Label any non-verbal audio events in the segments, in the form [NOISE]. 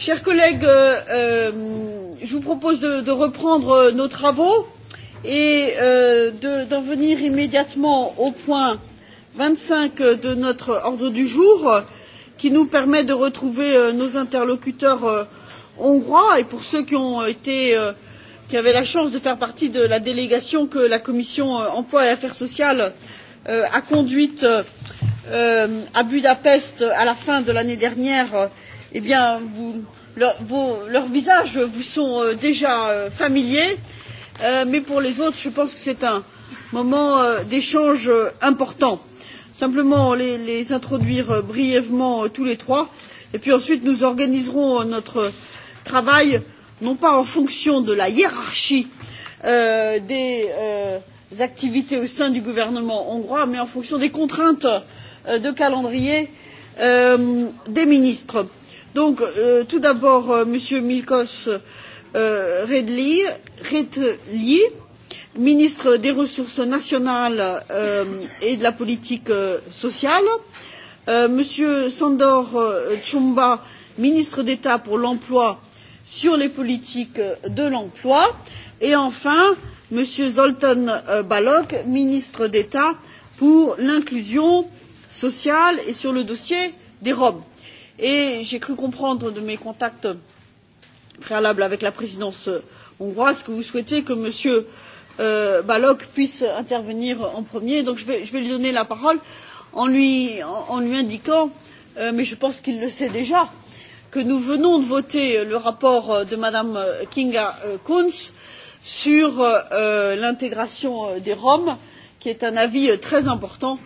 Chers collègues, euh, euh, je vous propose de, de reprendre euh, nos travaux et euh, d'en de, venir immédiatement au point 25 euh, de notre ordre du jour qui nous permet de retrouver nos interlocuteurs hongrois et pour ceux qui ont été qui avaient la chance de faire partie de la délégation que la commission emploi et affaires sociales euh, a conduite euh, à budapest à la fin de l'année dernière eh bien, vous, leur, vos, leurs visages vous sont euh, déjà euh, familiers, euh, mais pour les autres, je pense que c'est un moment euh, d'échange euh, important. Simplement les, les introduire euh, brièvement euh, tous les trois, et puis ensuite nous organiserons euh, notre travail non pas en fonction de la hiérarchie euh, des euh, activités au sein du gouvernement hongrois, mais en fonction des contraintes euh, de calendrier euh, des ministres Donc, euh, tout d'abord, euh, Monsieur Milkos euh, Redli, ministre des Ressources nationales euh, et de la politique euh, sociale, euh, Monsieur Sandor euh, Chumba, ministre d'État pour l'emploi sur les politiques de l'emploi, et enfin M. Zoltan euh, Balok, ministre d'État pour l'inclusion sociale et sur le dossier des Roms et j'ai cru comprendre de mes contacts préalables avec la présidence hongroise que vous souhaitiez que m. Euh, Balok puisse intervenir en premier donc je vais, je vais lui donner la parole en lui, en, en lui indiquant euh, mais je pense qu'il le sait déjà que nous venons de voter le rapport de mme kinga euh, Kunz sur euh, l'intégration euh, des roms qui est un avis euh, très important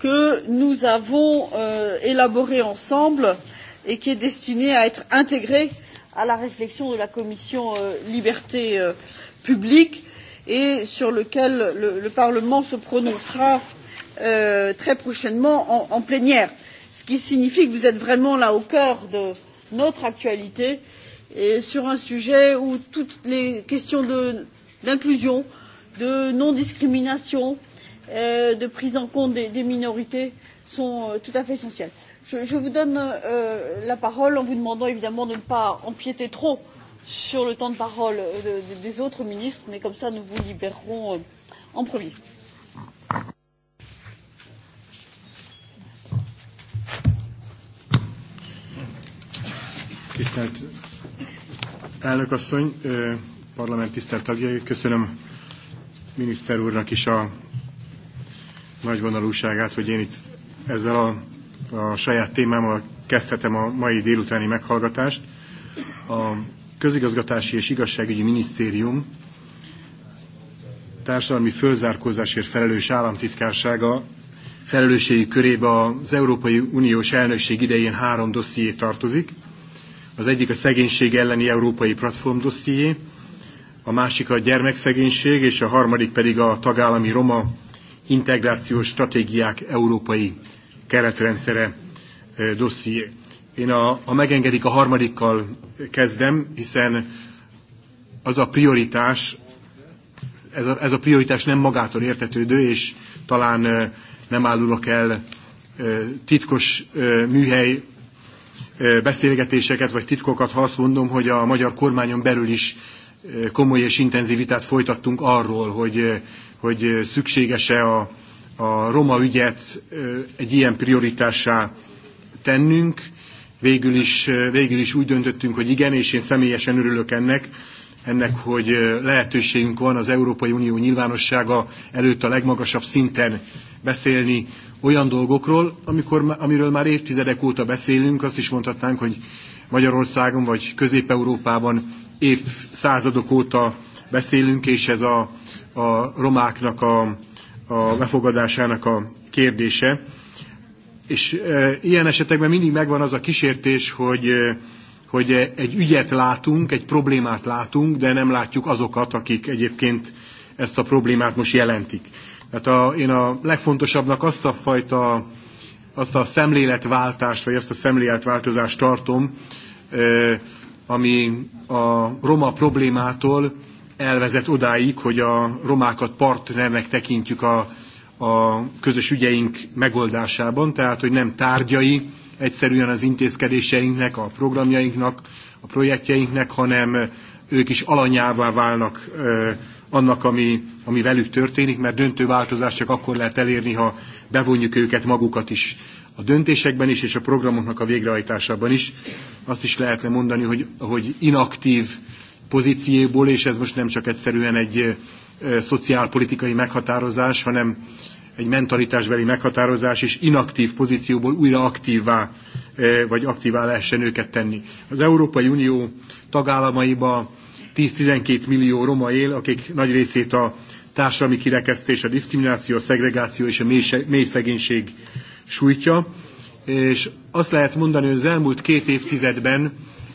que nous avons euh, élaboré ensemble euh, et qui est destiné à être intégré à la réflexion de la commission euh, liberté euh, publique et sur lequel le, le parlement se prononcera euh, très prochainement en, en plénière ce qui signifie que vous êtes vraiment là au cœur de notre actualité et sur un sujet où toutes les questions d'inclusion de, de non discrimination euh, de prise en compte des, des minorités sont euh, tout à fait essentielles Je, vous donne euh, la parole en vous demandant évidemment de ne pas empiéter trop sur le temps de parole euh, de, de, des autres ministres, mais comme ça nous vous libérerons euh, en premier. Tisztelt elnök asszony, parlament tisztelt tagjai, köszönöm miniszter úrnak is a nagyvonalúságát, hogy én itt ezzel a a saját témámmal kezdhetem a mai délutáni meghallgatást. A Közigazgatási és Igazságügyi Minisztérium társadalmi fölzárkózásért felelős államtitkársága felelősségi körébe az Európai Uniós elnökség idején három dosszié tartozik. Az egyik a szegénység elleni európai platform dosszié, a másik a gyermekszegénység, és a harmadik pedig a tagállami roma integrációs stratégiák európai keretrendszere dosszié. Én, a, ha megengedik, a harmadikkal kezdem, hiszen az a prioritás, ez a, ez a prioritás nem magától értetődő, és talán nem állulok el titkos műhely beszélgetéseket vagy titkokat, ha azt mondom, hogy a magyar kormányon belül is komoly és intenzív vitát folytattunk arról, hogy, hogy szükséges-e a a roma ügyet egy ilyen prioritássá tennünk. Végül is, végül is úgy döntöttünk, hogy igen, és én személyesen örülök ennek, ennek, hogy lehetőségünk van az Európai Unió nyilvánossága előtt a legmagasabb szinten beszélni olyan dolgokról, amikor, amiről már évtizedek óta beszélünk, azt is mondhatnánk, hogy Magyarországon vagy Közép-Európában évszázadok óta beszélünk, és ez a, a romáknak a, a befogadásának a kérdése. És e, ilyen esetekben mindig megvan az a kísértés, hogy, e, hogy e, egy ügyet látunk, egy problémát látunk, de nem látjuk azokat, akik egyébként ezt a problémát most jelentik. Tehát a, én a legfontosabbnak azt a fajta, azt a szemléletváltást, vagy azt a szemléletváltozást tartom, e, ami a roma problémától elvezet odáig, hogy a romákat partnernek tekintjük a, a közös ügyeink megoldásában, tehát hogy nem tárgyai egyszerűen az intézkedéseinknek, a programjainknak, a projektjeinknek, hanem ők is alanyává válnak annak, ami, ami velük történik, mert döntő változást csak akkor lehet elérni, ha bevonjuk őket magukat is a döntésekben is, és a programoknak a végrehajtásában is. Azt is lehetne mondani, hogy, hogy inaktív pozícióból, és ez most nem csak egyszerűen egy szociálpolitikai meghatározás, hanem egy mentalitásbeli meghatározás, is inaktív pozícióból újra aktívvá, vagy aktívá lehessen őket tenni. Az Európai Unió tagállamaiba 10-12 millió roma él, akik nagy részét a társadalmi kirekesztés, a diszkrimináció, a szegregáció és a mély szegénység sújtja. És azt lehet mondani, hogy az elmúlt két évtizedben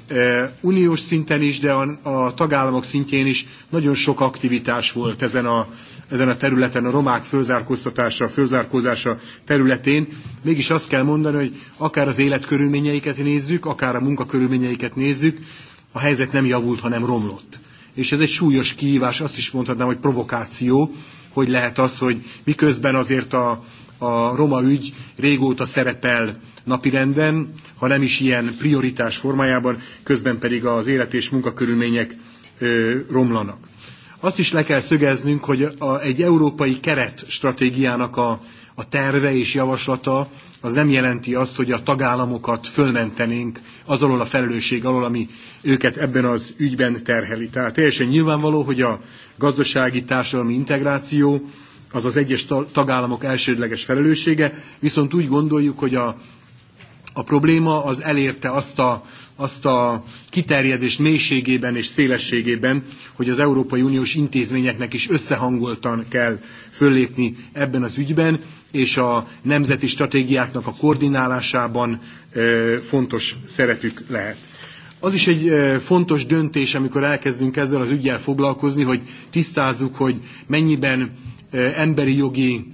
Eh, uniós szinten is, de a, a tagállamok szintjén is nagyon sok aktivitás volt ezen a, ezen a területen, a romák fölzárkóztatása, fölzárkózása területén. Mégis azt kell mondani, hogy akár az életkörülményeiket nézzük, akár a munkakörülményeiket nézzük, a helyzet nem javult, hanem romlott. És ez egy súlyos kihívás, azt is mondhatnám, hogy provokáció, hogy lehet az, hogy miközben azért a, a roma ügy régóta szerepel napirenden, ha nem is ilyen prioritás formájában, közben pedig az élet és munkakörülmények romlanak. Azt is le kell szögeznünk, hogy a, egy európai keret stratégiának a, a terve és javaslata az nem jelenti azt, hogy a tagállamokat fölmentenénk az alól a felelősség alól, ami őket ebben az ügyben terheli. Tehát teljesen nyilvánvaló, hogy a gazdasági társadalmi integráció az az egyes tagállamok elsődleges felelőssége, viszont úgy gondoljuk, hogy a a probléma az elérte azt a, azt a kiterjedést mélységében és szélességében, hogy az Európai Uniós intézményeknek is összehangoltan kell föllépni ebben az ügyben, és a nemzeti stratégiáknak a koordinálásában fontos szerepük lehet. Az is egy fontos döntés, amikor elkezdünk ezzel az ügyel foglalkozni, hogy tisztázzuk, hogy mennyiben emberi jogi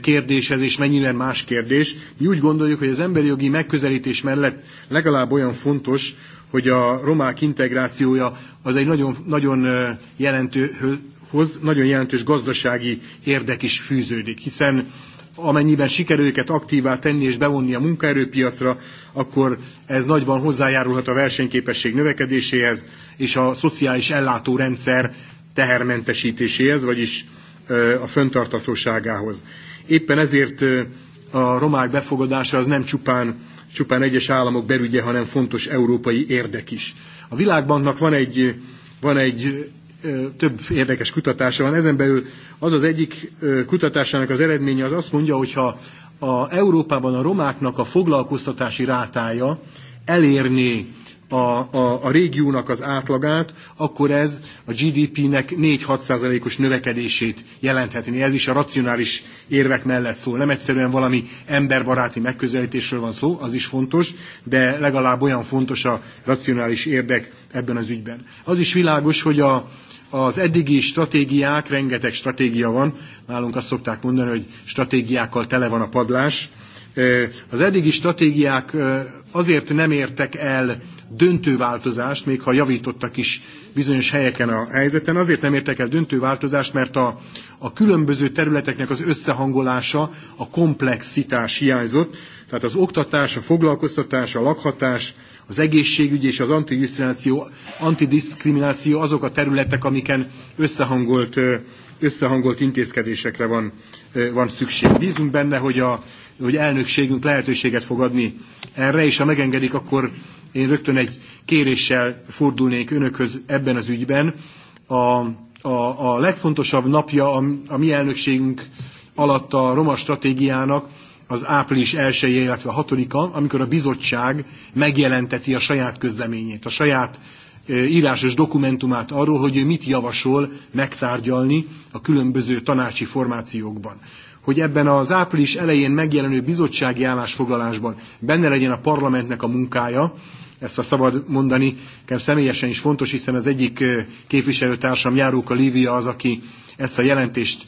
kérdéshez, és mennyire más kérdés. Mi úgy gondoljuk, hogy az emberi jogi megközelítés mellett legalább olyan fontos, hogy a romák integrációja az egy nagyon, nagyon jelentőhoz, nagyon jelentős gazdasági érdek is fűződik, hiszen amennyiben sikerül őket aktívá tenni és bevonni a munkaerőpiacra, akkor ez nagyban hozzájárulhat a versenyképesség növekedéséhez és a szociális ellátórendszer tehermentesítéséhez, vagyis a föntartatóságához. Éppen ezért a romák befogadása az nem csupán, csupán egyes államok belügye, hanem fontos európai érdek is. A Világbanknak van egy, van egy több érdekes kutatása van. Ezen belül az az egyik kutatásának az eredménye az azt mondja, hogyha a Európában a romáknak a foglalkoztatási rátája elérné a, a, a régiónak az átlagát, akkor ez a GDP-nek 4-6 százalékos növekedését jelenthetni. Ez is a racionális érvek mellett szól. Nem egyszerűen valami emberbaráti megközelítésről van szó, az is fontos, de legalább olyan fontos a racionális érdek ebben az ügyben. Az is világos, hogy a, az eddigi stratégiák, rengeteg stratégia van, nálunk azt szokták mondani, hogy stratégiákkal tele van a padlás. Az eddigi stratégiák azért nem értek el döntő változást, még ha javítottak is bizonyos helyeken a helyzeten. Azért nem értek el döntő változást, mert a, a különböző területeknek az összehangolása, a komplexitás hiányzott. Tehát az oktatás, a foglalkoztatás, a lakhatás, az egészségügy és az antidiszkrimináció, antidiszkrimináció azok a területek, amiken összehangolt, összehangolt intézkedésekre van, van szükség. Bízunk benne, hogy a hogy elnökségünk lehetőséget fog adni erre, és ha megengedik, akkor én rögtön egy kéréssel fordulnék önökhöz ebben az ügyben. A, a, a legfontosabb napja a, a mi elnökségünk alatt a roma stratégiának az április 1 -e, illetve 6-a, amikor a bizottság megjelenteti a saját közleményét, a saját írásos dokumentumát arról, hogy ő mit javasol megtárgyalni a különböző tanácsi formációkban. Hogy ebben az április elején megjelenő bizottsági állásfoglalásban benne legyen a parlamentnek a munkája, ezt a szabad mondani, nekem személyesen is fontos, hiszen az egyik képviselőtársam, Járóka Lívia az, aki ezt a jelentést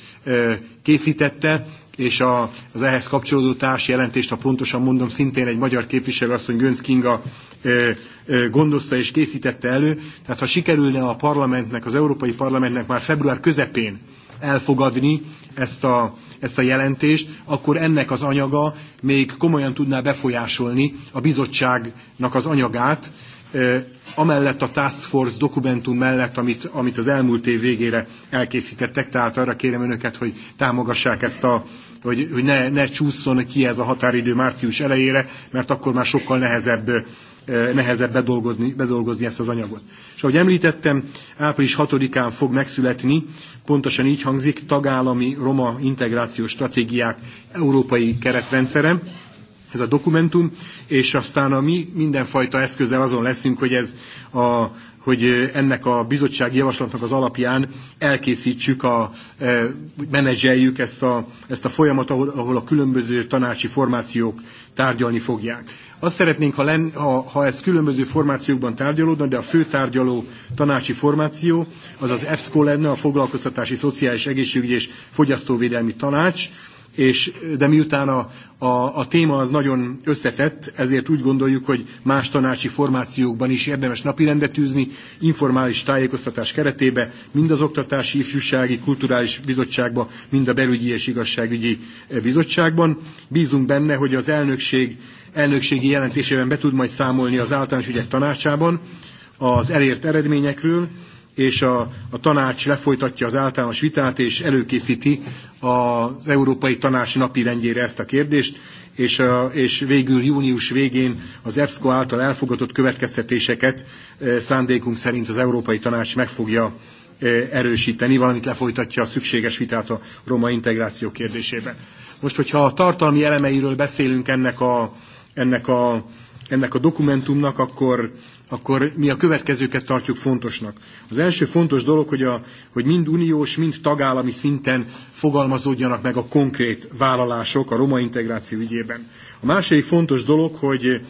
készítette, és a, az ehhez kapcsolódó társ jelentést, ha pontosan mondom, szintén egy magyar képviselő asszony Gönc Kinga gondozta és készítette elő. Tehát ha sikerülne a parlamentnek, az Európai Parlamentnek már február közepén elfogadni ezt a, ezt a jelentést, akkor ennek az anyaga még komolyan tudná befolyásolni a bizottságnak az anyagát, amellett a Task Force dokumentum mellett, amit, amit az elmúlt év végére elkészítettek, tehát arra kérem önöket, hogy támogassák ezt a, hogy, hogy ne, ne csúszson ki ez a határidő március elejére, mert akkor már sokkal nehezebb Eh, nehezebb bedolgozni, bedolgozni ezt az anyagot. És ahogy említettem, április 6-án fog megszületni, pontosan így hangzik, tagállami roma integrációs stratégiák európai keretrendszere, ez a dokumentum, és aztán a mi mindenfajta eszközzel azon leszünk, hogy ez a hogy ennek a bizottsági javaslatnak az alapján elkészítsük, a, menedzseljük ezt a, ezt a folyamat, ahol, ahol a különböző tanácsi formációk tárgyalni fogják. Azt szeretnénk, ha, len, ha, ha ez különböző formációkban tárgyalódna, de a fő tárgyaló tanácsi formáció az az EFSCO lenne, a Foglalkoztatási Szociális Egészségügyi és Fogyasztóvédelmi Tanács, és, de miután a, a, a téma az nagyon összetett, ezért úgy gondoljuk, hogy más tanácsi formációkban is érdemes napirendet tűzni, informális tájékoztatás keretébe, mind az Oktatási Ifjúsági Kulturális Bizottságban, mind a Belügyi és Igazságügyi Bizottságban. Bízunk benne, hogy az elnökség elnökségi jelentésében be tud majd számolni az általános ügyek tanácsában az elért eredményekről, és a, a tanács lefolytatja az általános vitát, és előkészíti az Európai Tanács napi rendjére ezt a kérdést, és, a, és végül június végén az EBSCO által elfogadott következtetéseket e, szándékunk szerint az Európai Tanács meg fogja e, erősíteni, valamint lefolytatja a szükséges vitát a roma integráció kérdésében. Most, hogyha a tartalmi elemeiről beszélünk ennek a, ennek a, ennek a dokumentumnak, akkor akkor mi a következőket tartjuk fontosnak. Az első fontos dolog, hogy, a, hogy mind uniós, mind tagállami szinten fogalmazódjanak meg a konkrét vállalások a roma integráció ügyében. A második fontos dolog, hogy,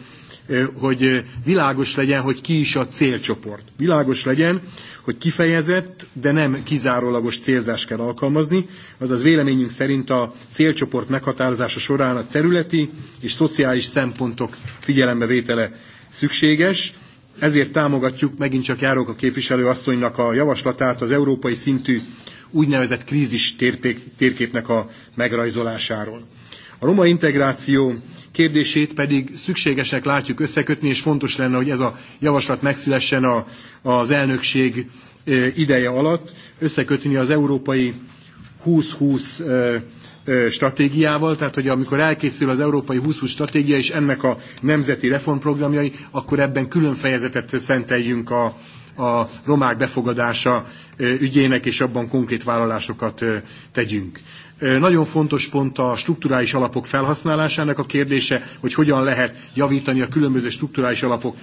hogy világos legyen, hogy ki is a célcsoport. Világos legyen, hogy kifejezett, de nem kizárólagos célzást kell alkalmazni, azaz véleményünk szerint a célcsoport meghatározása során a területi és szociális szempontok figyelembevétele szükséges, ezért támogatjuk, megint csak járok a képviselő asszonynak a javaslatát az európai szintű úgynevezett krízis térképnek a megrajzolásáról. A roma integráció kérdését pedig szükségesnek látjuk összekötni, és fontos lenne, hogy ez a javaslat megszülessen a, az elnökség ideje alatt, összekötni az európai 2020 stratégiával, tehát hogy amikor elkészül az Európai 2020 stratégia és ennek a nemzeti reformprogramjai, akkor ebben külön fejezetet szenteljünk a, a romák befogadása ügyének, és abban konkrét vállalásokat tegyünk. Nagyon fontos pont a strukturális alapok felhasználásának a kérdése, hogy hogyan lehet javítani a különböző strukturális alapok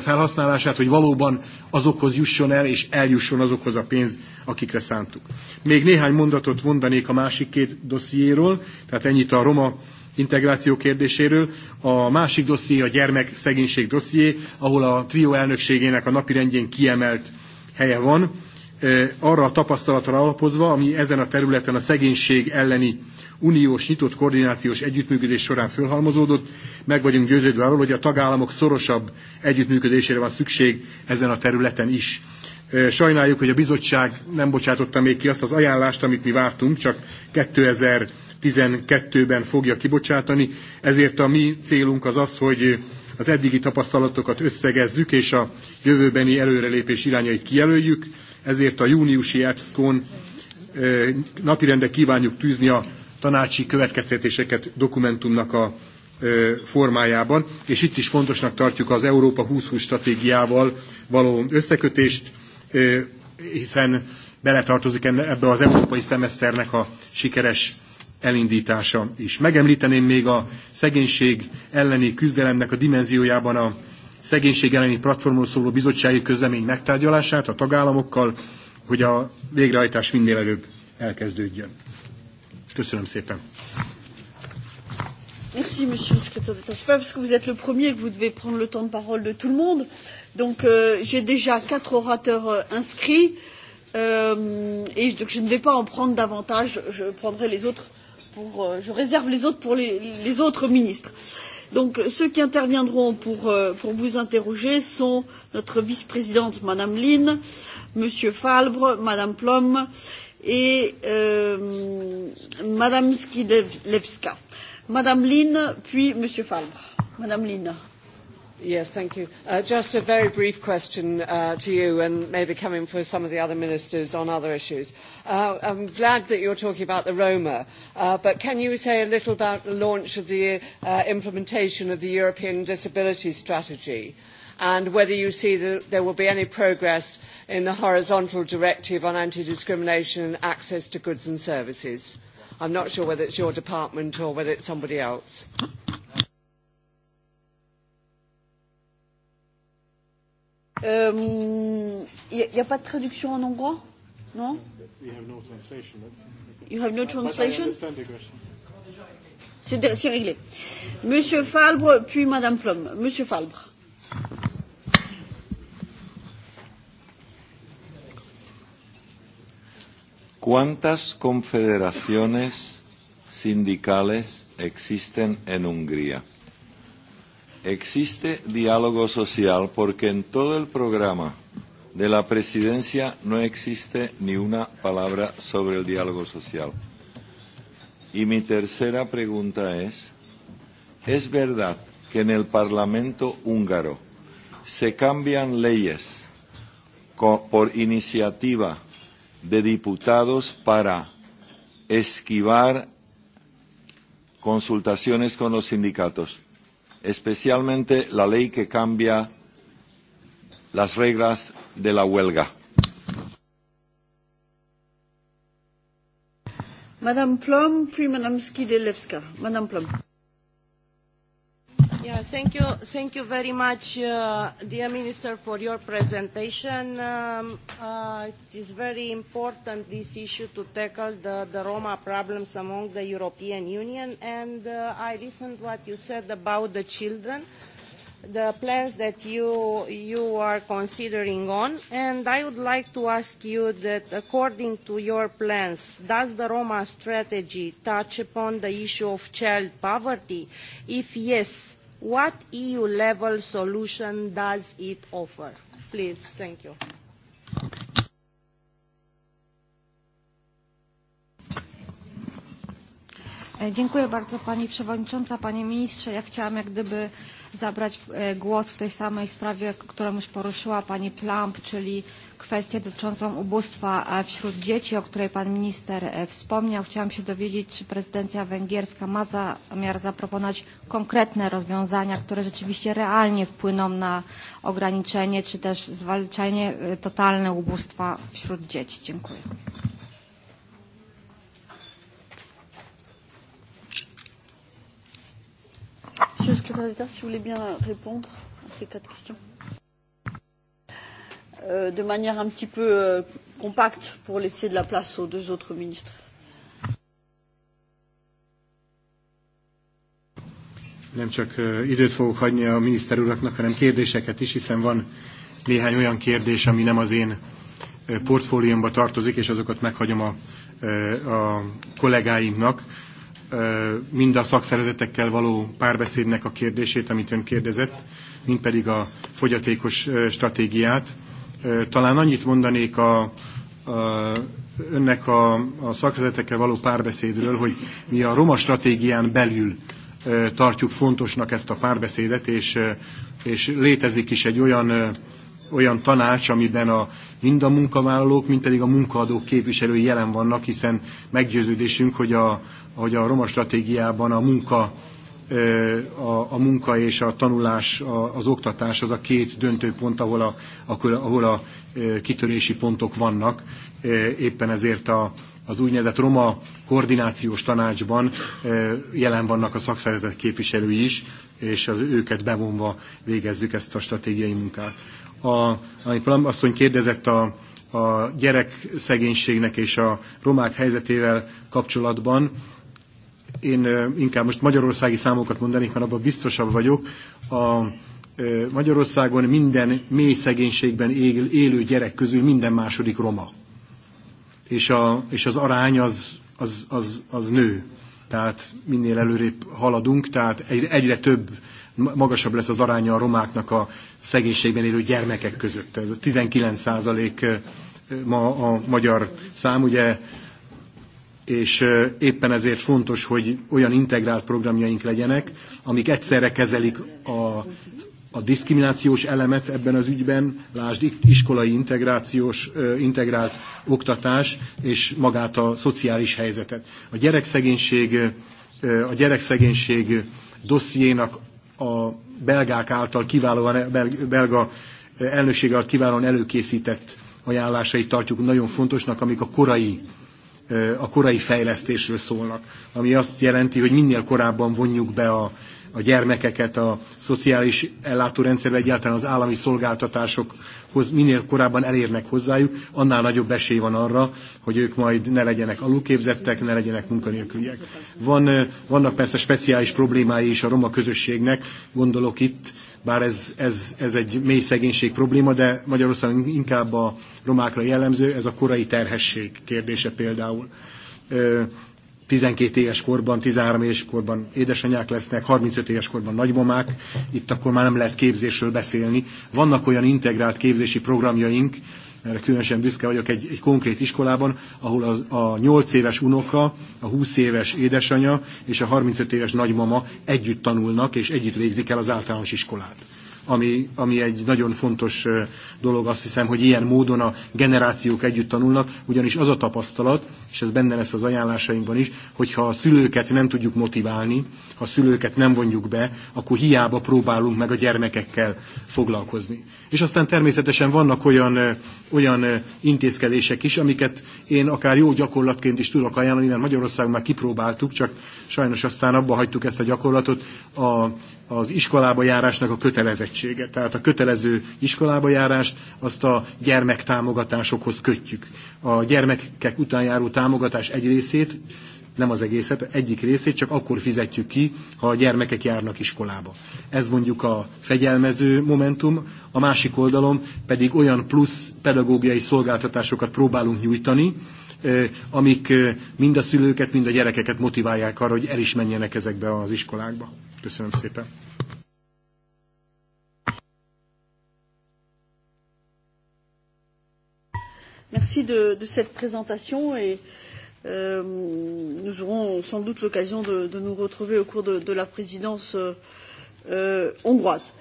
felhasználását, hogy valóban azokhoz jusson el, és eljusson azokhoz a pénz, akikre szántuk. Még néhány mondatot mondanék a másik két dossziéről, tehát ennyit a roma integráció kérdéséről. A másik dosszié a gyermekszegénység dosszié, ahol a trió elnökségének a napirendjén kiemelt helye van arra a tapasztalatra alapozva, ami ezen a területen a szegénység elleni uniós nyitott koordinációs együttműködés során fölhalmozódott, meg vagyunk győződve arról, hogy a tagállamok szorosabb együttműködésére van szükség ezen a területen is. Sajnáljuk, hogy a bizottság nem bocsátotta még ki azt az ajánlást, amit mi vártunk, csak 2012-ben fogja kibocsátani, ezért a mi célunk az az, hogy az eddigi tapasztalatokat összegezzük, és a jövőbeni előrelépés irányait kijelöljük, ezért a júniusi EPSZKON napirendre kívánjuk tűzni a tanácsi következtetéseket dokumentumnak a formájában, és itt is fontosnak tartjuk az Európa 2020 stratégiával való összekötést, hiszen beletartozik ebbe az európai szemeszternek a sikeres elindítása is. Megemlíteném még a szegénység elleni küzdelemnek a dimenziójában a szegénység elleni platformról szóló bizottsági közlemény megtárgyalását a tagállamokkal, hogy a végrehajtás minél előbb elkezdődjön. Köszönöm szépen. Merci, monsieur le secrétaire d'État. C'est pas parce que vous êtes le premier que vous devez prendre le temps de parole de tout le monde. Donc, euh, j'ai déjà quatre orateurs euh, inscrits euh, et donc je ne vais pas en prendre davantage. Je prendrai les autres pour, euh, je réserve les autres pour les, les autres ministres. Euh, Donc ceux qui interviendront pour, euh, pour vous interroger sont notre vice-présidente Madame Lynn, Monsieur Falbre, Madame Plom et euh, Madame Skidlewska. Madame Lynn, puis Monsieur Falbre. Madame Lynn. Yes, thank you. Uh, just a very brief question uh, to you and maybe coming for some of the other ministers on other issues. Uh, I'm glad that you're talking about the Roma, uh, but can you say a little about the launch of the uh, implementation of the European Disability Strategy? and whether you see that there will be any progress in the horizontal directive on anti-discrimination and access to goods and services. I'm not sure whether it's your department or whether it's somebody else. Il euh, n'y a, a pas de traduction en hongrois Non You have no translation C'est réglé. Monsieur Falbre, puis Madame Plum. Monsieur Falbre. ¿Cuántas confederaciones sindicales existen en Hungría? existe diálogo social porque en todo el programa de la presidencia no existe ni una palabra sobre el diálogo social. Y mi tercera pregunta es, ¿es verdad que en el Parlamento húngaro se cambian leyes por iniciativa de diputados para esquivar consultaciones con los sindicatos? especialmente la ley que cambia las reglas de la huelga. Madame Plum, puis Madame Madame Plum thank you. Thank you very much, uh, dear Minister, for your presentation. Um, uh, it is very important, this issue, to tackle the, the Roma problems among the European Union. And uh, I listened what you said about the children, the plans that you, you are considering on. And I would like to ask you that, according to your plans, does the Roma strategy touch upon the issue of child poverty? If yes, What EU-level solution does it offer? Please, thank you. E, dziękuję bardzo Pani Przewodnicząca, Panie Ministrze. Ja chciałam jak gdyby zabrać e, głos w tej samej sprawie, którą już poruszyła Pani Plamp, czyli kwestię dotyczącą ubóstwa e, wśród dzieci, o której pan minister e, wspomniał. Chciałam się dowiedzieć, czy prezydencja węgierska ma zamiar zaproponować konkretne rozwiązania, które rzeczywiście realnie wpłyną na ograniczenie czy też zwalczenie e, totalne ubóstwa wśród dzieci. Dziękuję. Monsieur si vous voulez bien répondre à ces quatre questions. Euh, de manière un petit peu euh, compacte pour laisser de la place aux deux autres ministres. Nem csak euh, időt fogok hagyni a miniszter uraknak, hanem kérdéseket is, hiszen van néhány olyan kérdés, ami nem az én portfóliómba tartozik, és azokat meghagyom a, a kollégáimnak mind a szakszervezetekkel való párbeszédnek a kérdését, amit ön kérdezett, mind pedig a fogyatékos stratégiát. Talán annyit mondanék a, a, önnek a, a szakvezetekkel való párbeszédről, hogy mi a roma stratégián belül tartjuk fontosnak ezt a párbeszédet, és, és létezik is egy olyan, olyan tanács, amiben a, mind a munkavállalók, mind pedig a munkaadók képviselői jelen vannak, hiszen meggyőződésünk, hogy a, hogy a roma stratégiában a munka a, a munka és a tanulás, a, az oktatás az a két döntő pont, ahol a, ahol a kitörési pontok vannak. Éppen ezért a, az úgynevezett Roma koordinációs tanácsban jelen vannak a szakszervezet képviselői is, és az őket bevonva végezzük ezt a stratégiai munkát. A, amit asszony kérdezett a, a gyerek szegénységnek és a romák helyzetével kapcsolatban, én inkább most magyarországi számokat mondanék, mert abban biztosabb vagyok. A Magyarországon minden mély szegénységben él, élő gyerek közül minden második roma. És, a, és az arány az, az, az, az nő. Tehát minél előrébb haladunk, tehát egyre több magasabb lesz az aránya a romáknak a szegénységben élő gyermekek között. Ez a 19 százalék ma a magyar szám, ugye és éppen ezért fontos, hogy olyan integrált programjaink legyenek, amik egyszerre kezelik a, a diszkriminációs elemet ebben az ügyben, lásd iskolai integrációs, integrált oktatás, és magát a szociális helyzetet. A gyerekszegénység, a gyerekszegénység dossziénak a belgák által kiválóan, e, belga elnökség alatt kiválóan előkészített ajánlásait tartjuk nagyon fontosnak, amik a korai a korai fejlesztésről szólnak, ami azt jelenti, hogy minél korábban vonjuk be a, a gyermekeket a szociális ellátórendszerbe, egyáltalán az állami szolgáltatásokhoz minél korábban elérnek hozzájuk, annál nagyobb esély van arra, hogy ők majd ne legyenek alulképzettek, ne legyenek munkanélküliek. Van, vannak persze speciális problémái is a roma közösségnek, gondolok itt bár ez, ez, ez egy mély szegénység probléma, de Magyarországon inkább a romákra jellemző, ez a korai terhesség kérdése például. 12 éves korban, 13 éves korban édesanyák lesznek, 35 éves korban nagymamák, itt akkor már nem lehet képzésről beszélni. Vannak olyan integrált képzési programjaink, erre különösen büszke vagyok, egy, egy konkrét iskolában, ahol az, a 8 éves unoka, a 20 éves édesanyja és a 35 éves nagymama együtt tanulnak és együtt végzik el az általános iskolát ami, ami egy nagyon fontos dolog, azt hiszem, hogy ilyen módon a generációk együtt tanulnak, ugyanis az a tapasztalat, és ez benne lesz az ajánlásainkban is, hogyha a szülőket nem tudjuk motiválni, ha a szülőket nem vonjuk be, akkor hiába próbálunk meg a gyermekekkel foglalkozni. És aztán természetesen vannak olyan, olyan intézkedések is, amiket én akár jó gyakorlatként is tudok ajánlani, mert Magyarországon már kipróbáltuk, csak sajnos aztán abba hagytuk ezt a gyakorlatot, a, az iskolába járásnak a kötelezettsége. Tehát a kötelező iskolába járást azt a gyermektámogatásokhoz kötjük. A gyermekek után járó támogatás egy részét nem az egészet, egyik részét csak akkor fizetjük ki, ha a gyermekek járnak iskolába. Ez mondjuk a fegyelmező momentum, a másik oldalon pedig olyan plusz pedagógiai szolgáltatásokat próbálunk nyújtani, amik mind a szülőket, mind a gyerekeket motiválják arra, hogy el is menjenek ezekbe az iskolákba. Köszönöm szépen. Merci de, de cette présentation et Euh, nous aurons sans doute l'occasion de, de nous retrouver au cours de, de la présidence euh, euh hongroise.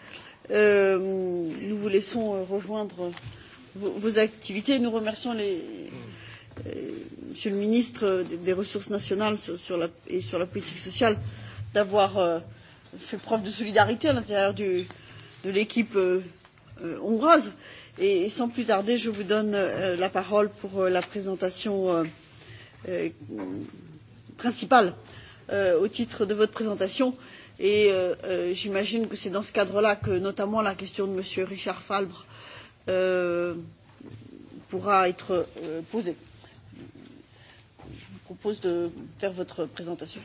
Euh, nous vous laissons euh, rejoindre vos, vos activités. Nous remercions les, euh, Monsieur le ministre des, des Ressources nationales sur, sur la, et sur la politique sociale d'avoir euh, fait preuve de solidarité à l'intérieur de l'équipe euh, euh, hongroise. Et, et sans plus tarder, je vous donne euh, la parole pour euh, la présentation. Euh, Euh, principal euh, au titre de votre présentation et euh, j'imagine que c'est dans ce cadre là que notamment la question de m. richard falbr pourra être posée. je vous propose de faire votre présentation.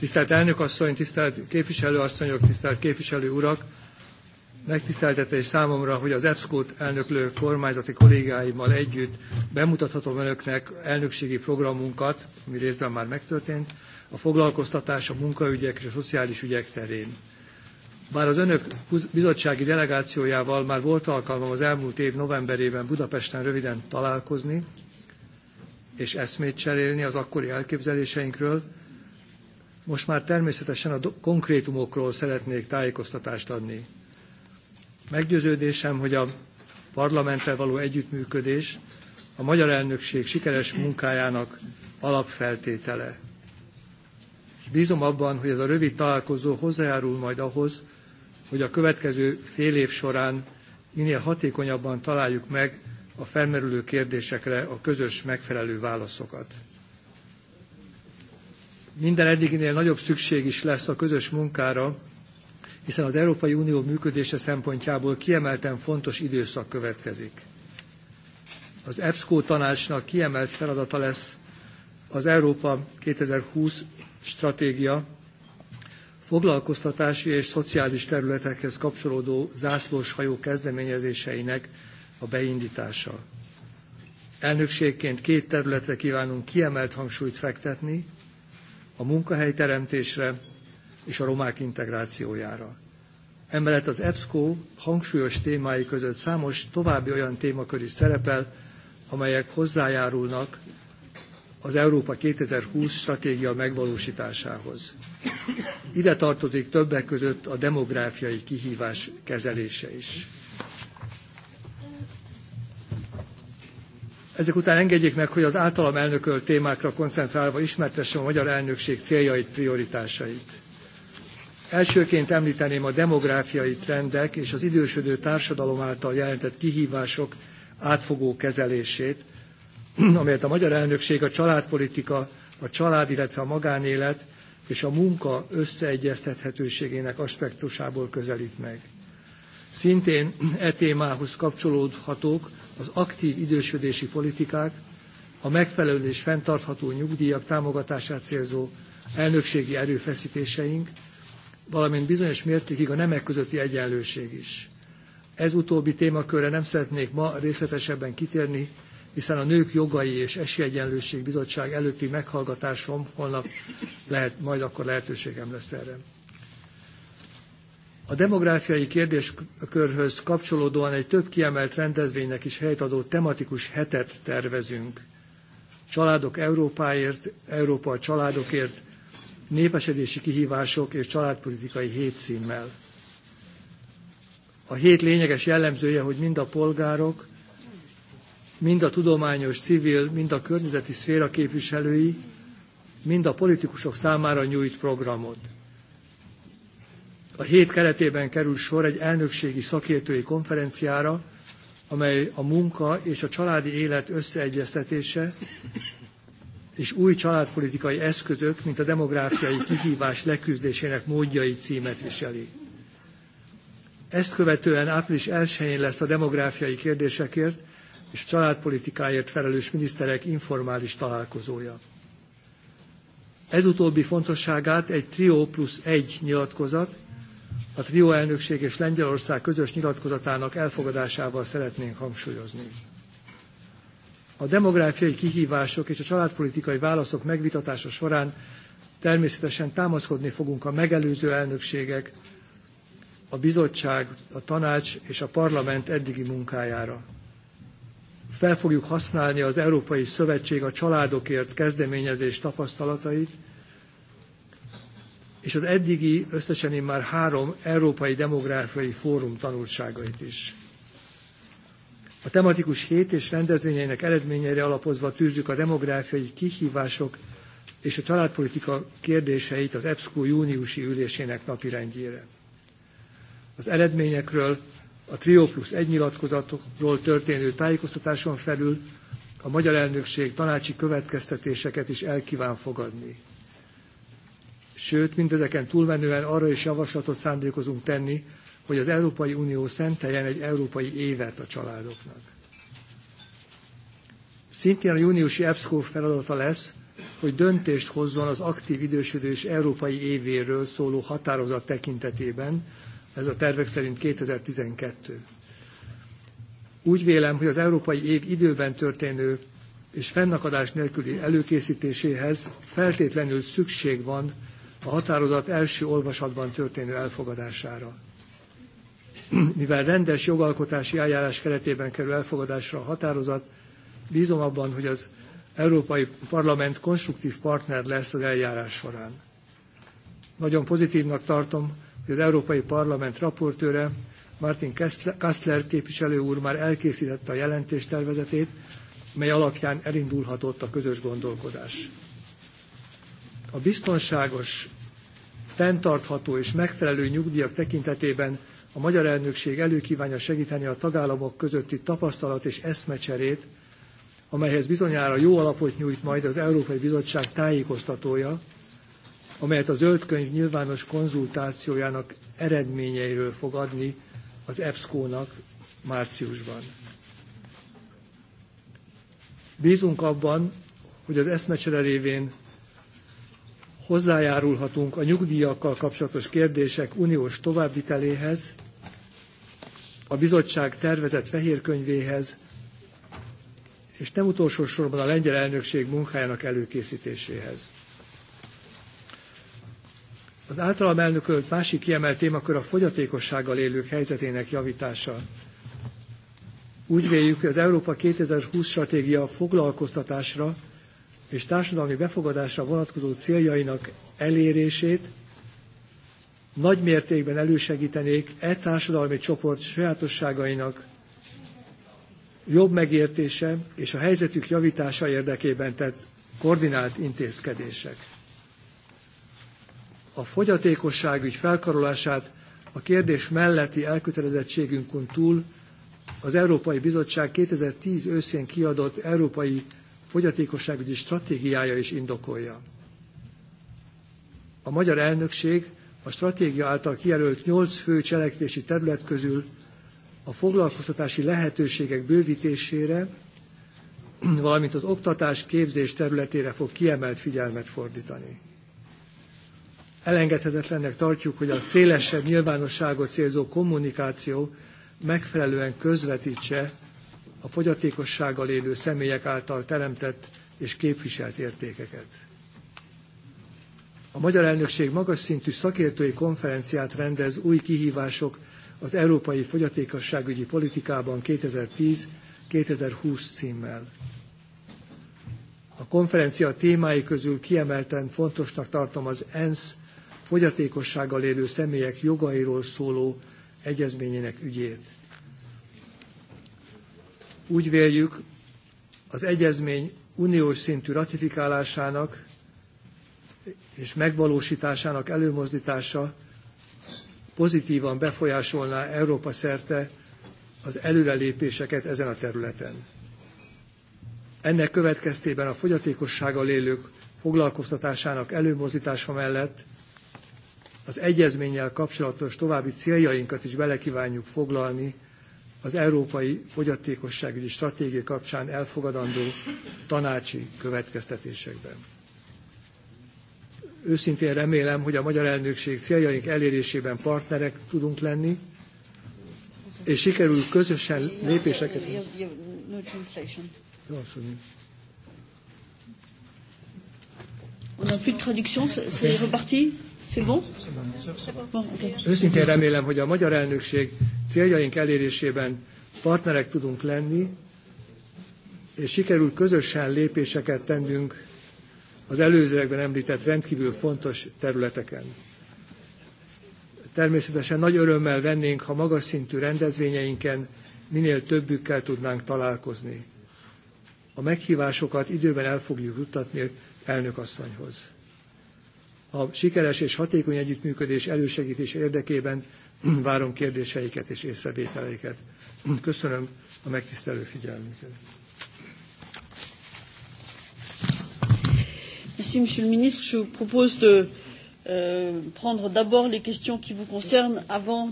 Tisztelt elnök asszony, tisztelt képviselő asszonyok, tisztelt képviselő urak! Megtiszteltetés számomra, hogy az EBSCO-t elnöklő kormányzati kollégáimmal együtt bemutathatom önöknek elnökségi programunkat, ami részben már megtörtént, a foglalkoztatás, a munkaügyek és a szociális ügyek terén. Bár az önök bizottsági delegációjával már volt alkalmam az elmúlt év novemberében Budapesten röviden találkozni és eszmét cserélni az akkori elképzeléseinkről, most már természetesen a konkrétumokról szeretnék tájékoztatást adni. Meggyőződésem, hogy a parlamenttel való együttműködés a magyar elnökség sikeres munkájának alapfeltétele. És bízom abban, hogy ez a rövid találkozó hozzájárul majd ahhoz, hogy a következő fél év során minél hatékonyabban találjuk meg a felmerülő kérdésekre a közös megfelelő válaszokat. Minden eddiginél nagyobb szükség is lesz a közös munkára, hiszen az Európai Unió működése szempontjából kiemelten fontos időszak következik. Az EBSCO tanácsnak kiemelt feladata lesz az Európa 2020 stratégia foglalkoztatási és szociális területekhez kapcsolódó zászlóshajó kezdeményezéseinek a beindítása. Elnökségként két területre kívánunk kiemelt hangsúlyt fektetni, a munkahelyteremtésre és a romák integrációjára. Emellett az EBSCO hangsúlyos témái között számos további olyan témakör is szerepel, amelyek hozzájárulnak az Európa 2020 stratégia megvalósításához. Ide tartozik többek között a demográfiai kihívás kezelése is. Ezek után engedjék meg, hogy az általam elnökölt témákra koncentrálva ismertessem a magyar elnökség céljait, prioritásait. Elsőként említeném a demográfiai trendek és az idősödő társadalom által jelentett kihívások átfogó kezelését, amelyet a magyar elnökség a családpolitika, a család, illetve a magánélet és a munka összeegyeztethetőségének aspektusából közelít meg. Szintén e témához kapcsolódhatók az aktív idősödési politikák, a megfelelő és fenntartható nyugdíjak támogatását célzó elnökségi erőfeszítéseink, valamint bizonyos mértékig a nemek közötti egyenlőség is. Ez utóbbi témakörre nem szeretnék ma részletesebben kitérni, hiszen a Nők Jogai és Esélyegyenlőség Bizottság előtti meghallgatásom holnap lehet, majd akkor lehetőségem lesz erre. A demográfiai kérdéskörhöz kapcsolódóan egy több kiemelt rendezvénynek is helyt adó tematikus hetet tervezünk. Családok Európáért, Európa a családokért népesedési kihívások és családpolitikai hét címmel. A hét lényeges jellemzője, hogy mind a polgárok, mind a tudományos, civil, mind a környezeti szféra képviselői, mind a politikusok számára nyújt programot. A hét keretében kerül sor egy elnökségi szakértői konferenciára, amely a munka és a családi élet összeegyeztetése és új családpolitikai eszközök, mint a demográfiai kihívás leküzdésének módjai címet viseli. Ezt követően április 1-én lesz a demográfiai kérdésekért és családpolitikáért felelős miniszterek informális találkozója. Ez utóbbi fontosságát egy trió plusz egy nyilatkozat, a trió elnökség és Lengyelország közös nyilatkozatának elfogadásával szeretnénk hangsúlyozni. A demográfiai kihívások és a családpolitikai válaszok megvitatása során természetesen támaszkodni fogunk a megelőző elnökségek, a bizottság, a tanács és a parlament eddigi munkájára. Fel fogjuk használni az Európai Szövetség a családokért kezdeményezés tapasztalatait, és az eddigi összesen már három európai demográfiai fórum tanulságait is. A tematikus hét és rendezvényeinek eredményeire alapozva tűzzük a demográfiai kihívások és a családpolitika kérdéseit az EBSCO júniusi ülésének napirendjére. Az eredményekről a Trio plus egy nyilatkozatról történő tájékoztatáson felül a magyar elnökség tanácsi következtetéseket is elkíván fogadni. Sőt, mindezeken túlmenően arra is javaslatot szándékozunk tenni, hogy az Európai Unió szenteljen egy európai évet a családoknak. Szintén a júniusi EBSCO feladata lesz, hogy döntést hozzon az aktív idősödés európai évéről szóló határozat tekintetében, ez a tervek szerint 2012. Úgy vélem, hogy az európai év időben történő és fennakadás nélküli előkészítéséhez feltétlenül szükség van a határozat első olvasatban történő elfogadására mivel rendes jogalkotási eljárás keretében kerül elfogadásra a határozat, bízom abban, hogy az Európai Parlament konstruktív partner lesz az eljárás során. Nagyon pozitívnak tartom, hogy az Európai Parlament raportőre, Martin Kastler képviselő úr már elkészítette a jelentés tervezetét, mely alapján elindulhatott a közös gondolkodás. A biztonságos, fenntartható és megfelelő nyugdíjak tekintetében a magyar elnökség előkívánja segíteni a tagállamok közötti tapasztalat és eszmecserét, amelyhez bizonyára jó alapot nyújt majd az Európai Bizottság tájékoztatója, amelyet a zöld könyv nyilvános konzultációjának eredményeiről fog adni az EFSZKÓ-nak márciusban. Bízunk abban, hogy az eszmecsere révén hozzájárulhatunk a nyugdíjakkal kapcsolatos kérdések uniós továbbviteléhez, a bizottság tervezett fehérkönyvéhez, és nem utolsó sorban a lengyel elnökség munkájának előkészítéséhez. Az általam elnökölt másik kiemelt témakör a fogyatékossággal élők helyzetének javítása. Úgy véljük, hogy az Európa 2020 stratégia foglalkoztatásra, és társadalmi befogadásra vonatkozó céljainak elérését nagy mértékben elősegítenék e társadalmi csoport sajátosságainak jobb megértése és a helyzetük javítása érdekében tett koordinált intézkedések. A fogyatékosságügy felkarolását a kérdés melletti elkötelezettségünkön túl az Európai Bizottság 2010 őszén kiadott Európai fogyatékosságügyi stratégiája is indokolja. A magyar elnökség a stratégia által kijelölt nyolc fő cselekvési terület közül a foglalkoztatási lehetőségek bővítésére, valamint az oktatás képzés területére fog kiemelt figyelmet fordítani. Elengedhetetlennek tartjuk, hogy a szélesebb nyilvánosságot célzó kommunikáció megfelelően közvetítse a fogyatékossággal élő személyek által teremtett és képviselt értékeket. A magyar elnökség magas szintű szakértői konferenciát rendez új kihívások az európai fogyatékosságügyi politikában 2010-2020 címmel. A konferencia témái közül kiemelten fontosnak tartom az ENSZ fogyatékossággal élő személyek jogairól szóló egyezményének ügyét. Úgy véljük, az egyezmény uniós szintű ratifikálásának és megvalósításának előmozdítása pozitívan befolyásolná Európa szerte az előrelépéseket ezen a területen. Ennek következtében a fogyatékossággal élők foglalkoztatásának előmozdítása mellett az egyezménnyel kapcsolatos további céljainkat is belekívánjuk foglalni az Európai Fogyatékosságügyi Stratégia kapcsán elfogadandó tanácsi következtetésekben. Őszintén remélem, hogy a magyar elnökség céljaink elérésében partnerek tudunk lenni, és sikerül közösen lépéseket... Jó, On plus de traduction, c'est reparti C'est bon? Őszintén remélem, hogy a magyar elnökség céljaink elérésében partnerek tudunk lenni, és sikerül közösen lépéseket tennünk az előzőekben említett rendkívül fontos területeken. Természetesen nagy örömmel vennénk, ha magas szintű rendezvényeinken minél többükkel tudnánk találkozni. A meghívásokat időben el fogjuk juttatni elnök asszonyhoz. A sikeres és hatékony együttműködés elősegítése érdekében [CLEARS THROAT] várom kérdéseiket és észrevételeiket. Köszönöm a megtisztelő figyelmüket. Merci, Monsieur le Ministre. Je vous propose de euh, prendre d'abord les questions qui vous concernent avant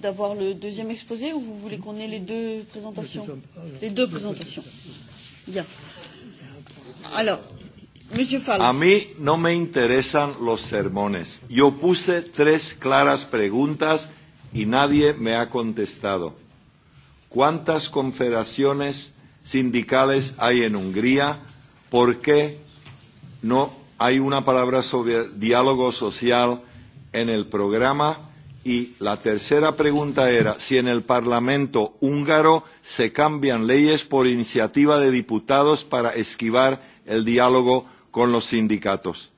d'avoir de, le deuxième exposé ou vous voulez qu'on ait les deux présentations Les deux présentations. Bien. Alors, a mí no me interesan los sermones. Yo puse tres claras preguntas y nadie me ha contestado. ¿Cuántas confederaciones sindicales hay en Hungría? ¿Por qué no hay una palabra sobre diálogo social en el programa? Y la tercera pregunta era si en el Parlamento húngaro se cambian leyes por iniciativa de diputados para esquivar el diálogo social con los sindicatos.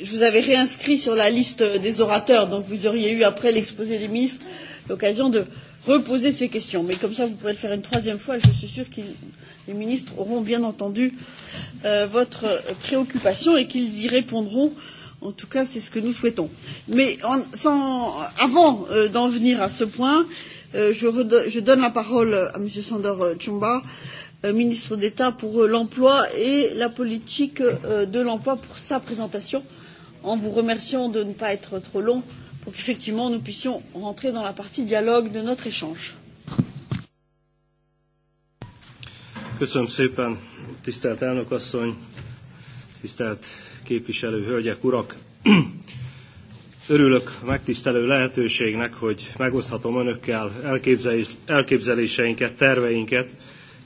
Je vous avais réinscrit sur la liste des orateurs, donc vous auriez eu, après l'exposé des ministres, l'occasion de reposer ces questions. Mais comme ça, vous pourrez le faire une troisième fois et je suis sûr que les ministres auront bien entendu euh, votre préoccupation et qu'ils y répondront. En tout cas, c'est ce que nous souhaitons. Mais en, sans, avant euh, d'en venir à ce point, euh, Euh, je, je donne la parole à M. Sandor euh, Chumba, euh, ministre d'État pour euh, l'emploi et la politique euh, de l'emploi, pour sa présentation, en vous remerciant de ne pas être trop long pour qu'effectivement nous puissions rentrer dans la partie dialogue de notre échange. Köszönöm szépen, tisztelt elnök asszony, tisztelt képviselő hölgyek, urak! Örülök megtisztelő lehetőségnek, hogy megoszthatom önökkel elképzeléseinket, terveinket,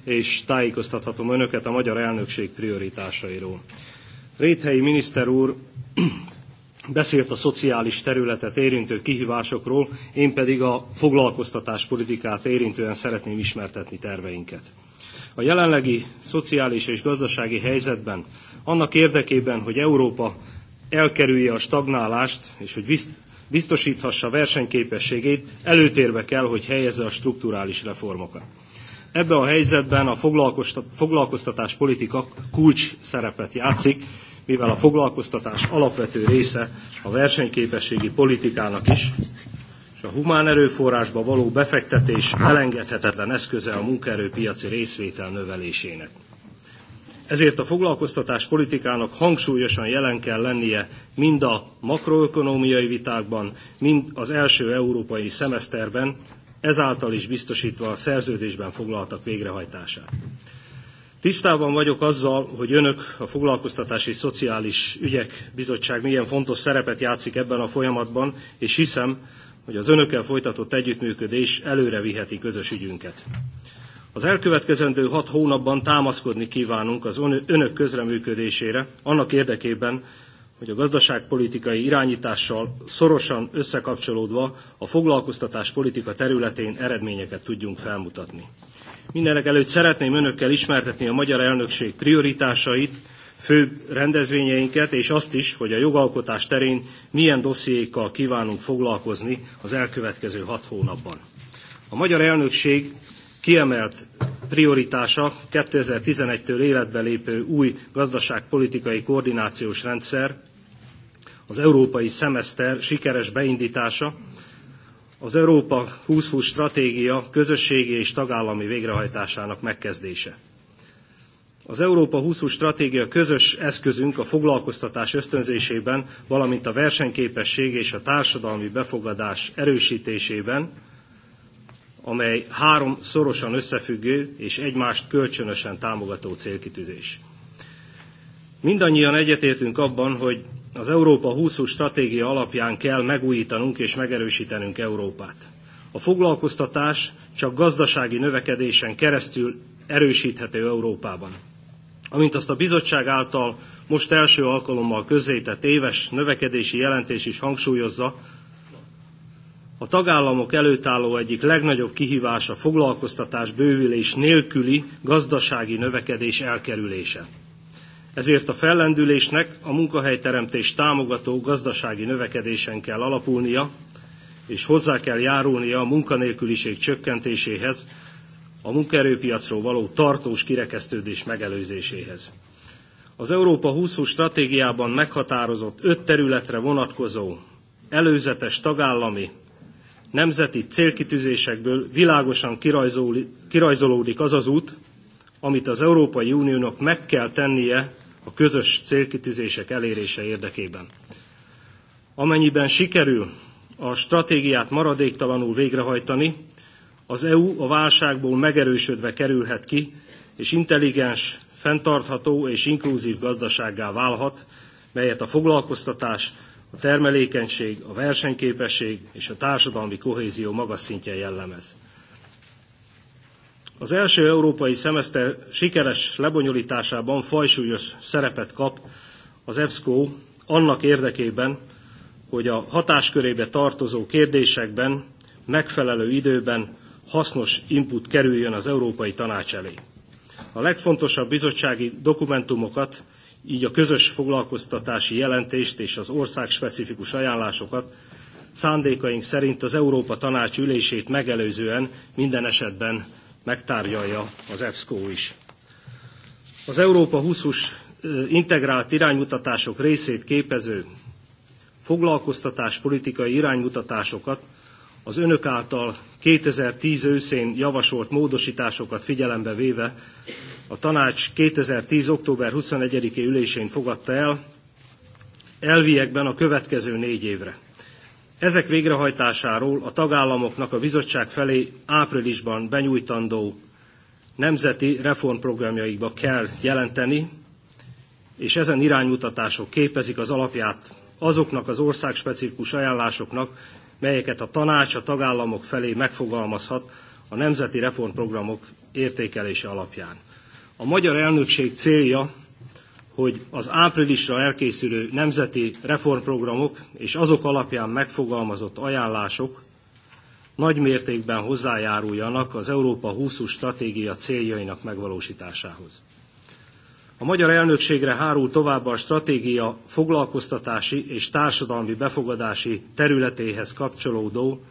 és tájékoztathatom önöket a magyar elnökség prioritásairól. Réthelyi miniszter úr [CLEARS THROAT] beszélt a szociális területet érintő kihívásokról, én pedig a foglalkoztatás politikát érintően szeretném ismertetni terveinket. A jelenlegi szociális és gazdasági helyzetben annak érdekében, hogy Európa elkerülje a stagnálást, és hogy biztosíthassa versenyképességét, előtérbe kell, hogy helyezze a strukturális reformokat. Ebben a helyzetben a foglalkoztatás politika kulcs szerepet játszik, mivel a foglalkoztatás alapvető része a versenyképességi politikának is, és a humán erőforrásba való befektetés elengedhetetlen eszköze a munkaerőpiaci részvétel növelésének. Ezért a foglalkoztatás politikának hangsúlyosan jelen kell lennie mind a makroökonómiai vitákban, mind az első európai szemeszterben, ezáltal is biztosítva a szerződésben foglaltak végrehajtását. Tisztában vagyok azzal, hogy önök a Foglalkoztatási Szociális Ügyek Bizottság milyen fontos szerepet játszik ebben a folyamatban, és hiszem, hogy az önökkel folytatott együttműködés előre viheti közös ügyünket. Az elkövetkezendő hat hónapban támaszkodni kívánunk az önök közreműködésére, annak érdekében, hogy a gazdaságpolitikai irányítással szorosan összekapcsolódva a foglalkoztatás politika területén eredményeket tudjunk felmutatni. Mindenek előtt szeretném önökkel ismertetni a magyar elnökség prioritásait, fő rendezvényeinket, és azt is, hogy a jogalkotás terén milyen dossziékkal kívánunk foglalkozni az elkövetkező hat hónapban. A magyar elnökség kiemelt prioritása 2011-től életbe lépő új gazdaságpolitikai koordinációs rendszer, az európai szemeszter sikeres beindítása, az Európa 2020 stratégia közösségi és tagállami végrehajtásának megkezdése. Az Európa 2020 stratégia közös eszközünk a foglalkoztatás ösztönzésében, valamint a versenyképesség és a társadalmi befogadás erősítésében, amely három szorosan összefüggő és egymást kölcsönösen támogató célkitűzés. Mindannyian egyetértünk abban, hogy az Európa 20 stratégia alapján kell megújítanunk és megerősítenünk Európát. A foglalkoztatás csak gazdasági növekedésen keresztül erősíthető Európában. Amint azt a bizottság által most első alkalommal közzétett éves növekedési jelentés is hangsúlyozza, a tagállamok előtt álló egyik legnagyobb kihívás a foglalkoztatás bővülés nélküli gazdasági növekedés elkerülése. Ezért a fellendülésnek a munkahelyteremtés támogató gazdasági növekedésen kell alapulnia, és hozzá kell járulnia a munkanélküliség csökkentéséhez, a munkaerőpiacról való tartós kirekesztődés megelőzéséhez. Az Európa 20 stratégiában meghatározott öt területre vonatkozó előzetes tagállami nemzeti célkitűzésekből világosan kirajzolódik az az út, amit az Európai Uniónak meg kell tennie a közös célkitűzések elérése érdekében. Amennyiben sikerül a stratégiát maradéktalanul végrehajtani, az EU a válságból megerősödve kerülhet ki, és intelligens, fenntartható és inkluzív gazdasággá válhat, melyet a foglalkoztatás, a termelékenység, a versenyképesség és a társadalmi kohézió magas szintje jellemez. Az első európai szemeszter sikeres lebonyolításában fajsúlyos szerepet kap az EBSCO annak érdekében, hogy a hatáskörébe tartozó kérdésekben megfelelő időben hasznos input kerüljön az Európai Tanács elé. A legfontosabb bizottsági dokumentumokat így a közös foglalkoztatási jelentést és az ország specifikus ajánlásokat szándékaink szerint az Európa Tanács ülését megelőzően minden esetben megtárgyalja az EBSCO is. Az Európa 20-us integrált iránymutatások részét képező politikai iránymutatásokat az önök által 2010 őszén javasolt módosításokat figyelembe véve a tanács 2010. október 21-i ülésén fogadta el, elviekben a következő négy évre. Ezek végrehajtásáról a tagállamoknak a bizottság felé áprilisban benyújtandó nemzeti reformprogramjaikba kell jelenteni, és ezen iránymutatások képezik az alapját azoknak az országspecifikus ajánlásoknak, melyeket a tanács a tagállamok felé megfogalmazhat a nemzeti reformprogramok értékelése alapján. A magyar elnökség célja, hogy az áprilisra elkészülő nemzeti reformprogramok és azok alapján megfogalmazott ajánlások nagy mértékben hozzájáruljanak az Európa 20 stratégia céljainak megvalósításához. A magyar elnökségre hárul tovább a stratégia foglalkoztatási és társadalmi befogadási területéhez kapcsolódó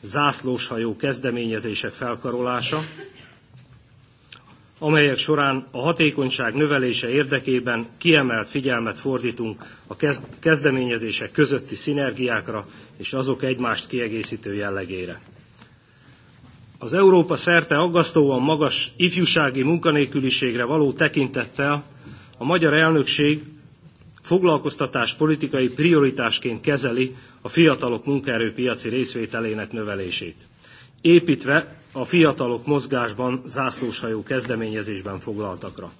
zászlóshajó kezdeményezések felkarolása, amelyek során a hatékonyság növelése érdekében kiemelt figyelmet fordítunk a kezdeményezések közötti szinergiákra és azok egymást kiegészítő jellegére. Az Európa szerte aggasztóan magas ifjúsági munkanélküliségre való tekintettel a magyar elnökség foglalkoztatás politikai prioritásként kezeli a fiatalok munkaerőpiaci részvételének növelését, építve a fiatalok mozgásban zászlóshajó kezdeményezésben foglaltakra.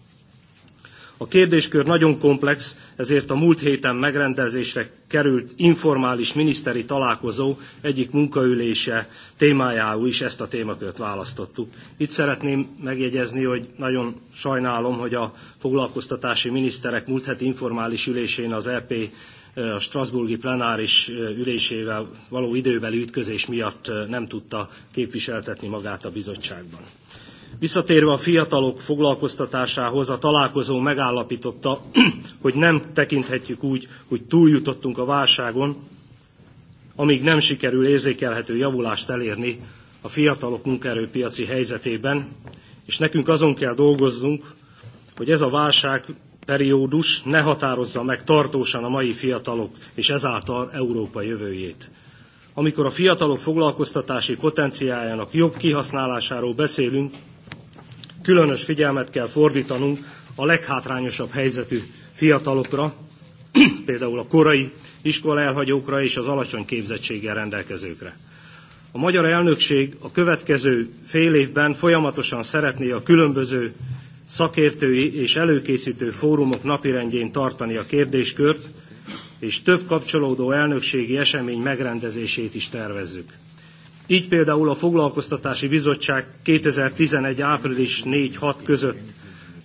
A kérdéskör nagyon komplex, ezért a múlt héten megrendezésre került informális miniszteri találkozó egyik munkaülése témájául is ezt a témakört választottuk. Itt szeretném megjegyezni, hogy nagyon sajnálom, hogy a foglalkoztatási miniszterek múlt heti informális ülésén az EP a Strasburgi plenáris ülésével való időbeli ütközés miatt nem tudta képviseltetni magát a bizottságban. Visszatérve a fiatalok foglalkoztatásához, a találkozó megállapította, [CLEARS THROAT] hogy nem tekinthetjük úgy, hogy túljutottunk a válságon, amíg nem sikerül érzékelhető javulást elérni a fiatalok munkaerőpiaci helyzetében, és nekünk azon kell dolgoznunk, hogy ez a válság periódus ne határozza meg tartósan a mai fiatalok és ezáltal Európa jövőjét. Amikor a fiatalok foglalkoztatási potenciáljának jobb kihasználásáról beszélünk, különös figyelmet kell fordítanunk a leghátrányosabb helyzetű fiatalokra, [CLEARS THROAT] például a korai iskola elhagyókra és az alacsony képzettséggel rendelkezőkre. A magyar elnökség a következő fél évben folyamatosan szeretné a különböző szakértői és előkészítő fórumok napirendjén tartani a kérdéskört, és több kapcsolódó elnökségi esemény megrendezését is tervezzük. Így például a Foglalkoztatási Bizottság 2011. április 4-6 között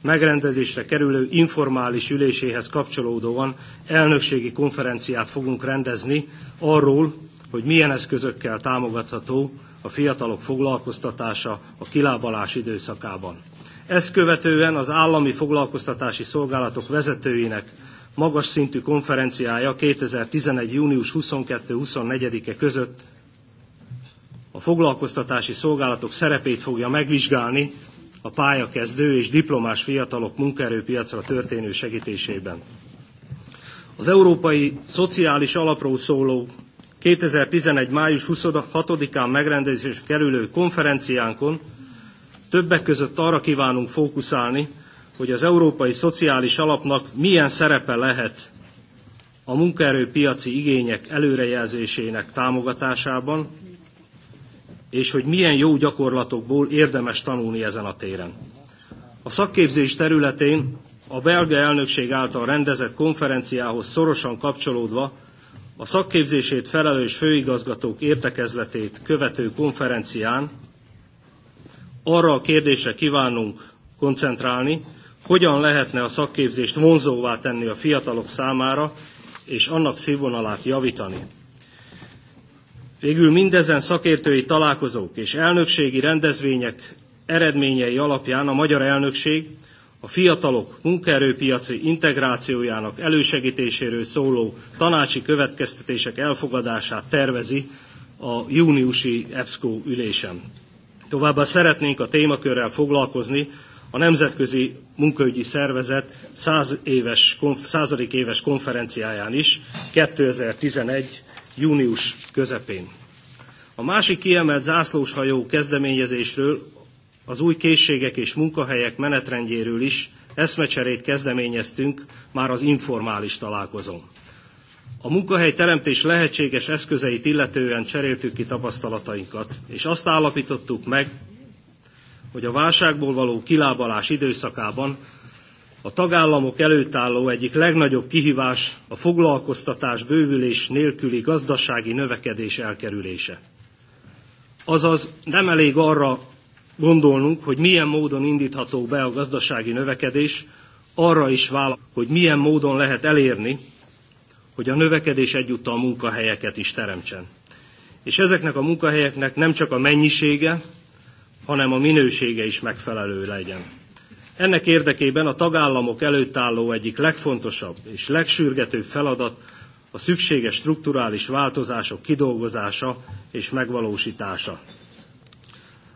megrendezésre kerülő informális üléséhez kapcsolódóan elnökségi konferenciát fogunk rendezni arról, hogy milyen eszközökkel támogatható a fiatalok foglalkoztatása a kilábalás időszakában. Ezt követően az állami foglalkoztatási szolgálatok vezetőinek magas szintű konferenciája 2011. június 22-24-e között a foglalkoztatási szolgálatok szerepét fogja megvizsgálni a pályakezdő és diplomás fiatalok munkaerőpiacra történő segítésében. Az Európai Szociális Alapról szóló 2011. május 26-án megrendezésre kerülő konferenciánkon többek között arra kívánunk fókuszálni, hogy az Európai Szociális Alapnak milyen szerepe lehet a munkaerőpiaci igények előrejelzésének támogatásában, és hogy milyen jó gyakorlatokból érdemes tanulni ezen a téren. A szakképzés területén a belga elnökség által rendezett konferenciához szorosan kapcsolódva a szakképzését felelős főigazgatók értekezletét követő konferencián arra a kérdésre kívánunk koncentrálni, hogyan lehetne a szakképzést vonzóvá tenni a fiatalok számára, és annak színvonalát javítani. Végül mindezen szakértői találkozók és elnökségi rendezvények eredményei alapján a magyar elnökség a fiatalok munkaerőpiaci integrációjának elősegítéséről szóló tanácsi következtetések elfogadását tervezi a júniusi EBSCO ülésen. Továbbá szeretnénk a témakörrel foglalkozni a Nemzetközi Munkaügyi Szervezet 100 éves, 100. éves konferenciáján is 2011 június közepén. A másik kiemelt zászlóshajó kezdeményezésről, az új készségek és munkahelyek menetrendjéről is eszmecserét kezdeményeztünk már az informális találkozón. A munkahely teremtés lehetséges eszközeit illetően cseréltük ki tapasztalatainkat, és azt állapítottuk meg, hogy a válságból való kilábalás időszakában a tagállamok előtt álló egyik legnagyobb kihívás a foglalkoztatás bővülés nélküli gazdasági növekedés elkerülése. Azaz nem elég arra gondolnunk, hogy milyen módon indítható be a gazdasági növekedés, arra is válasz, hogy milyen módon lehet elérni, hogy a növekedés egyúttal munkahelyeket is teremtsen. És ezeknek a munkahelyeknek nem csak a mennyisége, hanem a minősége is megfelelő legyen. Ennek érdekében a tagállamok előtt álló egyik legfontosabb és legsürgetőbb feladat a szükséges strukturális változások kidolgozása és megvalósítása.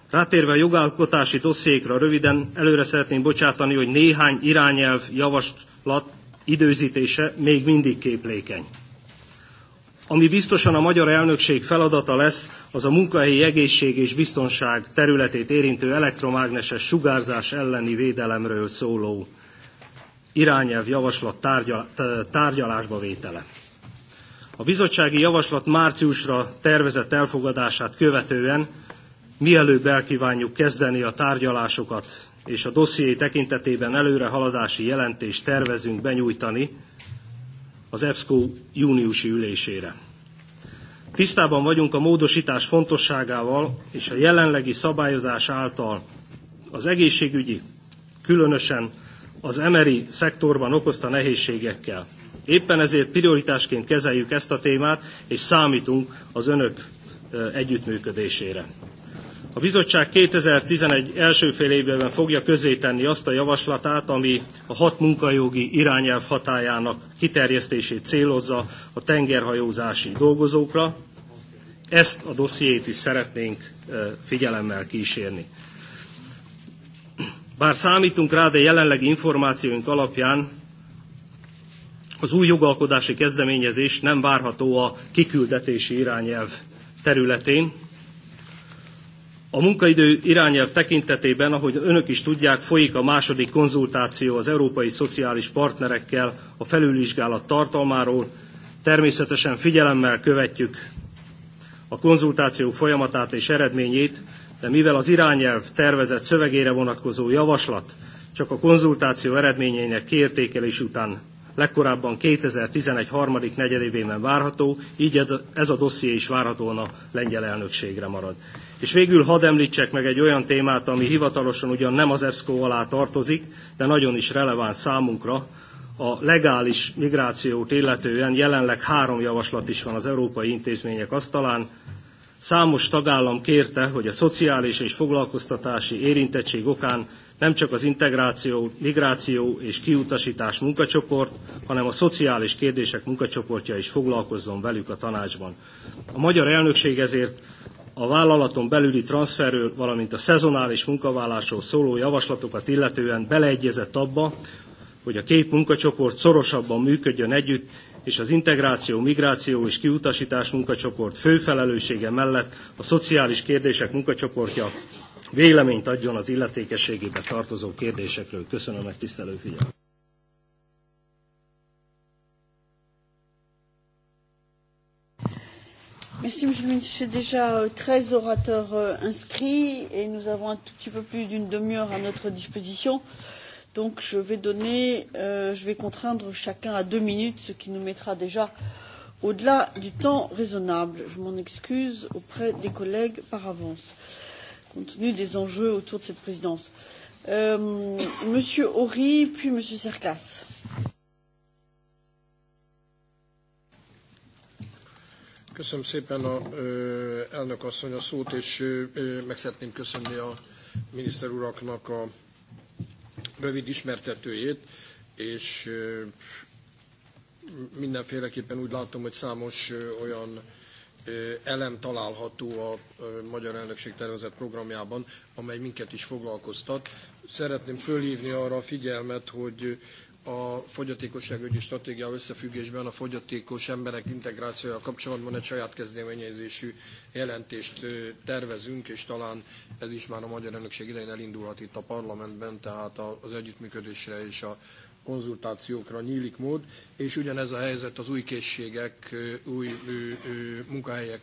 Rátérve a jogalkotási dossziékra röviden előre szeretném bocsátani, hogy néhány irányelv javaslat időzítése még mindig képlékeny. Ami biztosan a magyar elnökség feladata lesz, az a munkahelyi egészség és biztonság területét érintő elektromágneses sugárzás elleni védelemről szóló irányelv javaslat tárgyalásba vétele. A bizottsági javaslat márciusra tervezett elfogadását követően mielőbb elkívánjuk kezdeni a tárgyalásokat, és a dosszié tekintetében előrehaladási jelentést tervezünk benyújtani az EFSCO júniusi ülésére. Tisztában vagyunk a módosítás fontosságával és a jelenlegi szabályozás által az egészségügyi, különösen az emeri szektorban okozta nehézségekkel. Éppen ezért prioritásként kezeljük ezt a témát, és számítunk az önök együttműködésére. A bizottság 2011 első fél évben fogja közzétenni azt a javaslatát, ami a hat munkajogi irányelv hatájának kiterjesztését célozza a tengerhajózási dolgozókra. Ezt a dossziét is szeretnénk figyelemmel kísérni. Bár számítunk rá, de jelenlegi információink alapján az új jogalkodási kezdeményezés nem várható a kiküldetési irányelv területén, a munkaidő irányelv tekintetében, ahogy önök is tudják, folyik a második konzultáció az európai szociális partnerekkel a felülvizsgálat tartalmáról. Természetesen figyelemmel követjük a konzultáció folyamatát és eredményét, de mivel az irányelv tervezett szövegére vonatkozó javaslat csak a konzultáció eredményeinek kiértékelés után legkorábban 2011 harmadik negyedévében várható, így ez a dosszié is várhatóan a lengyel elnökségre marad. És végül hadd említsek meg egy olyan témát, ami hivatalosan ugyan nem az EBSCO alá tartozik, de nagyon is releváns számunkra. A legális migrációt illetően jelenleg három javaslat is van az európai intézmények asztalán. Számos tagállam kérte, hogy a szociális és foglalkoztatási érintettség okán nem csak az integráció, migráció és kiutasítás munkacsoport, hanem a szociális kérdések munkacsoportja is foglalkozzon velük a tanácsban. A magyar elnökség ezért a vállalaton belüli transferről, valamint a szezonális munkavállásról szóló javaslatokat illetően beleegyezett abba, hogy a két munkacsoport szorosabban működjön együtt, és az integráció, migráció és kiutasítás munkacsoport fő felelőssége mellett a szociális kérdések munkacsoportja véleményt adjon az illetékességébe tartozó kérdésekről. Köszönöm megtisztelő figyelmet. Merci, Monsieur le Ministre. J'ai déjà 13 euh, orateurs euh, inscrits et nous avons un tout petit peu plus d'une demi-heure à notre disposition. Donc, je vais donner, euh, je vais contraindre chacun à deux minutes, ce qui nous mettra déjà au-delà du temps raisonnable. Je m'en excuse auprès des collègues par avance, compte tenu des enjeux autour de cette présidence. Euh, Monsieur Horry, puis Monsieur Cercas. Köszönöm szépen a ö, elnök asszony a szót, és ö, ö, meg szeretném köszönni a miniszter uraknak a rövid ismertetőjét, és ö, mindenféleképpen úgy látom, hogy számos ö, olyan ö, elem található a ö, Magyar Elnökség tervezett programjában, amely minket is foglalkoztat. Szeretném fölhívni arra a figyelmet, hogy a fogyatékosságügyi stratégia összefüggésben a fogyatékos emberek integrációja kapcsolatban egy saját kezdeményezésű jelentést tervezünk, és talán ez is már a magyar elnökség idején elindulhat itt a parlamentben, tehát az együttműködésre és a konzultációkra nyílik mód, és ugyanez a helyzet az új készségek, új munkahelyek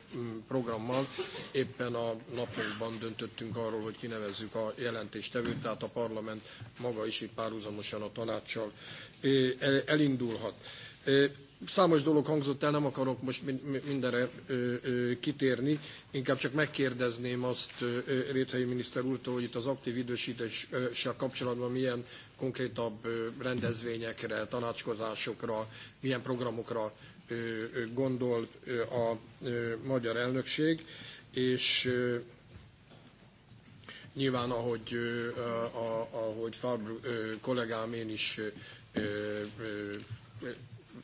programmal. Éppen a napokban döntöttünk arról, hogy kinevezzük a jelentéstevőt, tehát a parlament maga is itt párhuzamosan a tanácssal elindulhat. Számos dolog hangzott el, nem akarok most mindenre kitérni, inkább csak megkérdezném azt Réthelyi miniszter úrtól, hogy itt az aktív idősítéssel kapcsolatban milyen konkrétabb rendezvényekre, tanácskozásokra, milyen programokra gondol a magyar elnökség, és nyilván ahogy, ahogy Fabr kollégám én is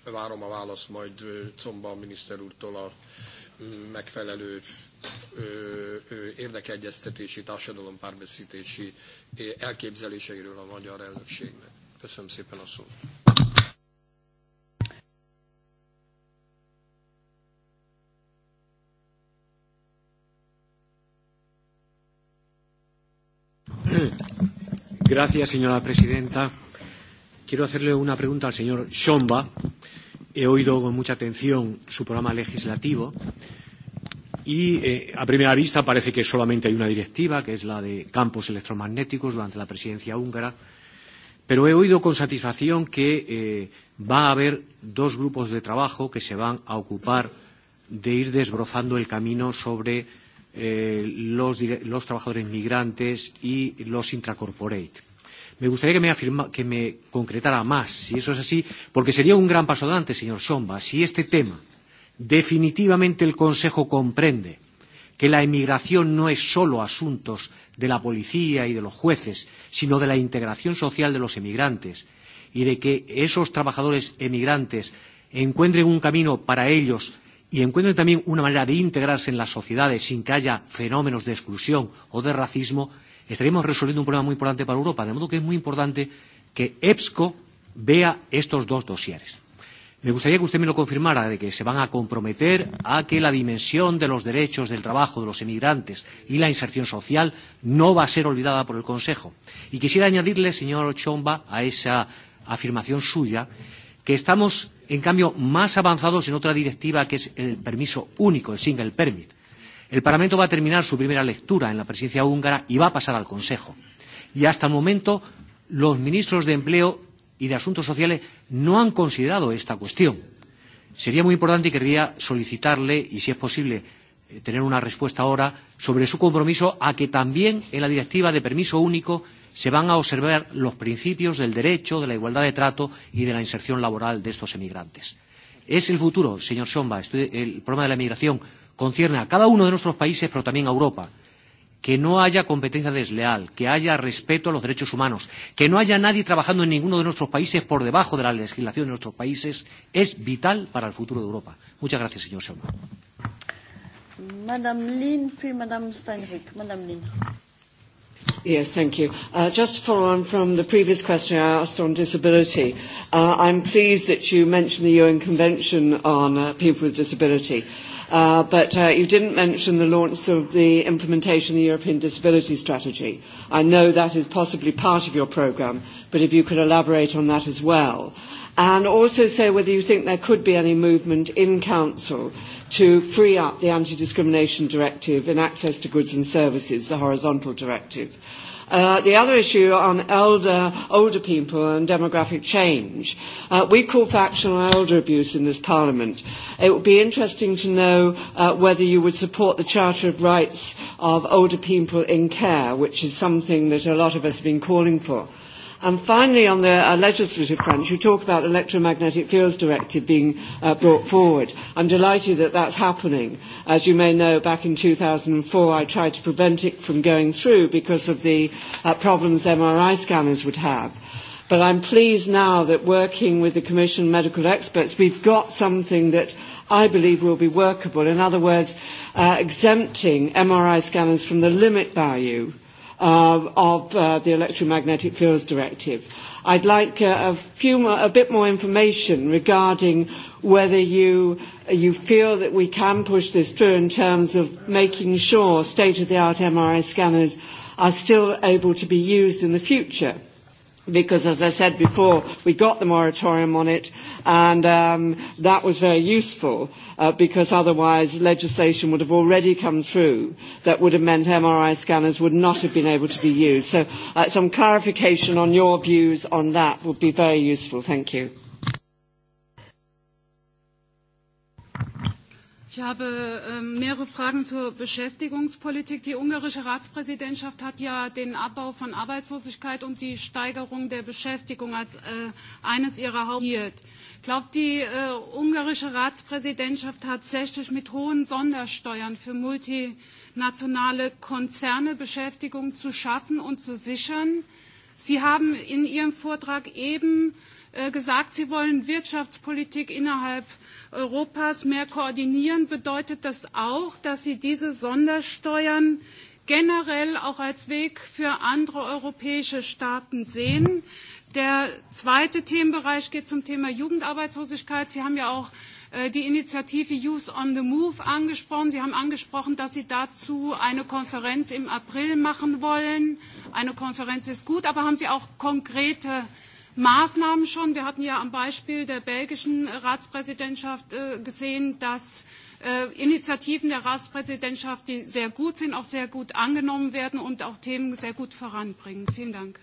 várom a választ majd Comba a miniszter úrtól a megfelelő érdekegyeztetési, társadalom párbeszítési elképzeléseiről a magyar elnökségnek. Köszönöm szépen a szót. Gracias, señora presidenta quiero hacerle una pregunta al señor Shomba. He oído con mucha atención su programa legislativo y eh, a primera vista parece que solamente hay una directiva, que es la de campos electromagnéticos durante la presidencia húngara, pero he oído con satisfacción que eh, va a haber dos grupos de trabajo que se van a ocupar de ir desbrozando el camino sobre eh, los, los trabajadores migrantes y los intracorporate Me gustaría que me, afirma, que me concretara más, si eso es así, porque sería un gran paso adelante, señor Somba, si este tema definitivamente el Consejo comprende que la emigración no es solo asuntos de la policía y de los jueces, sino de la integración social de los emigrantes y de que esos trabajadores emigrantes encuentren un camino para ellos y encuentren también una manera de integrarse en las sociedades sin que haya fenómenos de exclusión o de racismo, estaríamos resolviendo un problema muy importante para Europa. De modo que es muy importante que EPSCO vea estos dos dosieres. Me gustaría que usted me lo confirmara, de que se van a comprometer a que la dimensión de los derechos del trabajo de los emigrantes y la inserción social no va a ser olvidada por el Consejo. Y quisiera añadirle, señor Chomba, a esa afirmación suya, que estamos, en cambio, más avanzados en otra directiva que es el permiso único, el single permit el Parlamento va a terminar su primera lectura en la presidencia húngara y va a pasar al Consejo. Y hasta el momento los ministros de Empleo y de Asuntos Sociales no han considerado esta cuestión. Sería muy importante y querría solicitarle, y si es posible, eh, tener una respuesta ahora sobre su compromiso a que también en la directiva de permiso único se van a observar los principios del derecho, de la igualdad de trato y de la inserción laboral de estos emigrantes. Es el futuro, señor Somba, el problema de la emigración concierne a cada uno de nuestros países, pero también a Europa. Que no haya competencia desleal, que haya respeto a los derechos humanos, que no haya nadie trabajando en ninguno de nuestros países por debajo de la legislación de nuestros países, es vital para el futuro de Europa. Muchas gracias, señor Schoma. Madame Lin, puis Madame Yes, thank you. Uh, just to follow on from the previous question I asked on disability, uh, I'm pleased that you mentioned the UN Convention on uh, People with Disability. Uh, but uh, you didn't mention the launch of the implementation of the European Disability Strategy. I know that is possibly part of your programme, but if you could elaborate on that as well. And also say whether you think there could be any movement in Council to free up the Anti-Discrimination Directive in access to goods and services, the horizontal directive. Uh, the other issue on elder, older people and demographic change. Uh, we call for action on elder abuse in this Parliament. It would be interesting to know uh, whether you would support the Charter of Rights of Older People in Care, which is something that a lot of us have been calling for. And finally, on the uh, legislative front, you talk about the electromagnetic fields directive being uh, brought forward. I'm delighted that that's happening. As you may know, back in 2004, I tried to prevent it from going through because of the uh, problems MRI scanners would have. But I'm pleased now that working with the Commission medical experts, we've got something that I believe will be workable. In other words, uh, exempting MRI scanners from the limit value uh, of uh, the Electromagnetic Fields Directive. I'd like uh, a, few more, a bit more information regarding whether you, you feel that we can push this through in terms of making sure state-of-the-art MRI scanners are still able to be used in the future because, as I said before, we got the moratorium on it, and um, that was very useful uh, because otherwise legislation would have already come through that would have meant MRI scanners would not have been able to be used. So, uh, some clarification on your views on that would be very useful. Thank you. Ich habe ähm, mehrere Fragen zur Beschäftigungspolitik. Die ungarische Ratspräsidentschaft hat ja den Abbau von Arbeitslosigkeit und die Steigerung der Beschäftigung als äh, eines ihrer Hauptziele. Glaubt die äh, ungarische Ratspräsidentschaft tatsächlich mit hohen Sondersteuern für multinationale Konzerne Beschäftigung zu schaffen und zu sichern? Sie haben in Ihrem Vortrag eben äh, gesagt, Sie wollen Wirtschaftspolitik innerhalb äh, Europas mehr koordinieren, bedeutet das auch, dass sie diese Sondersteuern generell auch als Weg für andere europäische Staaten sehen. Der zweite Themenbereich geht zum Thema Jugendarbeitslosigkeit. Sie haben ja auch äh, die Initiative Youth on the Move angesprochen. Sie haben angesprochen, dass Sie dazu eine Konferenz im April machen wollen. Eine Konferenz ist gut, aber haben Sie auch konkrete Maßnahmen schon. Wir hatten ja am Beispiel der belgischen Ratspräsidentschaft äh, gesehen, dass äh, Initiativen der Ratspräsidentschaft, die sehr gut sind, auch sehr gut angenommen werden und auch Themen sehr gut voranbringen. Vielen Dank.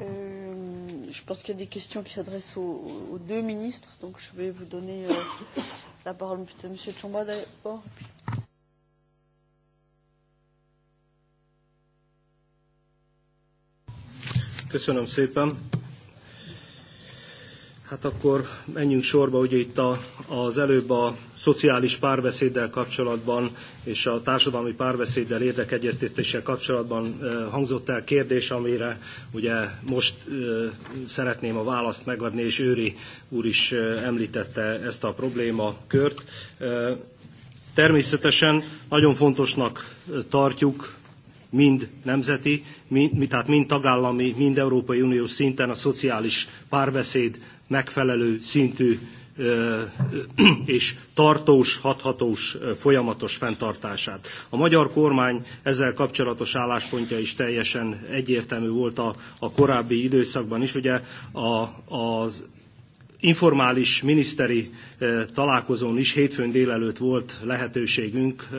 Euh, je pense qu'il y a des questions qui s'adressent aux, aux deux ministres, donc je vais vous donner euh, la parole peut-être M. Tchomba d'abord, puis Köszönöm szépen. Hát akkor menjünk sorba, ugye itt a, az előbb a szociális párbeszéddel kapcsolatban és a társadalmi párbeszéddel érdekegyeztetéssel kapcsolatban hangzott el kérdés, amire ugye most szeretném a választ megadni, és Őri úr is említette ezt a problémakört. Természetesen nagyon fontosnak tartjuk mind nemzeti, mind, tehát mind tagállami, mind Európai Uniós szinten a szociális párbeszéd megfelelő szintű és tartós, hathatós, folyamatos fenntartását. A magyar kormány ezzel kapcsolatos álláspontja is teljesen egyértelmű volt a, a korábbi időszakban is. Ugye a, az informális miniszteri eh, találkozón is hétfőn délelőtt volt lehetőségünk eh,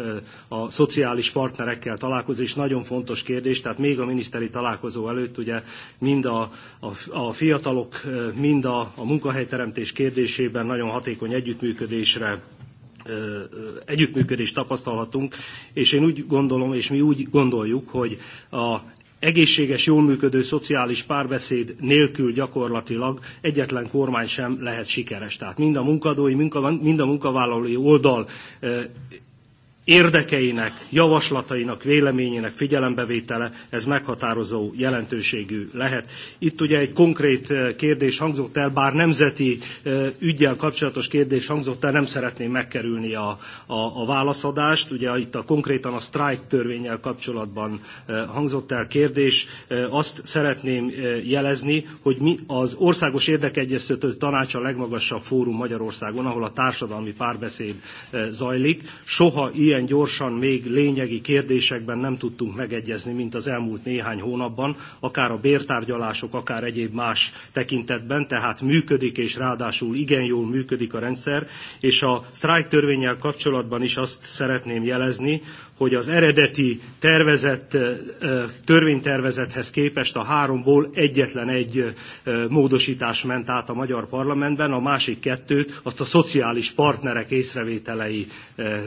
a szociális partnerekkel találkozni, és nagyon fontos kérdés, tehát még a miniszteri találkozó előtt ugye mind a, a, a fiatalok, eh, mind a, a munkahelyteremtés kérdésében nagyon hatékony együttműködésre együttműködést tapasztalhatunk, és én úgy gondolom, és mi úgy gondoljuk, hogy a Egészséges, jól működő szociális párbeszéd nélkül gyakorlatilag egyetlen kormány sem lehet sikeres. Tehát mind a munkadói, mind a munkavállalói oldal érdekeinek, javaslatainak, véleményének figyelembevétele, ez meghatározó jelentőségű lehet. Itt ugye egy konkrét eh, kérdés hangzott el, bár nemzeti eh, ügyel kapcsolatos kérdés hangzott el, nem szeretném megkerülni a, a, a válaszadást. Ugye itt a konkrétan a strike törvényel kapcsolatban eh, hangzott el kérdés. Azt szeretném jelezni, hogy mi az Országos Érdekegyeztető Tanács a legmagasabb fórum Magyarországon, ahol a társadalmi párbeszéd zajlik. Soha ilyen ilyen gyorsan még lényegi kérdésekben nem tudtunk megegyezni, mint az elmúlt néhány hónapban, akár a bértárgyalások, akár egyéb más tekintetben, tehát működik és ráadásul igen jól működik a rendszer, és a sztrájk törvényel kapcsolatban is azt szeretném jelezni, hogy az eredeti tervezett törvénytervezethez képest a háromból egyetlen egy módosítás ment át a magyar parlamentben, a másik kettőt azt a szociális partnerek észrevételei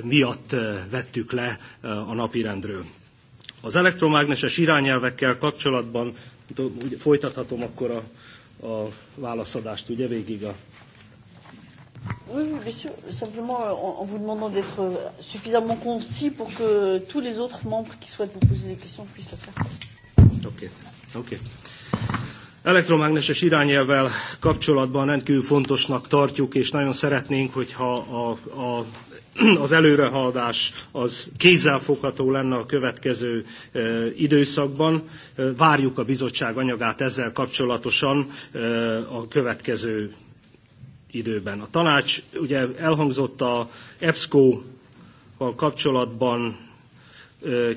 miatt vettük le a napirendről. Az elektromágneses irányelvekkel kapcsolatban folytathatom akkor a, a válaszadást, ugye végig a Oui, oui, bien sûr. Simplement, euh, en, en vous demandant d'être euh, suffisamment concis pour que tous les autres membres qui souhaitent vous poser des questions puissent le faire. Ok. Ok. Elektromágneses irányelvvel kapcsolatban rendkívül fontosnak tartjuk, és nagyon szeretnénk, hogyha a, a, az előrehaladás az kézzelfogható lenne a következő e, időszakban. Várjuk a bizottság anyagát ezzel kapcsolatosan e, a következő időben. A tanács, ugye elhangzott a EBSCO-val kapcsolatban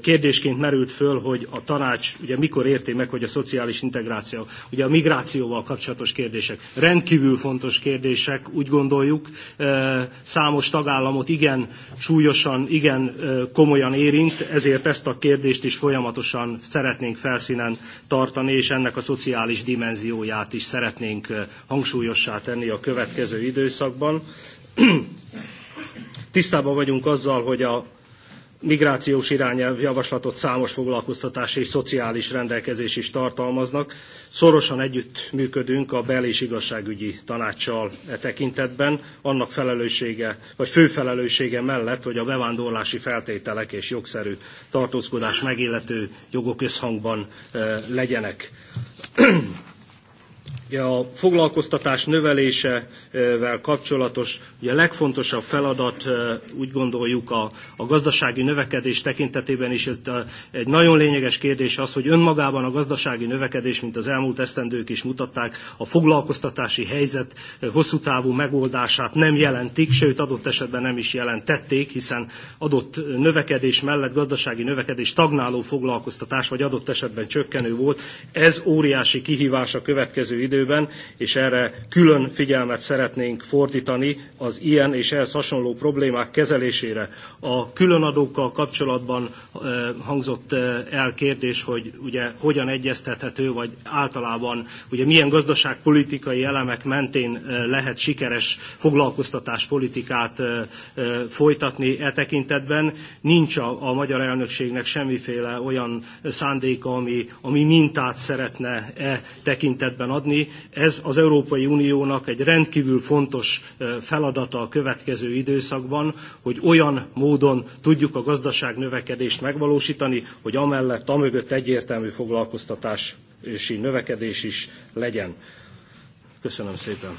kérdésként merült föl, hogy a tanács ugye mikor érti meg, hogy a szociális integráció, ugye a migrációval kapcsolatos kérdések rendkívül fontos kérdések, úgy gondoljuk, számos tagállamot igen súlyosan, igen komolyan érint, ezért ezt a kérdést is folyamatosan szeretnénk felszínen tartani, és ennek a szociális dimenzióját is szeretnénk hangsúlyossá tenni a következő időszakban. [CLEARS THROAT] Tisztában vagyunk azzal, hogy a migrációs irányelv javaslatot számos foglalkoztatási és szociális rendelkezés is tartalmaznak. Szorosan együtt működünk a bel- és igazságügyi tanácssal e tekintetben, annak felelőssége, vagy főfelelőssége mellett, hogy a bevándorlási feltételek és jogszerű tartózkodás megillető jogok összhangban e, legyenek. A foglalkoztatás növelésevel kapcsolatos ugye a legfontosabb feladat úgy gondoljuk a, a gazdasági növekedés tekintetében is ez egy nagyon lényeges kérdés az, hogy önmagában a gazdasági növekedés, mint az elmúlt esztendők is mutatták, a foglalkoztatási helyzet hosszú távú megoldását nem jelentik, sőt adott esetben nem is jelentették, hiszen adott növekedés mellett gazdasági növekedés tagnáló foglalkoztatás, vagy adott esetben csökkenő volt. Ez óriási kihívás a következő idő 2012 és erre külön figyelmet szeretnénk fordítani az ilyen és ehhez hasonló problémák kezelésére. A különadókkal kapcsolatban hangzott el kérdés, hogy ugye hogyan egyeztethető, vagy általában ugye milyen gazdaságpolitikai elemek mentén lehet sikeres foglalkoztatáspolitikát folytatni e tekintetben. Nincs a, a magyar elnökségnek semmiféle olyan szándéka, ami, ami mintát szeretne e tekintetben adni. Ez az Európai Uniónak egy rendkívül fontos feladata a következő időszakban, hogy olyan módon tudjuk a gazdaság növekedést megvalósítani, hogy amellett, amögött egyértelmű foglalkoztatási növekedés is legyen. Köszönöm szépen.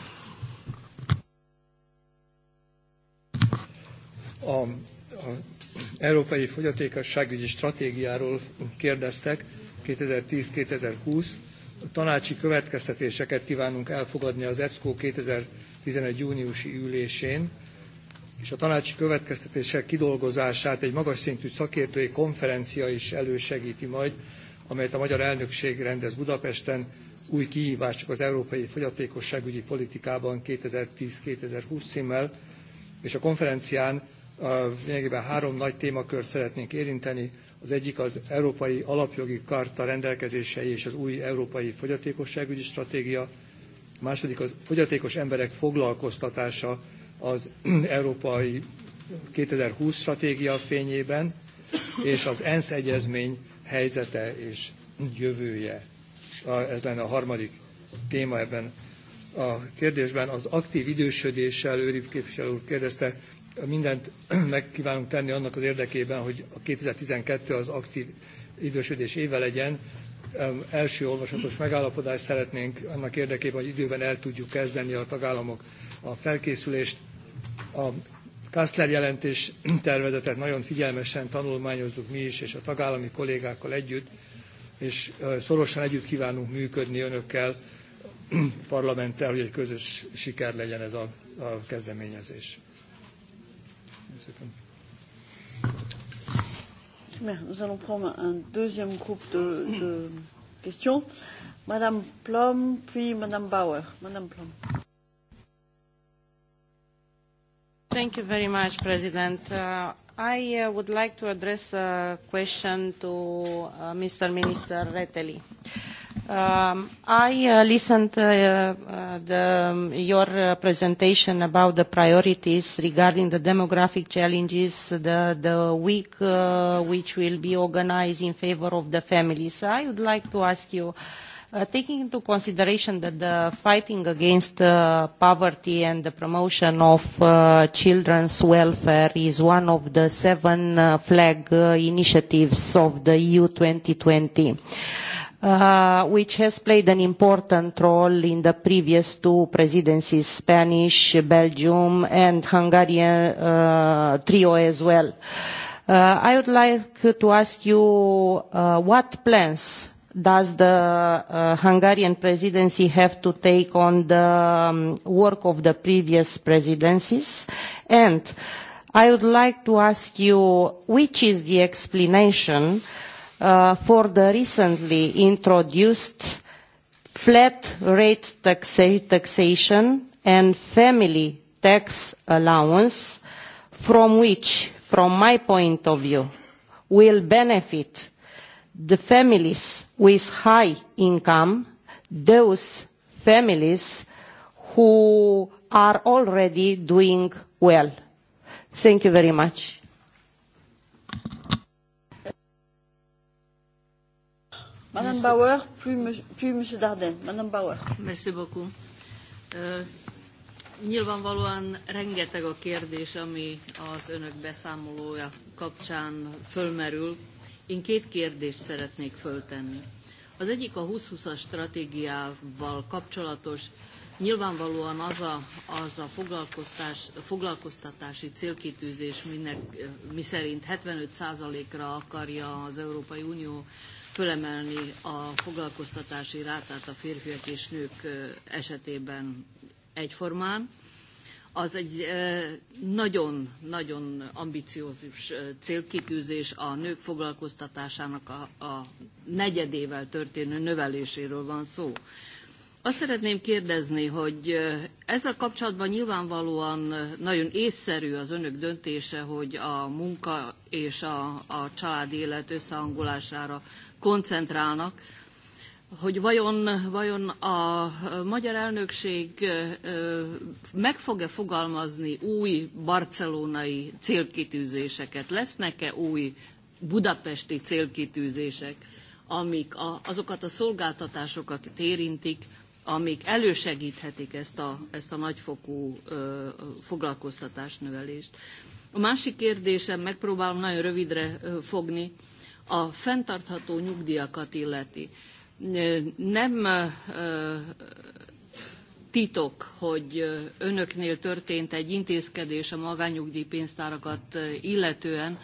A, a Európai Fogyatékosságügyi Stratégiáról kérdeztek 2010-2020 tanácsi következtetéseket kívánunk elfogadni az EBSCO 2011. júniusi ülésén, és a tanácsi következtetések kidolgozását egy magas szintű szakértői konferencia is elősegíti majd, amelyet a magyar elnökség rendez Budapesten új kihívások az európai fogyatékosságügyi politikában 2010-2020 címmel, és a konferencián lényegében három nagy témakört szeretnénk érinteni, az egyik az Európai Alapjogi Karta rendelkezései és az új Európai Fogyatékosságügyi Stratégia, a második az fogyatékos emberek foglalkoztatása az [CLEARS THROAT] Európai 2020 stratégia fényében, és az ENSZ egyezmény helyzete és jövője. Ez lenne a harmadik téma ebben a kérdésben. Az aktív idősödéssel, őri képviselő úr kérdezte, mindent [CLEARS THROAT] megkívánunk tenni annak az érdekében, hogy a 2012 az aktív idősödés éve legyen. Első olvasatos megállapodást szeretnénk annak érdekében, hogy időben el tudjuk kezdeni a tagállamok a felkészülést. A kastler jelentés [CLEARS THROAT] tervezetet nagyon figyelmesen tanulmányozzuk mi is, és a tagállami kollégákkal együtt, és szorosan együtt kívánunk működni önökkel, [CLEARS THROAT] parlamenttel, hogy egy közös siker legyen ez a, a kezdeményezés szépen. Bien, nous allons prendre un deuxième groupe de, de questions. Madame Plom, puis Madame Bauer. Madame Plom. Thank you very much, President. Uh, I uh, would like to address a question to uh, Mr. Minister Retteli. Uh, Um, I uh, listened to uh, uh, um, your uh, presentation about the priorities regarding the demographic challenges, the, the week uh, which will be organized in favor of the families. I would like to ask you, uh, taking into consideration that the fighting against uh, poverty and the promotion of uh, children's welfare is one of the seven uh, flag uh, initiatives of the EU 2020, Uh, which has played an important role in the previous two presidencies, Spanish, Belgium, and Hungarian uh, trio as well. Uh, I would like to ask you uh, what plans does the uh, Hungarian presidency have to take on the um, work of the previous presidencies? And I would like to ask you which is the explanation uh, Uh, for the recently introduced flat rate taxa taxation and family tax allowance from which, from my point of view, will benefit the families with high income, those families who are already doing well. Thank you very much. Madame Bauer, puis, puis Monsieur Dardenne. Madame Bauer. Merci beaucoup. Uh, nyilvánvalóan rengeteg a kérdés, ami az önök beszámolója kapcsán fölmerül. Én két kérdést szeretnék föltenni. Az egyik a 2020-as stratégiával kapcsolatos, Nyilvánvalóan az a, az a foglalkoztás, foglalkoztatási célkitűzés, minek, miszerint 75%-ra akarja az Európai Unió fölemelni a foglalkoztatási rátát a férfiak és nők esetében egyformán. Az egy nagyon-nagyon ambiciózus célkitűzés a nők foglalkoztatásának a, a negyedével történő növeléséről van szó. Azt szeretném kérdezni, hogy ezzel kapcsolatban nyilvánvalóan nagyon észszerű az önök döntése, hogy a munka és a, a család élet összehangolására koncentrálnak, hogy vajon, vajon a magyar elnökség meg fog-e fogalmazni új barcelonai célkitűzéseket? Lesznek-e új budapesti célkitűzések, amik a, azokat a szolgáltatásokat érintik, amik elősegíthetik ezt a, ezt a nagyfokú foglalkoztatás foglalkoztatásnövelést. A másik kérdésem, megpróbálom nagyon rövidre fogni, a fenntartható nyugdíjakat illeti. Nem titok, hogy önöknél történt egy intézkedés a magányugdíjpénztárakat illetően,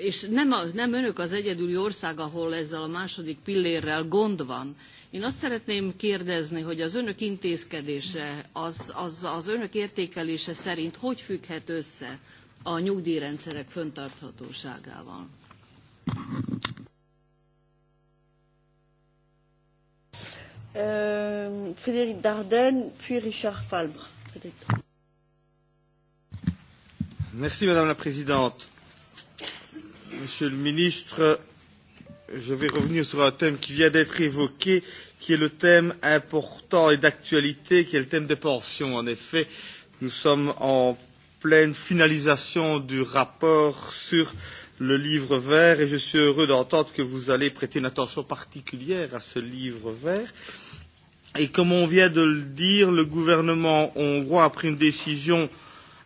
és nem, a, nem önök az egyedüli ország, ahol ezzel a második pillérrel gond van. Én azt szeretném kérdezni, hogy az önök intézkedése, az, az, az önök értékelése szerint hogy függhet össze a nyugdíjrendszerek föntarthatóságával? Euh, Frédéric Dardenne, puis Richard Falbre, Merci Madame la Présidente. Monsieur le Ministre, je vais revenir sur un thème qui vient d'être évoqué, qui est le thème important et d'actualité, qui est le thème des pensions. En effet, nous sommes en pleine finalisation du rapport sur euh, le livre vert et je suis heureux d'entendre que vous allez prêter une attention particulière à ce livre vert. Et comme on vient de le dire, le gouvernement hongrois a pris une décision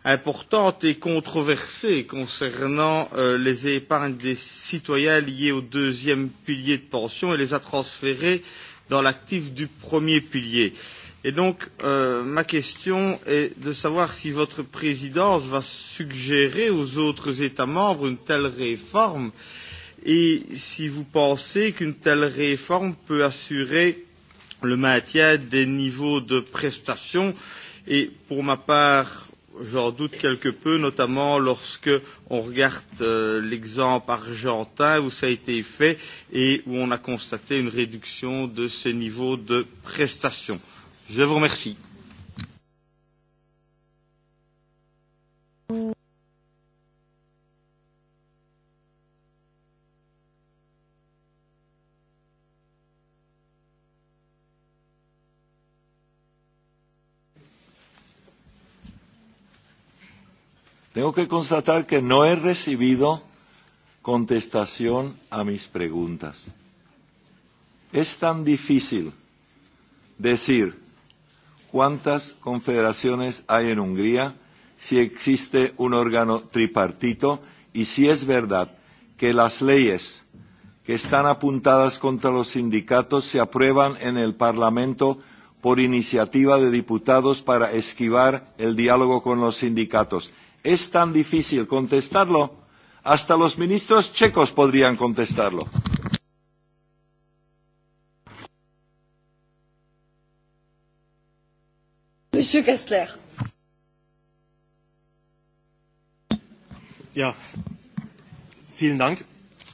importante et controversée concernant euh, les épargnes des citoyens liées au deuxième pilier de pension et les a transférées dans l'actif du premier pilier. Euh, Et donc, euh, ma question est de savoir si votre présidence va suggérer aux autres États membres une telle réforme et si vous pensez qu'une telle réforme peut assurer le maintien des niveaux de prestations et pour ma part j'en doute quelque peu notamment lorsque on regarde euh, l'exemple argentin où ça a été fait et où on a constaté une réduction de ces niveaux de prestations. Je vous remercie. Tengo que constatar que no he recibido contestación a mis preguntas. Es tan difícil decir cuántas confederaciones hay en Hungría, si existe un órgano tripartito y si es verdad que las leyes que están apuntadas contra los sindicatos se aprueban en el Parlamento por iniciativa de diputados para esquivar el diálogo con los sindicatos. Es tan difícil contestarlo, hasta los ministros checos podrían contestarlo. Monsieur Kessler. Ja, vielen Dank,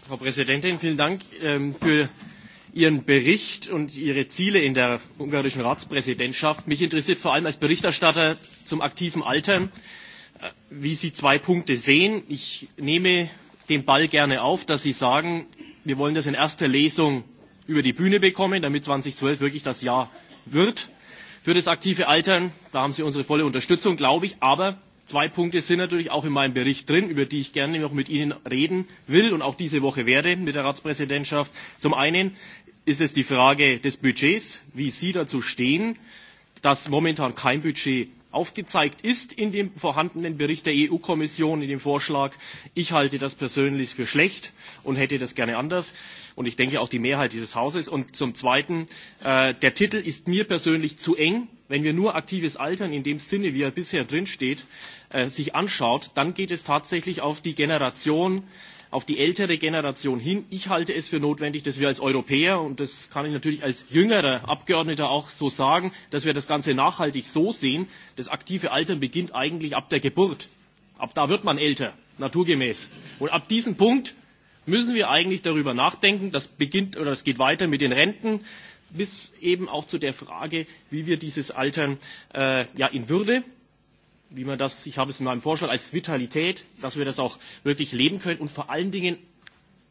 Frau Präsidentin. Vielen Dank ähm, für Ihren Bericht und Ihre Ziele in der ungarischen Ratspräsidentschaft. Mich interessiert vor allem als Berichterstatter zum aktiven Altern, äh, wie Sie zwei Punkte sehen. Ich nehme den Ball gerne auf, dass Sie sagen, wir wollen das in erster Lesung über die Bühne bekommen, damit 2012 wirklich das Jahr wird für das aktive Altern, da haben Sie unsere volle Unterstützung, glaube ich. Aber zwei Punkte sind natürlich auch in meinem Bericht drin, über die ich gerne noch mit Ihnen reden will und auch diese Woche werde mit der Ratspräsidentschaft. Zum einen ist es die Frage des Budgets, wie Sie dazu stehen, dass momentan kein Budget aufgezeigt ist in dem vorhandenen Bericht der EU-Kommission, in dem Vorschlag. Ich halte das persönlich für schlecht und hätte das gerne anders. Und ich denke auch die Mehrheit dieses Hauses. Und zum Zweiten, äh, der Titel ist mir persönlich zu eng. Wenn wir nur aktives Altern in dem Sinne, wie er bisher drinsteht, äh, sich anschaut, dann geht es tatsächlich auf die Generation, auf die ältere Generation hin. Ich halte es für notwendig, dass wir als Europäer, und das kann ich natürlich als jüngerer Abgeordneter auch so sagen, dass wir das Ganze nachhaltig so sehen, das aktive Altern beginnt eigentlich ab der Geburt. Ab da wird man älter, naturgemäß. Und ab diesem Punkt müssen wir eigentlich darüber nachdenken, das beginnt oder das geht weiter mit den Renten, bis eben auch zu der Frage, wie wir dieses Altern äh, ja, in Würde wie man das, ich habe es in meinem Vorschlag, als Vitalität, dass wir das auch wirklich leben können und vor allen Dingen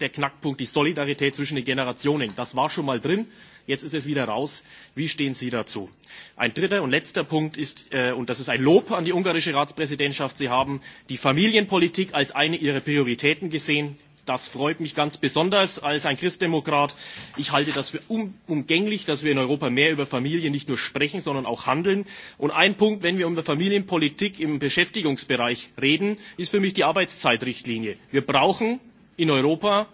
der Knackpunkt, die Solidarität zwischen den Generationen. Das war schon mal drin, jetzt ist es wieder raus. Wie stehen Sie dazu? Ein dritter und letzter Punkt ist, äh, und das ist ein Lob an die ungarische Ratspräsidentschaft, Sie haben die Familienpolitik als eine Ihrer Prioritäten gesehen. Das freut mich ganz besonders als ein Christdemokrat. Ich halte das für unumgänglich, um, dass wir in Europa mehr über Familie nicht nur sprechen, sondern auch handeln. Und ein Punkt, wenn wir über Familienpolitik im Beschäftigungsbereich reden, ist für mich die Arbeitszeitrichtlinie. Wir brauchen in Europa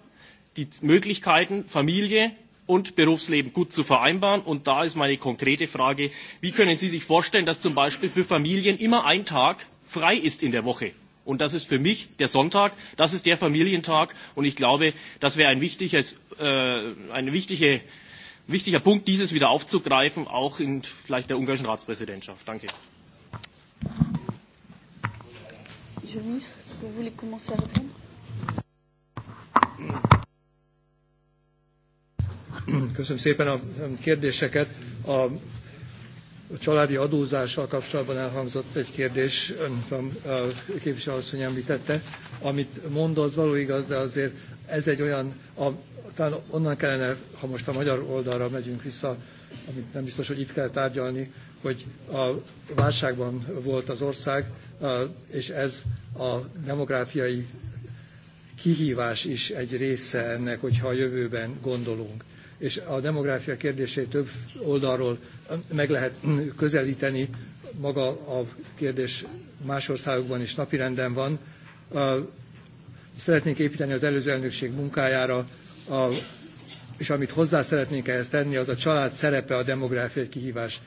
die Möglichkeiten, Familie und Berufsleben gut zu vereinbaren. Und da ist meine konkrete Frage, wie können Sie sich vorstellen, dass zum Beispiel für Familien immer ein Tag frei ist in der Woche? Und das ist für mich der Sonntag, das ist der Familientag. Und ich glaube, das wäre ein, wichtiges, äh, ein wichtige, wichtiger Punkt, dieses wieder aufzugreifen, auch in vielleicht der ungarischen Ratspräsidentschaft. Danke. Köszönöm szépen a kérdéseket. A a családi adózással kapcsolatban elhangzott egy kérdés, a képviselőasszony említette, amit mondott, való igaz, de azért ez egy olyan, a, talán onnan kellene, ha most a magyar oldalra megyünk vissza, amit nem biztos, hogy itt kell tárgyalni, hogy a válságban volt az ország, és ez a demográfiai kihívás is egy része ennek, hogyha a jövőben gondolunk és a demográfia kérdését több oldalról meg lehet közelíteni. Maga a kérdés más országokban is napirenden van. Szeretnénk építeni az előző elnökség munkájára, és amit hozzá szeretnénk ehhez tenni, az a család szerepe a demográfiai kihívás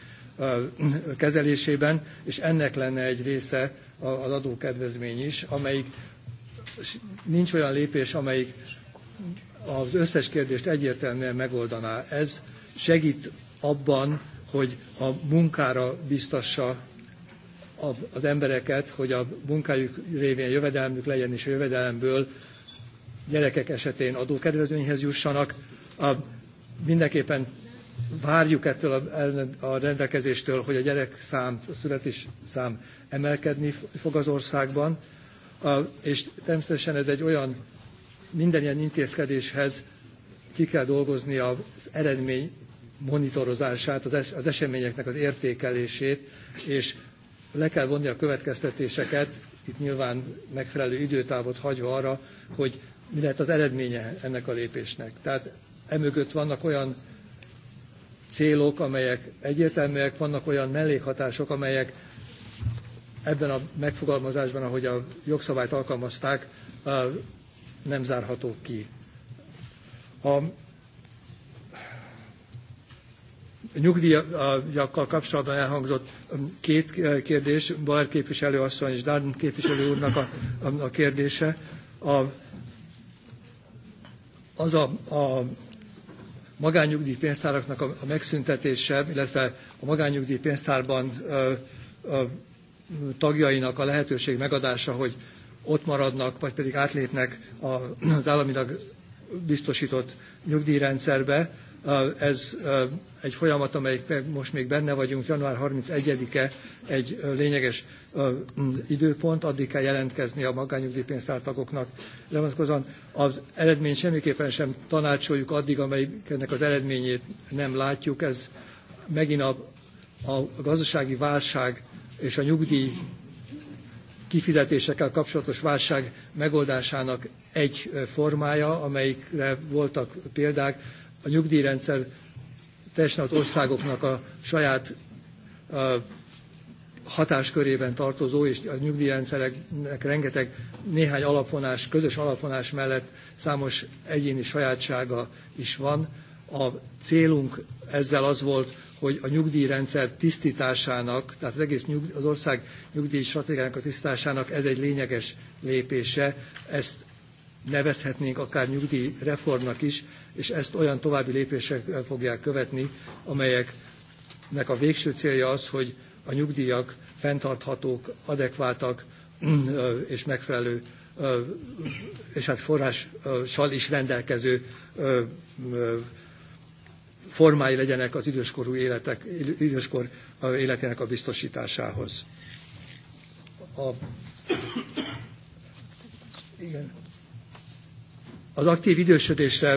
kezelésében, és ennek lenne egy része az adókedvezmény is, amelyik nincs olyan lépés, amelyik az összes kérdést egyértelműen megoldaná. Ez segít abban, hogy a munkára biztassa az embereket, hogy a munkájuk révén jövedelmük legyen, és a jövedelemből gyerekek esetén adókedvezményhez jussanak. A, mindenképpen várjuk ettől a, a rendelkezéstől, hogy a gyerek szám, a szám emelkedni fog az országban, a, és természetesen ez egy olyan minden ilyen intézkedéshez ki kell dolgozni az eredmény monitorozását, az, eseményeknek az értékelését, és le kell vonni a következtetéseket, itt nyilván megfelelő időtávot hagyva arra, hogy mi lehet az eredménye ennek a lépésnek. Tehát emögött vannak olyan célok, amelyek egyértelműek, vannak olyan mellékhatások, amelyek ebben a megfogalmazásban, ahogy a jogszabályt alkalmazták, nem zárható ki. A nyugdíjakkal kapcsolatban elhangzott két kérdés, Bauer képviselő asszony és Darden képviselő úrnak a, a, a kérdése. A, az a, a magányugdíj pénztáraknak a, a megszüntetése, illetve a magányugdíj pénztárban a, a tagjainak a lehetőség megadása, hogy ott maradnak, vagy pedig átlépnek az államilag biztosított nyugdíjrendszerbe. Ez egy folyamat, amelyik most még benne vagyunk, január 31-e egy lényeges időpont, addig kell jelentkezni a magányugdíjpénztártagoknak levonatkozóan. Az eredmény semmiképpen sem tanácsoljuk addig, amelyik ennek az eredményét nem látjuk. Ez megint a, a gazdasági válság és a nyugdíj kifizetésekkel kapcsolatos válság megoldásának egy formája, amelyikre voltak példák. A nyugdíjrendszer teljesen országoknak a saját hatáskörében tartozó, és a nyugdíjrendszereknek rengeteg néhány alapvonás, közös alapvonás mellett számos egyéni sajátsága is van. A célunk ezzel az volt, hogy a nyugdíjrendszer tisztításának, tehát az egész nyug, az ország nyugdíj stratégiának a tisztításának ez egy lényeges lépése, ezt nevezhetnénk akár nyugdíjreformnak is, és ezt olyan további lépések fogják követni, amelyeknek a végső célja az, hogy a nyugdíjak fenntarthatók, adekváltak [CLEARS THROAT] és megfelelő és hát forrással is rendelkező formái legyenek az időskorú életek, időskor életének a biztosításához. A, igen. Az aktív idősödésre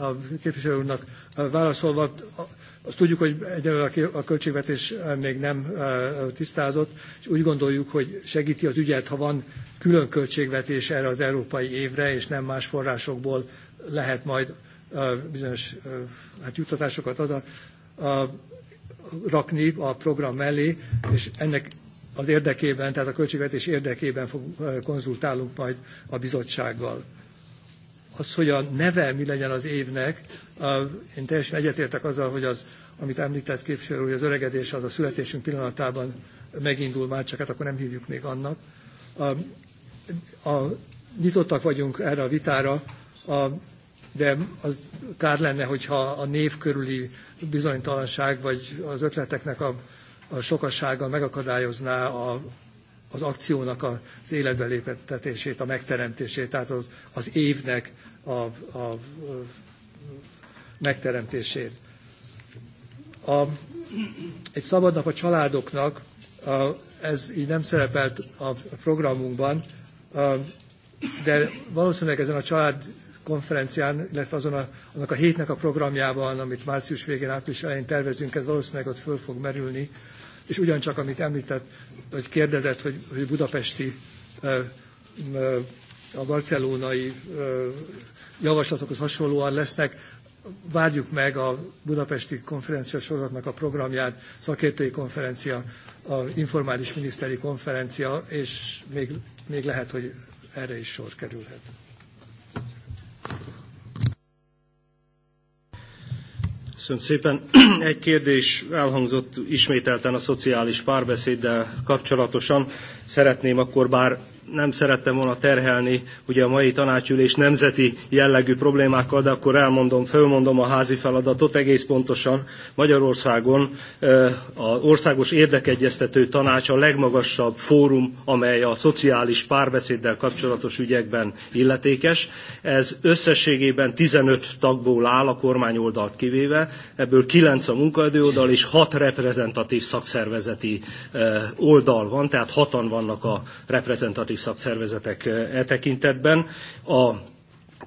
a képviselő úrnak válaszolva, azt tudjuk, hogy egyelőre a költségvetés még nem e, tisztázott, és úgy gondoljuk, hogy segíti az ügyet, ha van külön költségvetés erre az európai évre, és nem más forrásokból lehet majd bizonyos hát juttatásokat ad a, a, rakni a program mellé, és ennek az érdekében, tehát a költségvetés érdekében fog, konzultálunk majd a bizottsággal. Az, hogy a neve mi legyen az évnek, én teljesen egyetértek azzal, hogy az, amit említett képviselő, hogy az öregedés az a születésünk pillanatában megindul már, csak hát akkor nem hívjuk még annak. A, a, nyitottak vagyunk erre a vitára, a, de az kár lenne, hogyha a név körüli bizonytalanság vagy az ötleteknek a, a sokassága megakadályozná a, az akciónak az életbe lépettetését, a megteremtését, tehát az, az évnek a, a, a megteremtését. A, egy szabad nap a családoknak, a, ez így nem szerepelt a programunkban, a, de valószínűleg ezen a család konferencián, illetve azon a, annak a hétnek a programjában, amit március végén, április elején tervezünk, ez valószínűleg ott föl fog merülni. És ugyancsak, amit említett, hogy kérdezett, hogy, hogy budapesti, a barcelonai javaslatokhoz hasonlóan lesznek, várjuk meg a budapesti konferencia sorozatnak a programját, szakértői konferencia, a informális miniszteri konferencia, és még, még lehet, hogy erre is sor kerülhet. Köszönöm szépen. Egy kérdés elhangzott ismételten a szociális párbeszéddel kapcsolatosan. Szeretném akkor bár nem szerettem volna terhelni ugye a mai tanácsülés nemzeti jellegű problémákkal, de akkor elmondom, fölmondom a házi feladatot egész pontosan. Magyarországon az Országos Érdekegyeztető Tanács a legmagasabb fórum, amely a szociális párbeszéddel kapcsolatos ügyekben illetékes. Ez összességében 15 tagból áll, a oldalt kivéve, ebből 9 a munkaidő oldal és 6 reprezentatív szakszervezeti oldal van, tehát hatan vannak a reprezentatív szakszervezetek e, e tekintetben. A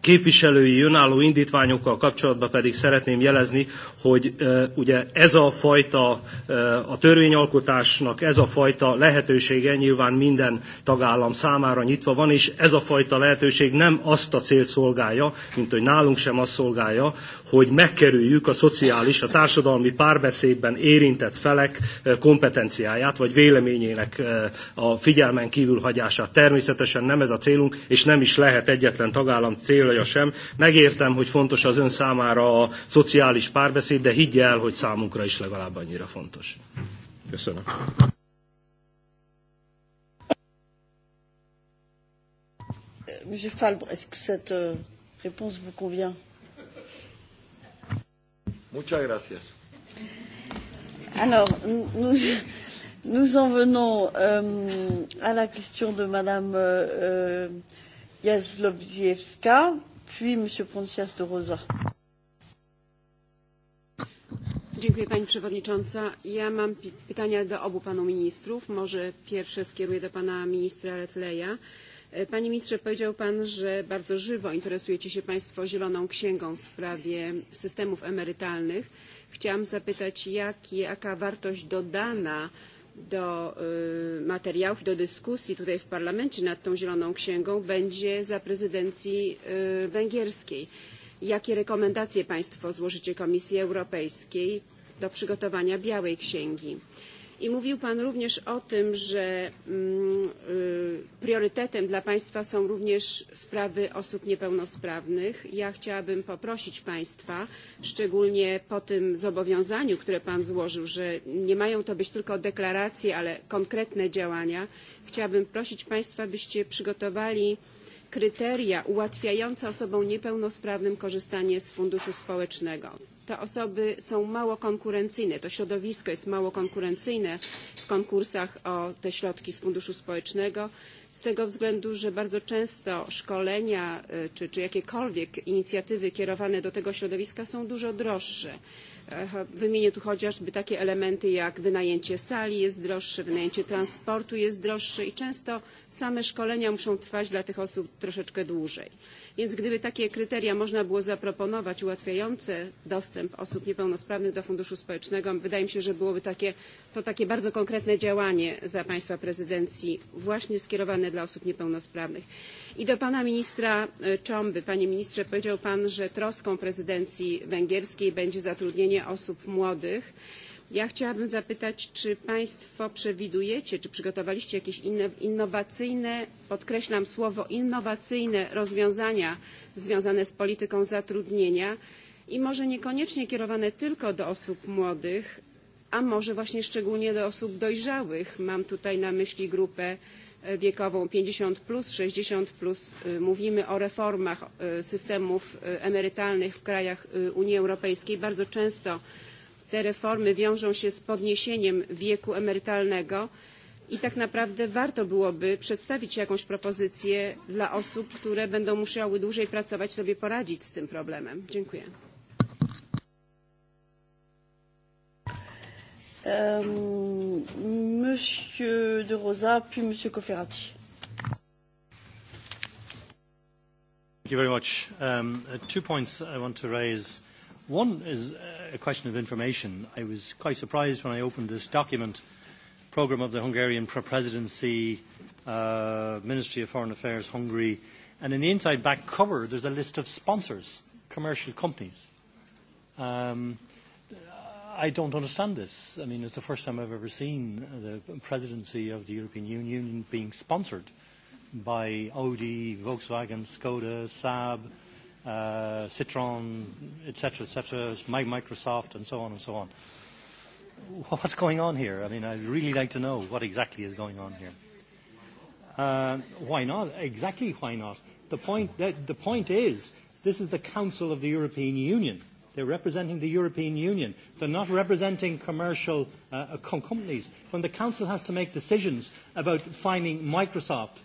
képviselői önálló indítványokkal kapcsolatban pedig szeretném jelezni, hogy e, ugye ez a fajta, e, a törvényalkotásnak ez a fajta lehetősége nyilván minden tagállam számára nyitva van, és ez a fajta lehetőség nem azt a célt szolgálja, mint hogy nálunk sem azt szolgálja, hogy megkerüljük a szociális, a társadalmi párbeszédben érintett felek eh, kompetenciáját, vagy véleményének eh, a figyelmen kívül hagyását. Természetesen nem ez a célunk, és nem is lehet egyetlen tagállam célja sem. Megértem, hogy fontos az ön számára a szociális párbeszéd, de higgye el, hogy számunkra is legalább annyira fontos. Köszönöm. Monsieur Falbre, est-ce que cette euh, réponse vous convient Muchas gracias. Alors, nous, nous en venons euh, à la question de Madame euh, Jaslovziewska, puis Monsieur Poncias de Rosa. Dziękuję Pani Przewodnicząca. Ja mam pytania do obu Panów Ministrów. Może pierwsze skieruję do Pana Ministra Retleja. E, Panie ministrze, powiedział pan, że bardzo żywo interesujecie się państwo zieloną księgą w sprawie systemów emerytalnych. Chciałam zapytać, jaka wartość dodana do materiałów i do dyskusji tutaj w parlamencie nad tą zieloną księgą będzie za prezydencji y, węgierskiej. Jakie rekomendacje państwo złożycie Komisji Europejskiej do przygotowania białej księgi? Y, I mówił Pan również o tym, że mm, priorytetem dla Państwa są również sprawy osób niepełnosprawnych. Ja chciałabym poprosić Państwa, szczególnie po tym zobowiązaniu, które Pan złożył, że nie mają to być tylko deklaracje, ale konkretne działania, chciałabym prosić Państwa, byście przygotowali kryteria ułatwiające osobom niepełnosprawnym korzystanie z funduszu społecznego te osoby są mało konkurencyjne, to środowisko jest mało konkurencyjne w konkursach o te środki z Funduszu Społecznego z tego względu, że bardzo często szkolenia e, czy, czy jakiekolwiek inicjatywy kierowane do tego środowiska są dużo droższe. Wymienię tu chociażby takie elementy jak wynajęcie sali jest droższe, wynajęcie transportu jest droższe i często same szkolenia muszą trwać dla tych osób troszeczkę dłużej. Więc gdyby takie kryteria można było zaproponować ułatwiające dostęp osób niepełnosprawnych do funduszu społecznego, wydaje mi się, że byłoby takie to takie bardzo konkretne działanie za Państwa prezydencji właśnie skierowane dla osób niepełnosprawnych. I do Pana Ministra e, Czomby. Panie Ministrze, powiedział Pan, że troską prezydencji węgierskiej będzie zatrudnienie osób młodych. Ja chciałabym zapytać, czy Państwo przewidujecie, czy przygotowaliście jakieś innowacyjne, podkreślam słowo innowacyjne rozwiązania związane z polityką zatrudnienia i może niekoniecznie kierowane tylko do osób młodych, a może właśnie szczególnie do osób dojrzałych. Mam tutaj na myśli grupę e, wiekową 50 plus, 60 plus. E, mówimy o reformach e, systemów emerytalnych w krajach Unii Europejskiej. Bardzo często te reformy wiążą się z podniesieniem wieku emerytalnego i tak naprawdę warto byłoby przedstawić jakąś propozycję dla osób, które będą musiały dłużej pracować, sobie poradzić z tym problemem. Dziękuję. Euh, Monsieur De Rosa, puis Monsieur Cofferati. Thank you very much. Um, uh, two points I want to raise. One is uh, a question of information. I was quite surprised when I opened this document, Programme of the Hungarian Presidency, uh, Ministry of Foreign Affairs, Hungary, and in the inside back cover there's a list of sponsors, commercial companies. Um, I don't understand this. I mean, it's the first time I've ever seen the presidency of the European Union being sponsored by Audi, Volkswagen, Skoda, Saab, uh, etc., etc., Microsoft, and so on and so on. What's going on here? I mean, I'd really like to know what exactly is going on here. Uh, why not? Exactly why not? The point, the, the point is, this is the Council of the European Union They're representing the European Union. They're not representing commercial uh, com- companies. When the Council has to make decisions about finding Microsoft,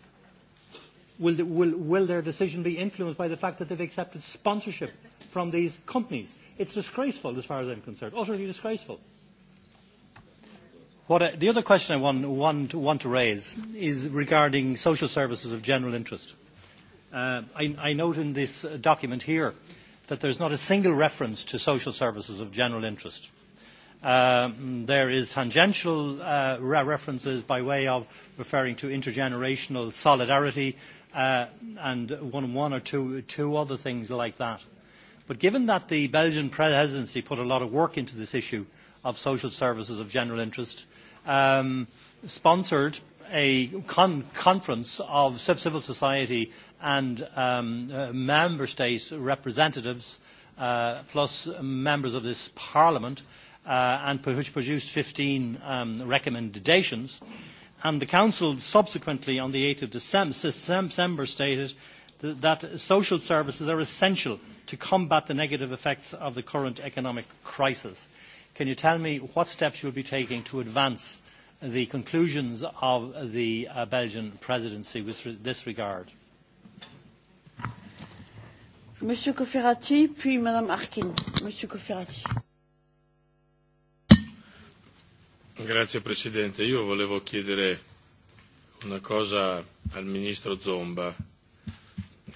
will, the, will, will their decision be influenced by the fact that they've accepted sponsorship from these companies? It's disgraceful as far as I'm concerned, utterly disgraceful. What I, the other question I want, want, want to raise is regarding social services of general interest. Uh, I, I note in this document here uh, that there is not a single reference to social services of general interest. Um, there is tangential uh, references by way of referring to intergenerational solidarity uh, and one, one or two, two other things like that. But given that the Belgian presidency put a lot of work into this issue of social services of general interest, um, sponsored a con conference of civil society and um, uh, member state representatives, uh, plus members of this parliament, uh, and which produced 15 um, recommendations. And the council subsequently, on the 8th of December, stated that social services are essential to combat the negative effects of the current economic crisis. Can you tell me what steps you will be taking to advance uh, the conclusions of the uh, Belgian presidency with re this regard. Monsieur Cofferati, puis Madame Harkin. Monsieur Cofferati. Grazie Presidente. Io volevo chiedere una cosa al Ministro Zomba.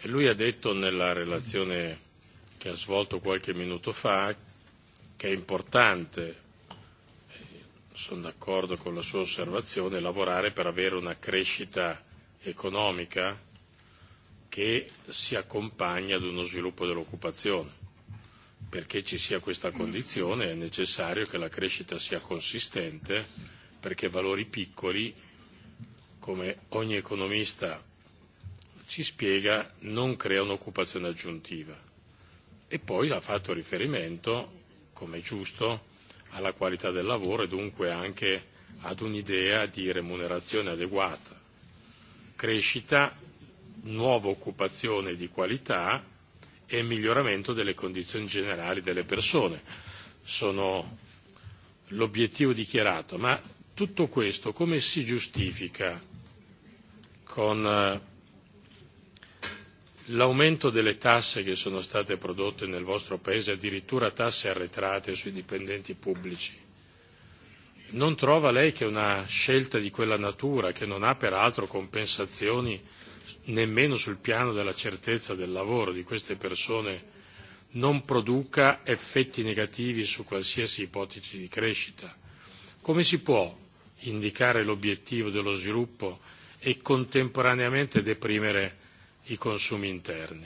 E lui ha detto nella relazione che ha svolto qualche minuto fa che è importante sono d'accordo con la sua osservazione, lavorare per avere una crescita economica che si accompagna ad uno sviluppo dell'occupazione. Perché ci sia questa condizione è necessario che la crescita sia consistente perché valori piccoli, come ogni economista ci spiega, non creano occupazione aggiuntiva. E poi ha fatto riferimento, come è giusto, alla qualità del lavoro e dunque anche ad un'idea di remunerazione adeguata. Crescita, nuova occupazione di qualità e miglioramento delle condizioni generali delle persone sono l'obiettivo dichiarato, ma tutto questo come si giustifica con eh, l'aumento delle tasse che sono state prodotte nel vostro paese, addirittura tasse arretrate sui dipendenti pubblici, non trova lei che una scelta di quella natura, che non ha peraltro compensazioni nemmeno sul piano della certezza del lavoro di queste persone, non produca effetti negativi su qualsiasi ipotesi di crescita? Come si può indicare l'obiettivo dello sviluppo e contemporaneamente deprimere i consumi interni.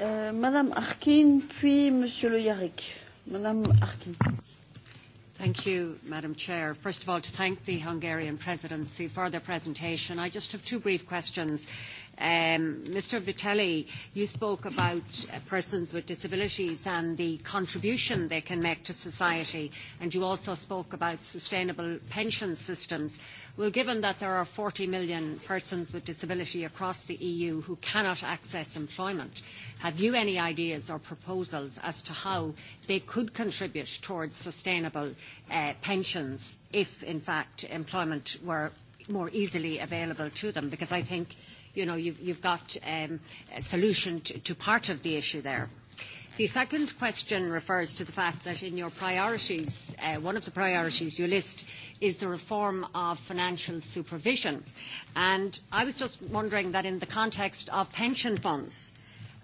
Euh, Madame Harkin, puis Monsieur Le Yarrick. Madame Thank you, Madam Chair. First of all, to thank the Hungarian presidency for their presentation. I just have two brief questions. Um, Mr. Vitelli, you spoke about uh, persons with disabilities and the contribution they can make to society, and you also spoke about sustainable pension systems. Well, given that there are 40 million persons with disability across the EU who cannot access employment, have you any ideas or proposals as to how they could contribute towards sustainable uh, pensions if, in fact, employment were more easily available to them? Because I think, you know, you've, you've got um, a solution to, to part of the issue there. The second question refers to the fact that in your priorities, uh, one of the priorities you list is the reform of financial supervision. And I was just wondering that in the context of pension funds,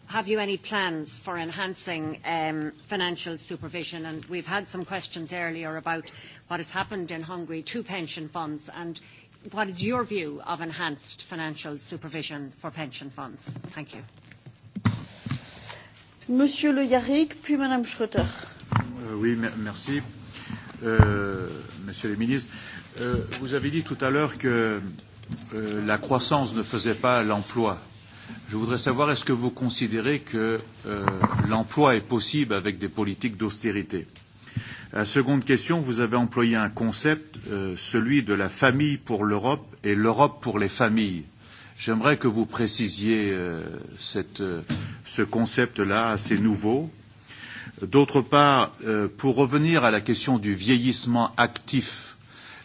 have you any plans for enhancing um, financial supervision? And we've had some questions earlier about what has happened in Hungary to pension funds, and what is your view of enhanced financial supervision for pension funds? Thank you. Monsieur Le Yarrick, puis Madame Schroeter. Euh, oui, merci. Euh, Monsieur le ministre, euh, vous avez dit tout à l'heure que euh, la croissance ne faisait pas l'emploi. Je voudrais savoir, est-ce que vous considérez que euh, l'emploi est possible avec des politiques d'austérité La seconde question, vous avez employé un concept, euh, celui de la famille pour l'Europe et l'Europe pour les familles. J'aimerais que vous précisiez euh, cette, euh, ce concept-là assez nouveau. D'autre part, euh, pour revenir à la question du vieillissement actif,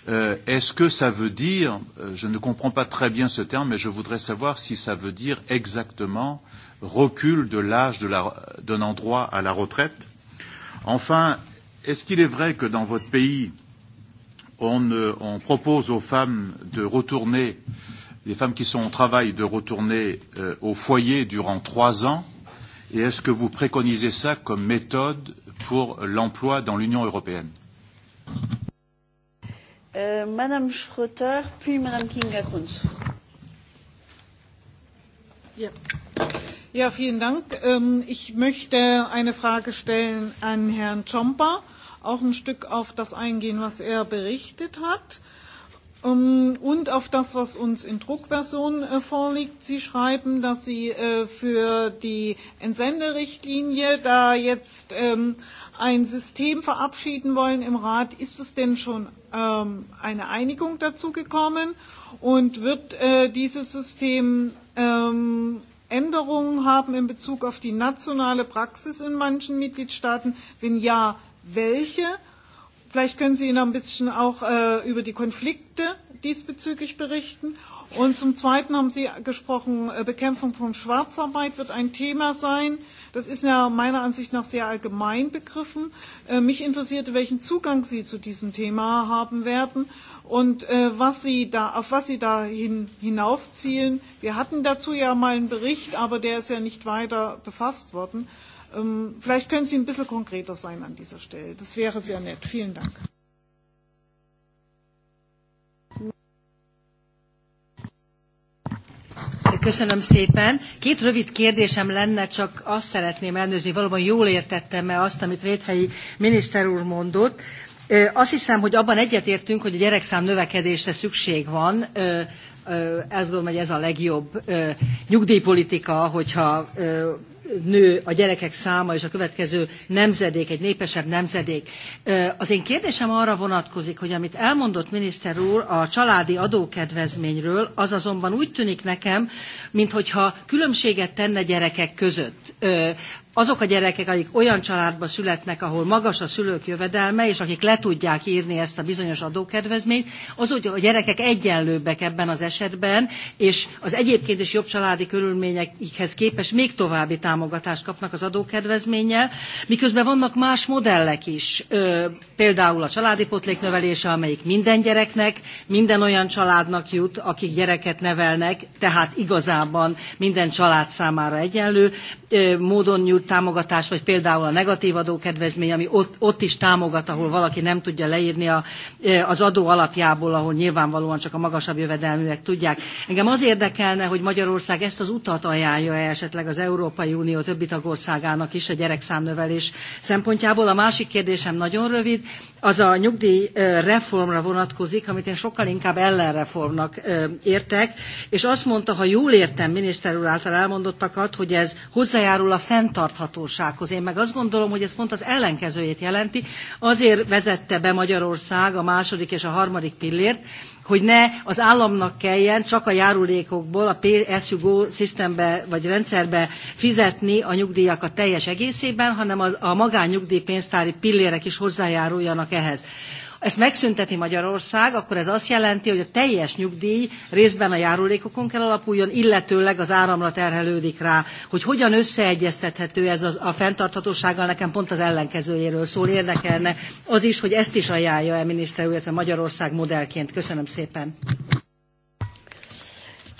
euh, est-ce que ça veut dire, euh, je ne comprends pas très bien ce terme, mais je voudrais savoir si ça veut dire exactement recul de l'âge d'un endroit à la retraite. Enfin, est-ce qu'il est vrai que dans votre pays, on, euh, on propose aux femmes de retourner euh, les femmes qui sont au travail de retourner euh, au foyer durant trois ans Et est-ce que vous préconisez ça comme méthode pour l'emploi dans l'Union européenne euh, Madame Schroeter, puis Madame Kinga Kunz. Ja. ja, vielen Dank. Ähm, ich möchte eine Frage stellen an Herrn Ciompa, auch ein Stück auf das eingehen, was er berichtet hat. Ähm, und auf das, was uns in Druckversion äh, vorliegt. Sie schreiben, dass Sie äh, für die Entsenderichtlinie da jetzt ähm, ein System verabschieden wollen im Rat. Ist es denn schon ähm, eine Einigung dazu gekommen? Und wird äh, dieses System Änderungen haben in Bezug auf die nationale Praxis in manchen Mitgliedstaaten? Wenn ja, welche? Vielleicht können Sie noch ein bisschen auch äh, über die Konflikte diesbezüglich berichten. Und zum Zweiten haben Sie gesprochen, äh, Bekämpfung von Schwarzarbeit wird ein Thema sein. Das ist ja meiner Ansicht nach sehr allgemein begriffen. Äh, mich interessiert, welchen Zugang Sie zu diesem Thema haben werden und äh, was Sie da, auf was Sie da hin, hinaufzielen. Wir hatten dazu ja mal einen Bericht, aber der ist ja nicht weiter befasst worden. Äh, Ähm, vielleicht können Sie ein bisschen konkreter sein an dieser Stelle. Das wäre sehr nett. Vielen Dank. Köszönöm szépen. Két rövid kérdésem lenne, csak azt szeretném elnőzni, valóban jól értettem-e azt, amit Réthelyi miniszter úr mondott. Azt hiszem, hogy abban egyetértünk, hogy a gyerekszám növekedésre szükség van, ezt gondolom, hogy ez a legjobb nyugdíjpolitika, hogyha nő a gyerekek száma, és a következő nemzedék, egy népesebb nemzedék. Az én kérdésem arra vonatkozik, hogy amit elmondott miniszter úr a családi adókedvezményről, az azonban úgy tűnik nekem, mintha különbséget tenne gyerekek között azok a gyerekek, akik olyan családba születnek, ahol magas a szülők jövedelme, és akik le tudják írni ezt a bizonyos adókedvezményt, azok a gyerekek egyenlőbbek ebben az esetben, és az egyébként is jobb családi körülményekhez képest még további támogatást kapnak az adókedvezménnyel, miközben vannak más modellek is, például a családi potlék növelése, amelyik minden gyereknek, minden olyan családnak jut, akik gyereket nevelnek, tehát igazában minden család számára egyenlő, módon nyújt támogatás, vagy például a negatív adókedvezmény, ami ott, ott is támogat, ahol valaki nem tudja leírni a, az adó alapjából, ahol nyilvánvalóan csak a magasabb jövedelműek tudják. Engem az érdekelne, hogy Magyarország ezt az utat ajánlja-e esetleg az Európai Unió többi tagországának is a gyerekszámnövelés szempontjából. A másik kérdésem nagyon rövid, az a nyugdíj reformra vonatkozik, amit én sokkal inkább ellenreformnak értek, és azt mondta, ha jól értem miniszter úr által elmondottakat, hogy ez hozzájárul a fenntarthatósághoz. Én meg azt gondolom, hogy ez pont az ellenkezőjét jelenti, azért vezette be Magyarország a második és a harmadik pillért, hogy ne az államnak kelljen csak a járulékokból a PSU-GO szisztembe vagy rendszerbe fizetni a nyugdíjakat teljes egészében, hanem a, a nyugdíjpénztári pillérek is hozzájáruljanak ehhez ezt megszünteti Magyarország, akkor ez azt jelenti, hogy a teljes nyugdíj részben a járulékokon kell alapuljon, illetőleg az áramra terhelődik rá. Hogy hogyan összeegyeztethető ez a, a fenntarthatósággal, nekem pont az ellenkezőjéről szól, érdekelne az is, hogy ezt is ajánlja-e miniszter úr, illetve Magyarország modellként. Köszönöm szépen.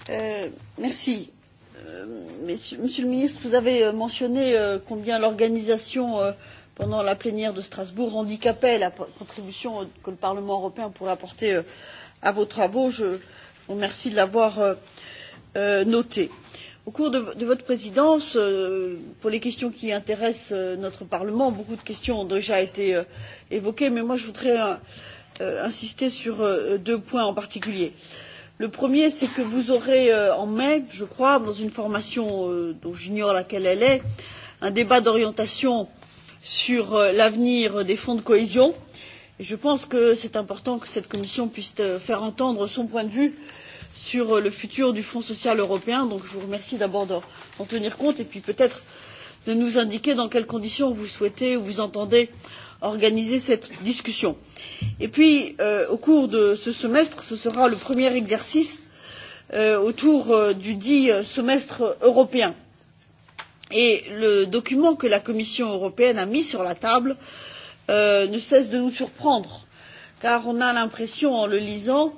Euh, merci. Euh, monsieur, monsieur le ministre, vous avez euh, mentionné euh, combien l'organisation euh, pendant la plénière de strasbourg handicapait la contribution que le parlement européen pourrait apporter euh, à vos travaux. je vous remercie de l'avoir euh, euh, noté. au cours de votre présidence pour les questions qui intéressent notre parlement beaucoup de questions ont déjà été évoquées mais moi, je voudrais insister sur deux points en particulier. le premier c'est que vous aurez en mai je crois dans une formation dont j'ignore laquelle elle est un débat d'orientation sur sur euh, l'avenir des fonds de cohésion et je pense que c'est important que cette commission puisse euh, faire entendre son point de vue sur euh, le futur du fonds social européen donc je vous remercie d'abord d'en tenir compte et puis peut être de nous indiquer dans quelles conditions vous souhaitez ou vous entendez organiser cette discussion. et puis euh, au cours de ce semestre ce sera le premier exercice euh, autour euh, du dit semestre européen et le document que la commission européenne a mis sur la table euh, ne cesse de nous surprendre car on a l'impression en le lisant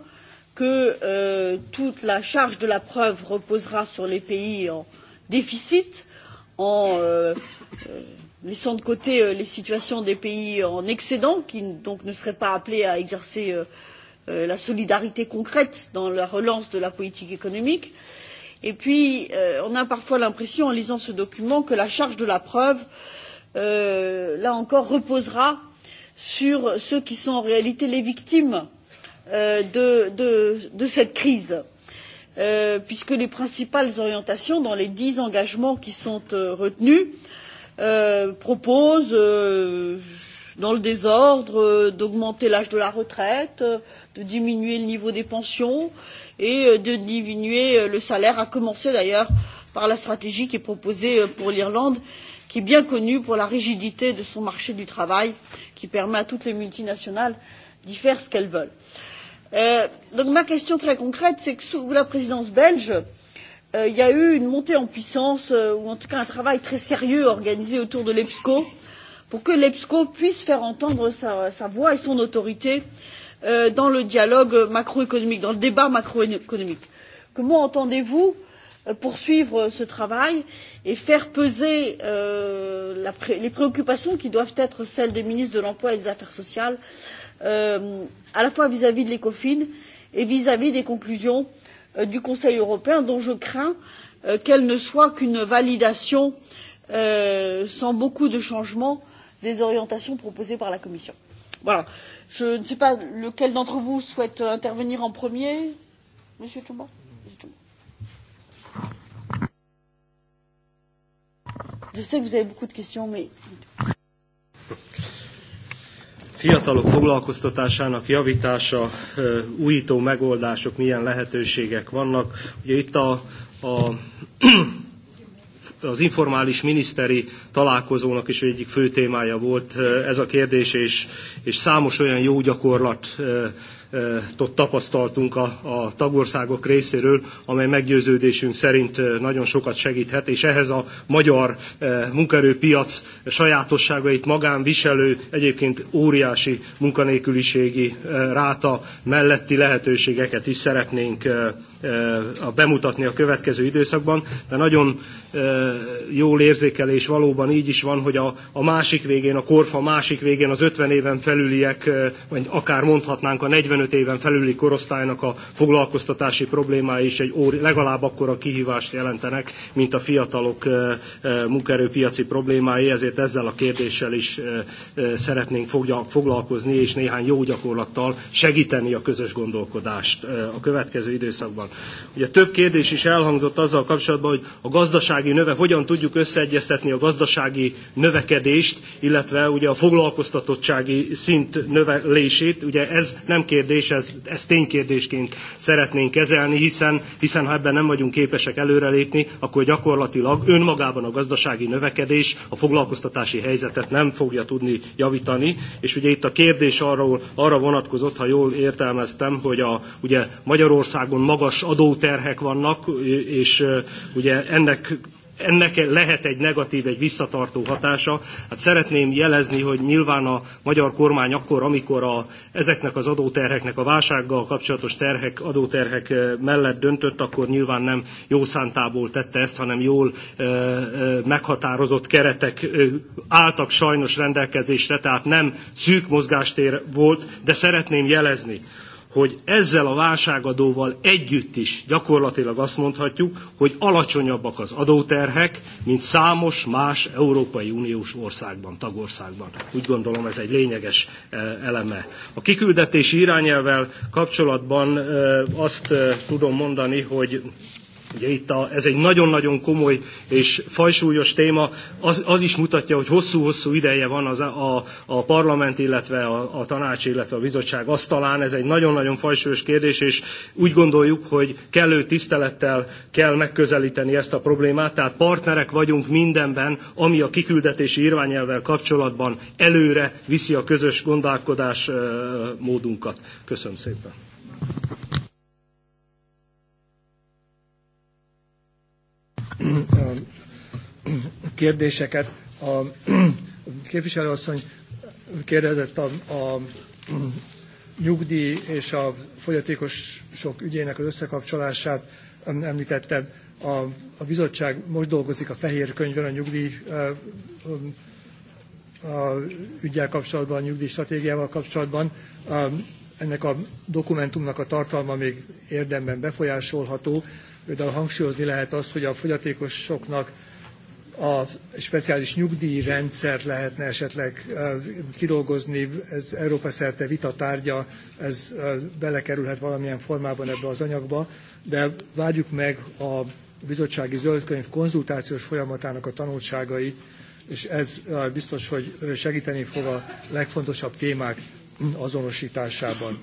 que euh, toute la charge de la preuve reposera sur les pays en déficit en euh, euh laissant de côté euh, les situations des pays en excédent qui donc ne seraient pas appelés à exercer euh, la solidarité concrète dans la relance de la politique économique et et puis euh, on a parfois l'impression en lisant ce document que la charge de la preuve euh, là encore reposera sur ceux qui sont en réalité les victimes euh, de, cette crise puisque les principales orientations dans les dix engagements qui sont retenus proposent dans le désordre d'augmenter l'âge de la retraite de diminuer le niveau des pensions et euh, de diminuer euh, le salaire à commencer d'ailleurs par la stratégie qui est proposée euh, pour l'irlande qui est bien connue pour la rigidité de son marché du travail qui permet à toutes les multinationales d'y faire ce qu'elles veulent. Euh, donc ma question très concrète c'est que sous la présidence belge euh, il y a eu une montée en puissance euh, ou en tout cas un travail très sérieux organisé autour de l'epsco pour que l'epsco puisse faire entendre sa, sa voix et son autorité euh, Euh, dans le dialogue macroéconomique, dans le débat macroéconomique. Comment entendez vous euh, poursuivre ce travail et faire peser euh, les préoccupations qui doivent être celles des ministres de l'emploi et des affaires sociales à la fois vis à vis de l'ECOFIN et vis à vis des conclusions du Conseil européen dont je crains euh, qu'elles ne soient qu'une validation euh, sans beaucoup de changements des orientations proposées par la Commission. Voilà je ne sais pas lequel d'entre vous souhaite intervenir en premier monsieur Touma Je sais que vous avez beaucoup de questions, mais... Fiatalok foglalkoztatásának javítása, újító megoldások, milyen lehetőségek vannak. Ugye itt a, a az informális miniszteri találkozónak is egyik fő témája volt eh, ez a kérdés, és, és számos olyan jó gyakorlat eh, Eh, tapasztaltunk a, a tagországok részéről, amely meggyőződésünk szerint eh, nagyon sokat segíthet, és ehhez a magyar eh, munkaerőpiac sajátosságait magánviselő, egyébként óriási munkanélküliségi ráta melletti lehetőségeket is szeretnénk bemutatni a következő időszakban, de nagyon jól érzékelés valóban így is van, hogy a, a másik végén, a korfa másik végén az 50 éven felüliek, vagy akár mondhatnánk a 40 55 éven felüli korosztálynak a foglalkoztatási problémái is egy óri, legalább akkora kihívást jelentenek, mint a fiatalok munkaerőpiaci problémái, ezért ezzel a kérdéssel is szeretnénk foglalkozni, és néhány jó gyakorlattal segíteni a közös gondolkodást a következő időszakban. Ugye több kérdés is elhangzott azzal kapcsolatban, hogy a gazdasági növe, hogyan tudjuk összeegyeztetni a gazdasági növekedést, illetve ugye a foglalkoztatottsági szint növelését, ugye ez nem kérdés, kérdés, ez, ez ténykérdésként szeretnénk kezelni, hiszen, hiszen ha ebben nem vagyunk képesek előrelépni, akkor gyakorlatilag önmagában a gazdasági növekedés a foglalkoztatási helyzetet nem fogja tudni javítani, és ugye itt a kérdés arról, arra vonatkozott, ha jól értelmeztem, hogy a, ugye Magyarországon magas adóterhek vannak, és ugye ennek ennek lehet egy negatív, egy visszatartó hatása. Hát szeretném jelezni, hogy nyilván a magyar kormány akkor, amikor a, ezeknek az adóterheknek, a válsággal kapcsolatos terhek, adóterhek eh, mellett döntött, akkor nyilván nem jó szántából tette ezt, hanem jól eh, eh, meghatározott keretek e, álltak sajnos rendelkezésre, tehát nem szűk mozgástér volt, de szeretném jelezni, hogy ezzel a válságadóval együtt is gyakorlatilag azt mondhatjuk, hogy alacsonyabbak az adóterhek, mint számos más Európai Uniós országban, tagországban. Úgy gondolom ez egy lényeges e, eleme. A kiküldetési irányelvel kapcsolatban e, azt e, tudom mondani, hogy Ugye itt a, ez egy nagyon-nagyon komoly és fajsúlyos téma, az, az is mutatja, hogy hosszú-hosszú ideje van az, a, a parlament, illetve a, a tanács, illetve a bizottság asztalán. Ez egy nagyon-nagyon fajsúlyos kérdés, és úgy gondoljuk, hogy kellő tisztelettel kell megközelíteni ezt a problémát, tehát partnerek vagyunk mindenben, ami a kiküldetési irványelvvel kapcsolatban előre viszi a közös gondolkodás módunkat. Köszönöm szépen. kérdéseket. A képviselőasszony kérdezett a, a nyugdíj és a fogyatékosok ügyének az összekapcsolását említettem. A, a bizottság most dolgozik a fehér könyvön a nyugdíj a, a ügyel kapcsolatban, a nyugdíj stratégiával kapcsolatban. A, ennek a dokumentumnak a tartalma még érdemben befolyásolható. Például hangsúlyozni lehet azt, hogy a fogyatékosoknak a speciális nyugdíjrendszert lehetne esetleg kidolgozni, ez Európa szerte vita tárgya, ez belekerülhet valamilyen formában ebbe az anyagba, de várjuk meg a bizottsági zöldkönyv konzultációs folyamatának a tanulságait, és ez biztos, hogy segíteni fog a legfontosabb témák azonosításában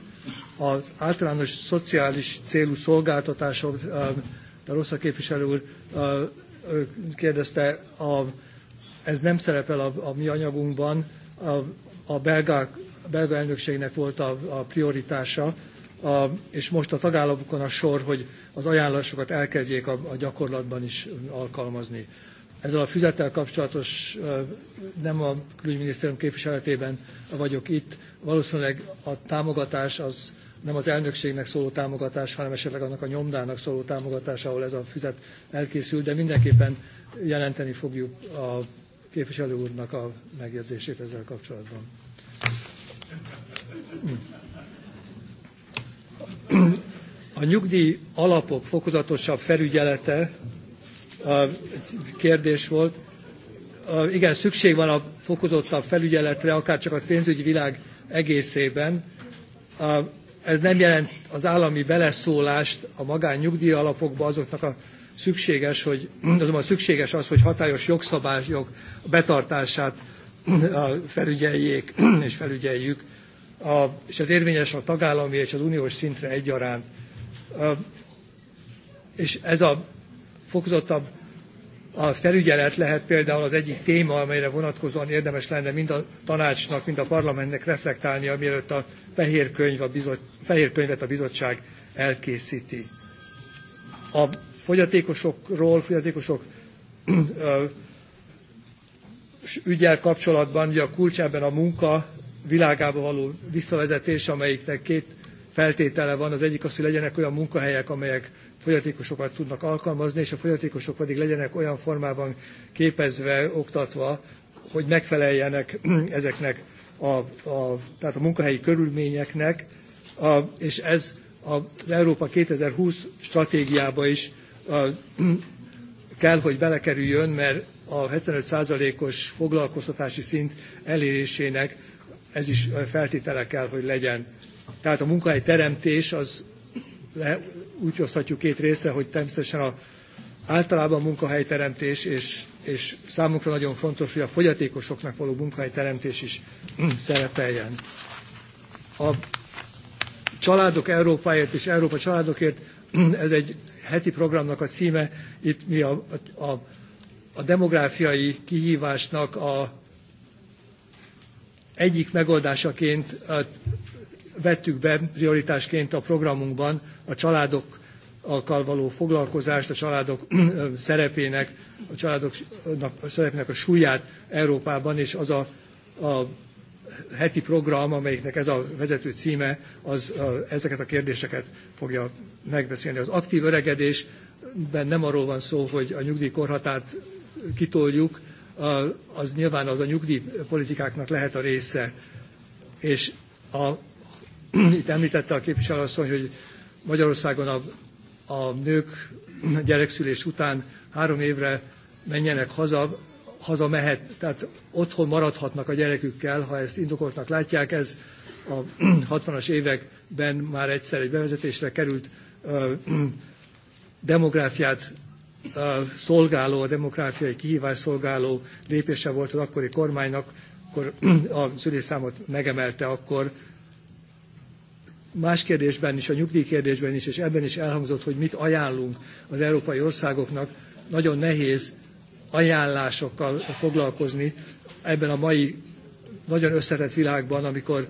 az általános szociális célú szolgáltatások, a képviselő úr kérdezte, a, ez nem szerepel a, a mi anyagunkban, a, a belga, belga elnökségnek volt a, a prioritása, a, és most a tagállamokon a sor, hogy az ajánlásokat elkezdjék a, a gyakorlatban is alkalmazni. Ezzel a füzettel kapcsolatos, nem a külügyminisztérium képviseletében vagyok itt, valószínűleg a támogatás az nem az elnökségnek szóló támogatás, hanem esetleg annak a nyomdának szóló támogatás, ahol ez a füzet elkészül, de mindenképpen jelenteni fogjuk a képviselő úrnak a megjegyzését ezzel kapcsolatban. A nyugdíj alapok fokozatosabb felügyelete kérdés volt. Igen, szükség van a fokozottabb felügyeletre, akár csak a pénzügyi világ egészében. Ez nem jelent az állami beleszólást a magán nyugdíj alapokba azoknak a szükséges, hogy, azonban szükséges az, hogy hatályos jogszabályok betartását felügyeljék és felügyeljük, és ez érvényes a tagállami és az uniós szintre egyaránt. És ez a fokozottabb a felügyelet lehet például az egyik téma, amelyre vonatkozóan érdemes lenne mind a tanácsnak, mind a parlamentnek reflektálnia, mielőtt a fehér, könyv a bizot, fehér könyvet a bizottság elkészíti. A fogyatékosokról, fogyatékosok ügyel kapcsolatban ugye a kulcs ebben a munka világába való visszavezetés, amelyiknek két feltétele van, az egyik az, hogy legyenek olyan munkahelyek, amelyek fogyatékosokat tudnak alkalmazni, és a fogyatékosok pedig legyenek olyan formában képezve, oktatva, hogy megfeleljenek [CLEARS THROAT] ezeknek a, a, tehát a munkahelyi körülményeknek, a, és ez az Európa 2020 stratégiába is a, [CLEARS THROAT] kell, hogy belekerüljön, mert a 75%-os foglalkoztatási szint elérésének ez is feltétele kell, hogy legyen. Tehát a munkahely teremtés az le, úgy oszthatjuk két részre, hogy természetesen a, általában munkahely teremtés és, és számunkra nagyon fontos, hogy a fogyatékosoknak való munkahely teremtés is szerepeljen. A Családok Európáért és Európa Családokért, ez egy heti programnak a címe, itt mi a, a, a demográfiai kihívásnak a egyik megoldásaként vettük be prioritásként a programunkban a családokkal való foglalkozást, a családok [CLEARS THROAT] szerepének, a családoknak a szerepének a súlyát Európában, és az a, a heti program, amelyiknek ez a vezető címe, az a, ezeket a kérdéseket fogja megbeszélni. Az aktív öregedésben nem arról van szó, hogy a nyugdíjkorhatárt kitoljuk, az nyilván az a nyugdíjpolitikáknak lehet a része. És a itt említette a képviselőasszony, hogy Magyarországon a, a nők gyerekszülés után három évre menjenek haza, haza mehet, tehát otthon maradhatnak a gyerekükkel, ha ezt indokoltnak látják. Ez a 60-as [CLEARS THROAT] években már egyszer egy bevezetésre került ö, demográfiát ö, szolgáló, a demográfiai kihívás szolgáló lépése volt az akkori kormánynak, akkor [CLEARS THROAT] a szülésszámot megemelte akkor más kérdésben is, a nyugdíj kérdésben is, és ebben is elhangzott, hogy mit ajánlunk az európai országoknak, nagyon nehéz ajánlásokkal foglalkozni ebben a mai nagyon összetett világban, amikor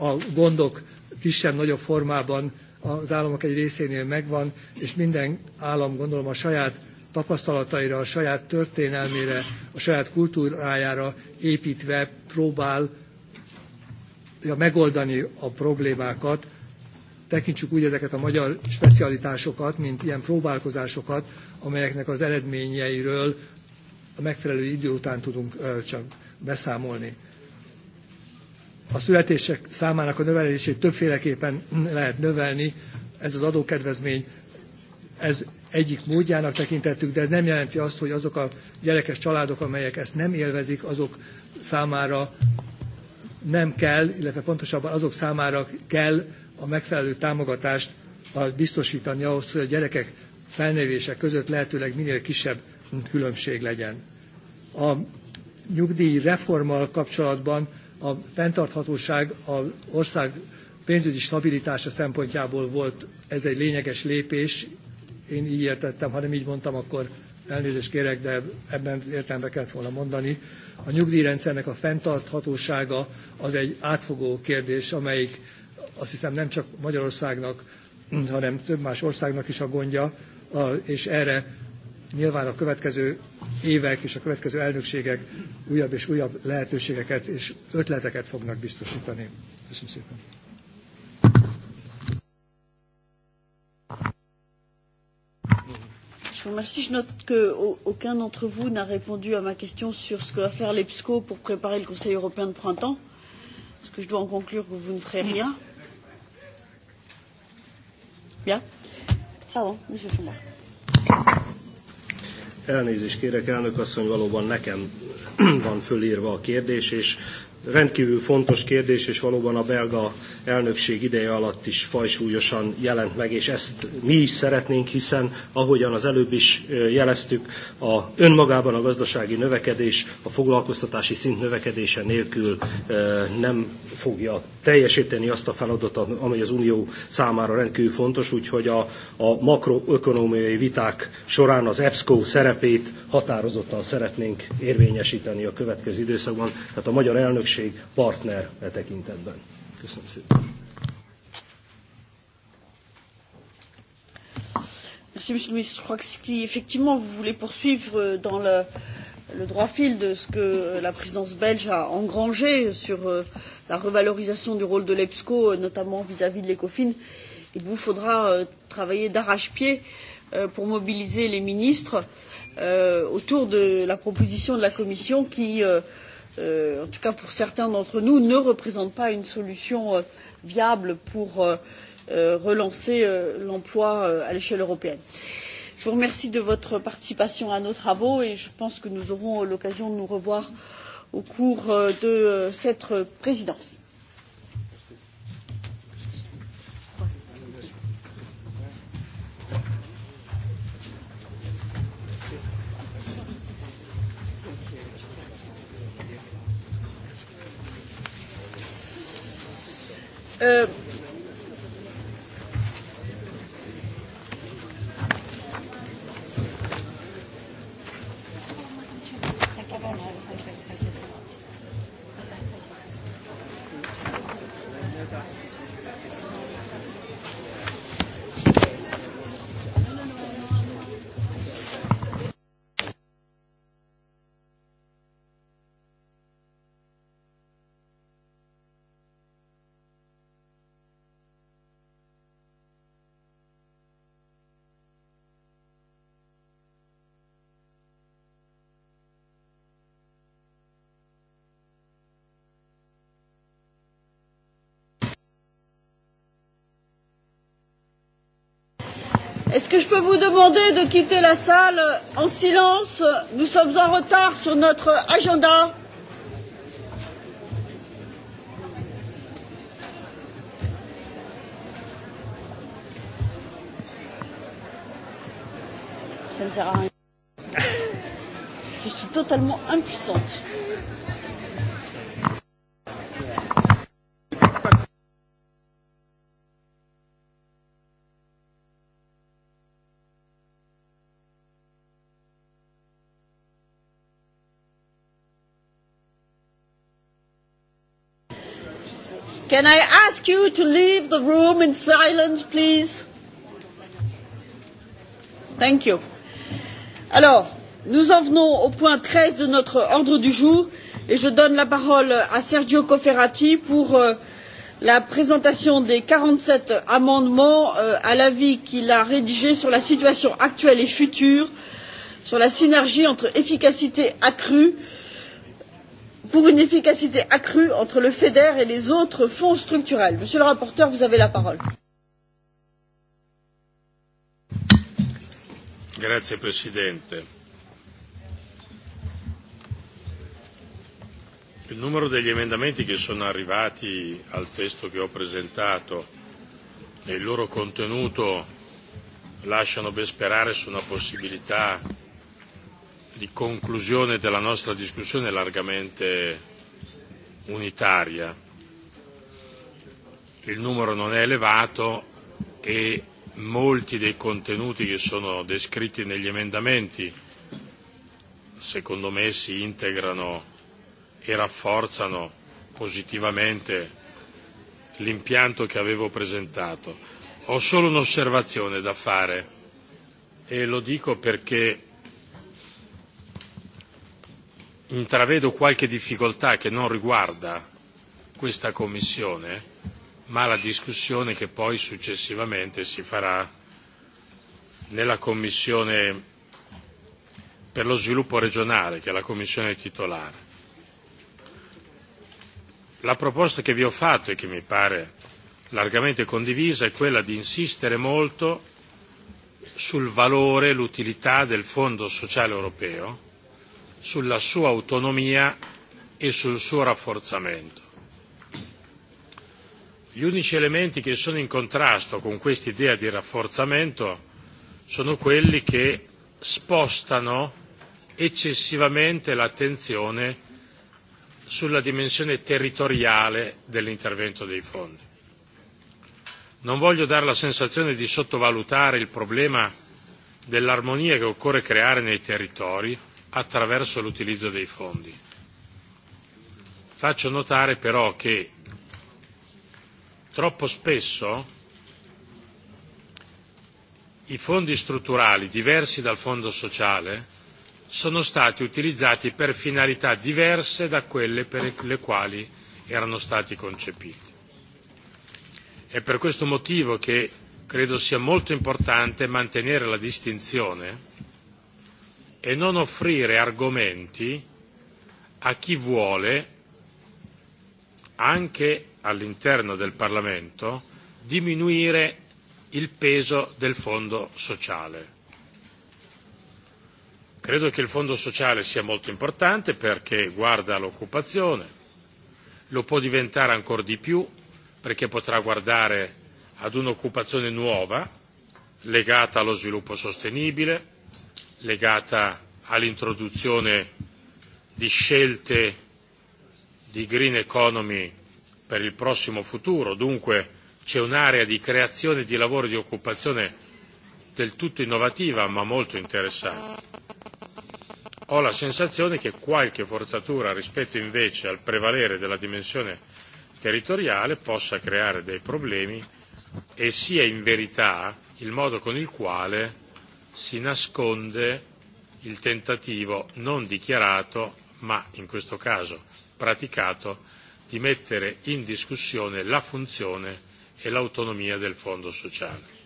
a gondok kisebb-nagyobb formában az államok egy részénél megvan, és minden állam gondolom a saját tapasztalataira, a saját történelmére, a saját kultúrájára építve próbál megoldani a problémákat, tekintsük úgy ezeket a magyar specialitásokat, mint ilyen próbálkozásokat, amelyeknek az eredményeiről a megfelelő idő után tudunk csak beszámolni. A születések számának a növelését többféleképpen lehet növelni, ez az adókedvezmény, ez egyik módjának tekintettük, de ez nem jelenti azt, hogy azok a gyerekes családok, amelyek ezt nem élvezik, azok számára nem kell, illetve pontosabban azok számára kell a megfelelő támogatást biztosítani ahhoz, hogy a gyerekek felnővése között lehetőleg minél kisebb különbség legyen. A nyugdíj reformmal kapcsolatban a fenntarthatóság az ország pénzügyi stabilitása szempontjából volt ez egy lényeges lépés. Én így értettem, ha nem így mondtam, akkor elnézést kérek, de ebben értelme kellett volna mondani a nyugdíjrendszernek a fenntarthatósága az egy átfogó kérdés, amelyik azt hiszem nem csak Magyarországnak, hanem több más országnak is a gondja, és erre nyilván a következő évek és a következő elnökségek újabb és újabb lehetőségeket és ötleteket fognak biztosítani. Köszönöm szépen. Je vous remercie. Je note qu'aucun d'entre vous n'a répondu à ma question sur ce que va faire l'EPSCO pour préparer le Conseil européen de printemps. Est-ce que je dois en conclure que vous ne ferez rien Bien. Pardon, Monsieur Fondard. Elnézést kérek, elnök asszony, valóban nekem van fölírva a kérdés, és rendkívül fontos kérdés, és valóban a belga elnökség ideje alatt is fajsúlyosan jelent meg, és ezt mi is szeretnénk, hiszen ahogyan az előbb is jeleztük, a önmagában a gazdasági növekedés a foglalkoztatási szint növekedése nélkül nem fogja teljesíteni azt a feladatot, amely az Unió számára rendkívül fontos, úgyhogy a, a makroökonomiai viták során az EBSCO szerepét határozottan szeretnénk érvényesíteni a következő időszakban. Tehát a magyar elnökség ügynökség partner e tekintetben. Köszönöm szépen. Merci, Monsieur le Ministre. Je crois que ce qui, effectivement vous voulez poursuivre euh, dans le, le droit fil de ce que euh, la présidence belge a engrangé sur euh, la revalorisation du rôle de l'EPSCO, notamment vis-à-vis -vis de l'ECOFIN, il vous faudra travailler d'arrache-pied pour mobiliser les ministres autour de la proposition de la Commission qui euh, Euh, en tout cas pour certains d'entre nous ne représente pas une solution euh, viable pour euh, relancer l'emploi à l'échelle européenne. je vous remercie de votre participation à nos travaux et je pense que nous aurons l'occasion de nous revoir au cours de cette présidence. Ö, Est-ce que je peux vous demander de quitter la salle en silence Nous sommes en retard sur notre agenda. Ça ne sert à rien. Je suis totalement impuissante. Can I ask you to leave the room in silence, please? Thank you. Alors, nous en venons au point 13 de notre ordre du jour et je donne la parole à Sergio Cofferati pour euh, la présentation des 47 amendements euh, à l'avis qu'il a rédigé sur la situation actuelle et future sur la synergie entre efficacité accrue euh, pour une efficacité accrue entre le feder et les autres fonds structurels. monsieur le rapporteur vous avez la parole. signor presidente onorevoli colleghi il numero degli emendamenti che sono arrivati al testo che ho presentato e il loro contenuto lasciano ben sperare su una possibilità di conclusione della nostra discussione largamente unitaria. Il numero non è elevato e molti dei contenuti che sono descritti negli emendamenti secondo me si integrano e rafforzano positivamente l'impianto che avevo presentato. Ho solo un'osservazione da fare e lo dico perché intravedo qualche difficoltà che non riguarda questa Commissione, ma la discussione che poi successivamente si farà nella Commissione per lo sviluppo regionale, che è la Commissione titolare. La proposta che vi ho fatto e che mi pare largamente condivisa è quella di insistere molto sul valore e l'utilità del Fondo sociale europeo sulla sua autonomia e sul suo rafforzamento. Gli unici elementi che sono in contrasto con quest'idea di rafforzamento sono quelli che spostano eccessivamente l'attenzione sulla dimensione territoriale dell'intervento dei fondi. Non voglio dare la sensazione di sottovalutare il problema dell'armonia che occorre creare nei territori, attraverso l'utilizzo dei fondi. Faccio notare però che troppo spesso i fondi strutturali diversi dal fondo sociale sono stati utilizzati per finalità diverse da quelle per le quali erano stati concepiti. È per questo motivo che credo sia molto importante mantenere la distinzione e non offrire argomenti a chi vuole, anche all'interno del Parlamento, diminuire il peso del fondo sociale. Credo che il fondo sociale sia molto importante perché guarda all'occupazione, lo può diventare ancora di più perché potrà guardare ad un'occupazione nuova legata allo sviluppo sostenibile, legata all'introduzione di scelte di green economy per il prossimo futuro, dunque c'è un'area di creazione di lavoro e di occupazione del tutto innovativa ma molto interessante. Ho la sensazione che qualche forzatura rispetto invece al prevalere della dimensione territoriale possa creare dei problemi e sia in verità il modo con il quale si nasconde il tentativo non dichiarato, ma in questo caso praticato, di mettere in discussione la funzione e l'autonomia del Fondo sociale.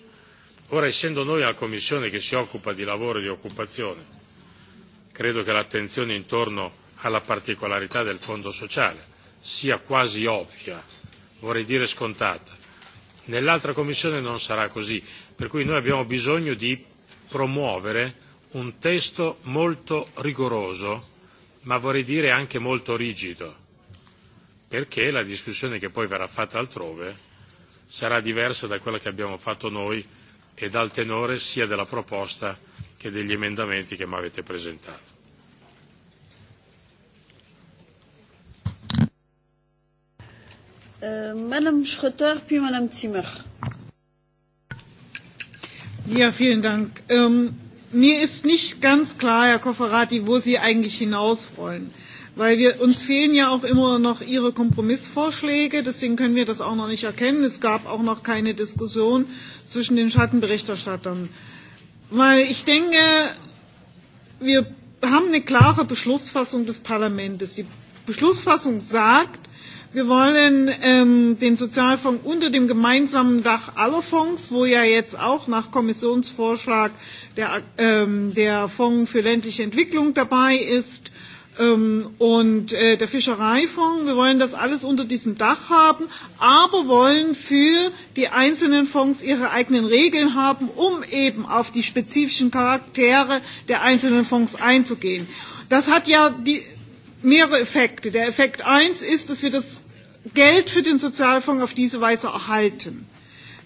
Ora, essendo noi la Commissione che si occupa di lavoro e di occupazione, credo che l'attenzione intorno alla particolarità del Fondo sociale sia quasi ovvia, vorrei dire scontata. Nell'altra Commissione non sarà così, per cui noi abbiamo bisogno di promuovere un testo molto rigoroso, ma vorrei dire anche molto rigido, perché la discussione che poi verrà fatta altrove sarà diversa da quella che abbiamo fatto noi e dal tenore sia della proposta che degli emendamenti che mi avete presentato. Euh, Madame Schroeter, puis Madame Zimmer. Ja, vielen Dank. Ähm, mir ist nicht ganz klar, Herr Kofferati, wo Sie eigentlich hinaus wollen. Weil wir, uns fehlen ja auch immer noch Ihre Kompromissvorschläge, deswegen können wir das auch noch nicht erkennen. Es gab auch noch keine Diskussion zwischen den Schattenberichterstattern. Weil ich denke, wir haben eine klare Beschlussfassung des Parlaments. Die Beschlussfassung sagt, Wir wollen ähm, den Sozialfonds unter dem gemeinsamen Dach aller Fonds, wo ja jetzt auch nach Kommissionsvorschlag der, ähm, der Fonds für ländliche Entwicklung dabei ist, ähm, und äh, der Fischereifonds. Wir wollen das alles unter diesem Dach haben, aber wollen für die einzelnen Fonds ihre eigenen Regeln haben, um eben auf die spezifischen Charaktere der einzelnen Fonds einzugehen. Das hat ja die, mehrere Effekte. Der Effekt eins ist, dass wir das Geld für den Sozialfonds auf diese Weise erhalten.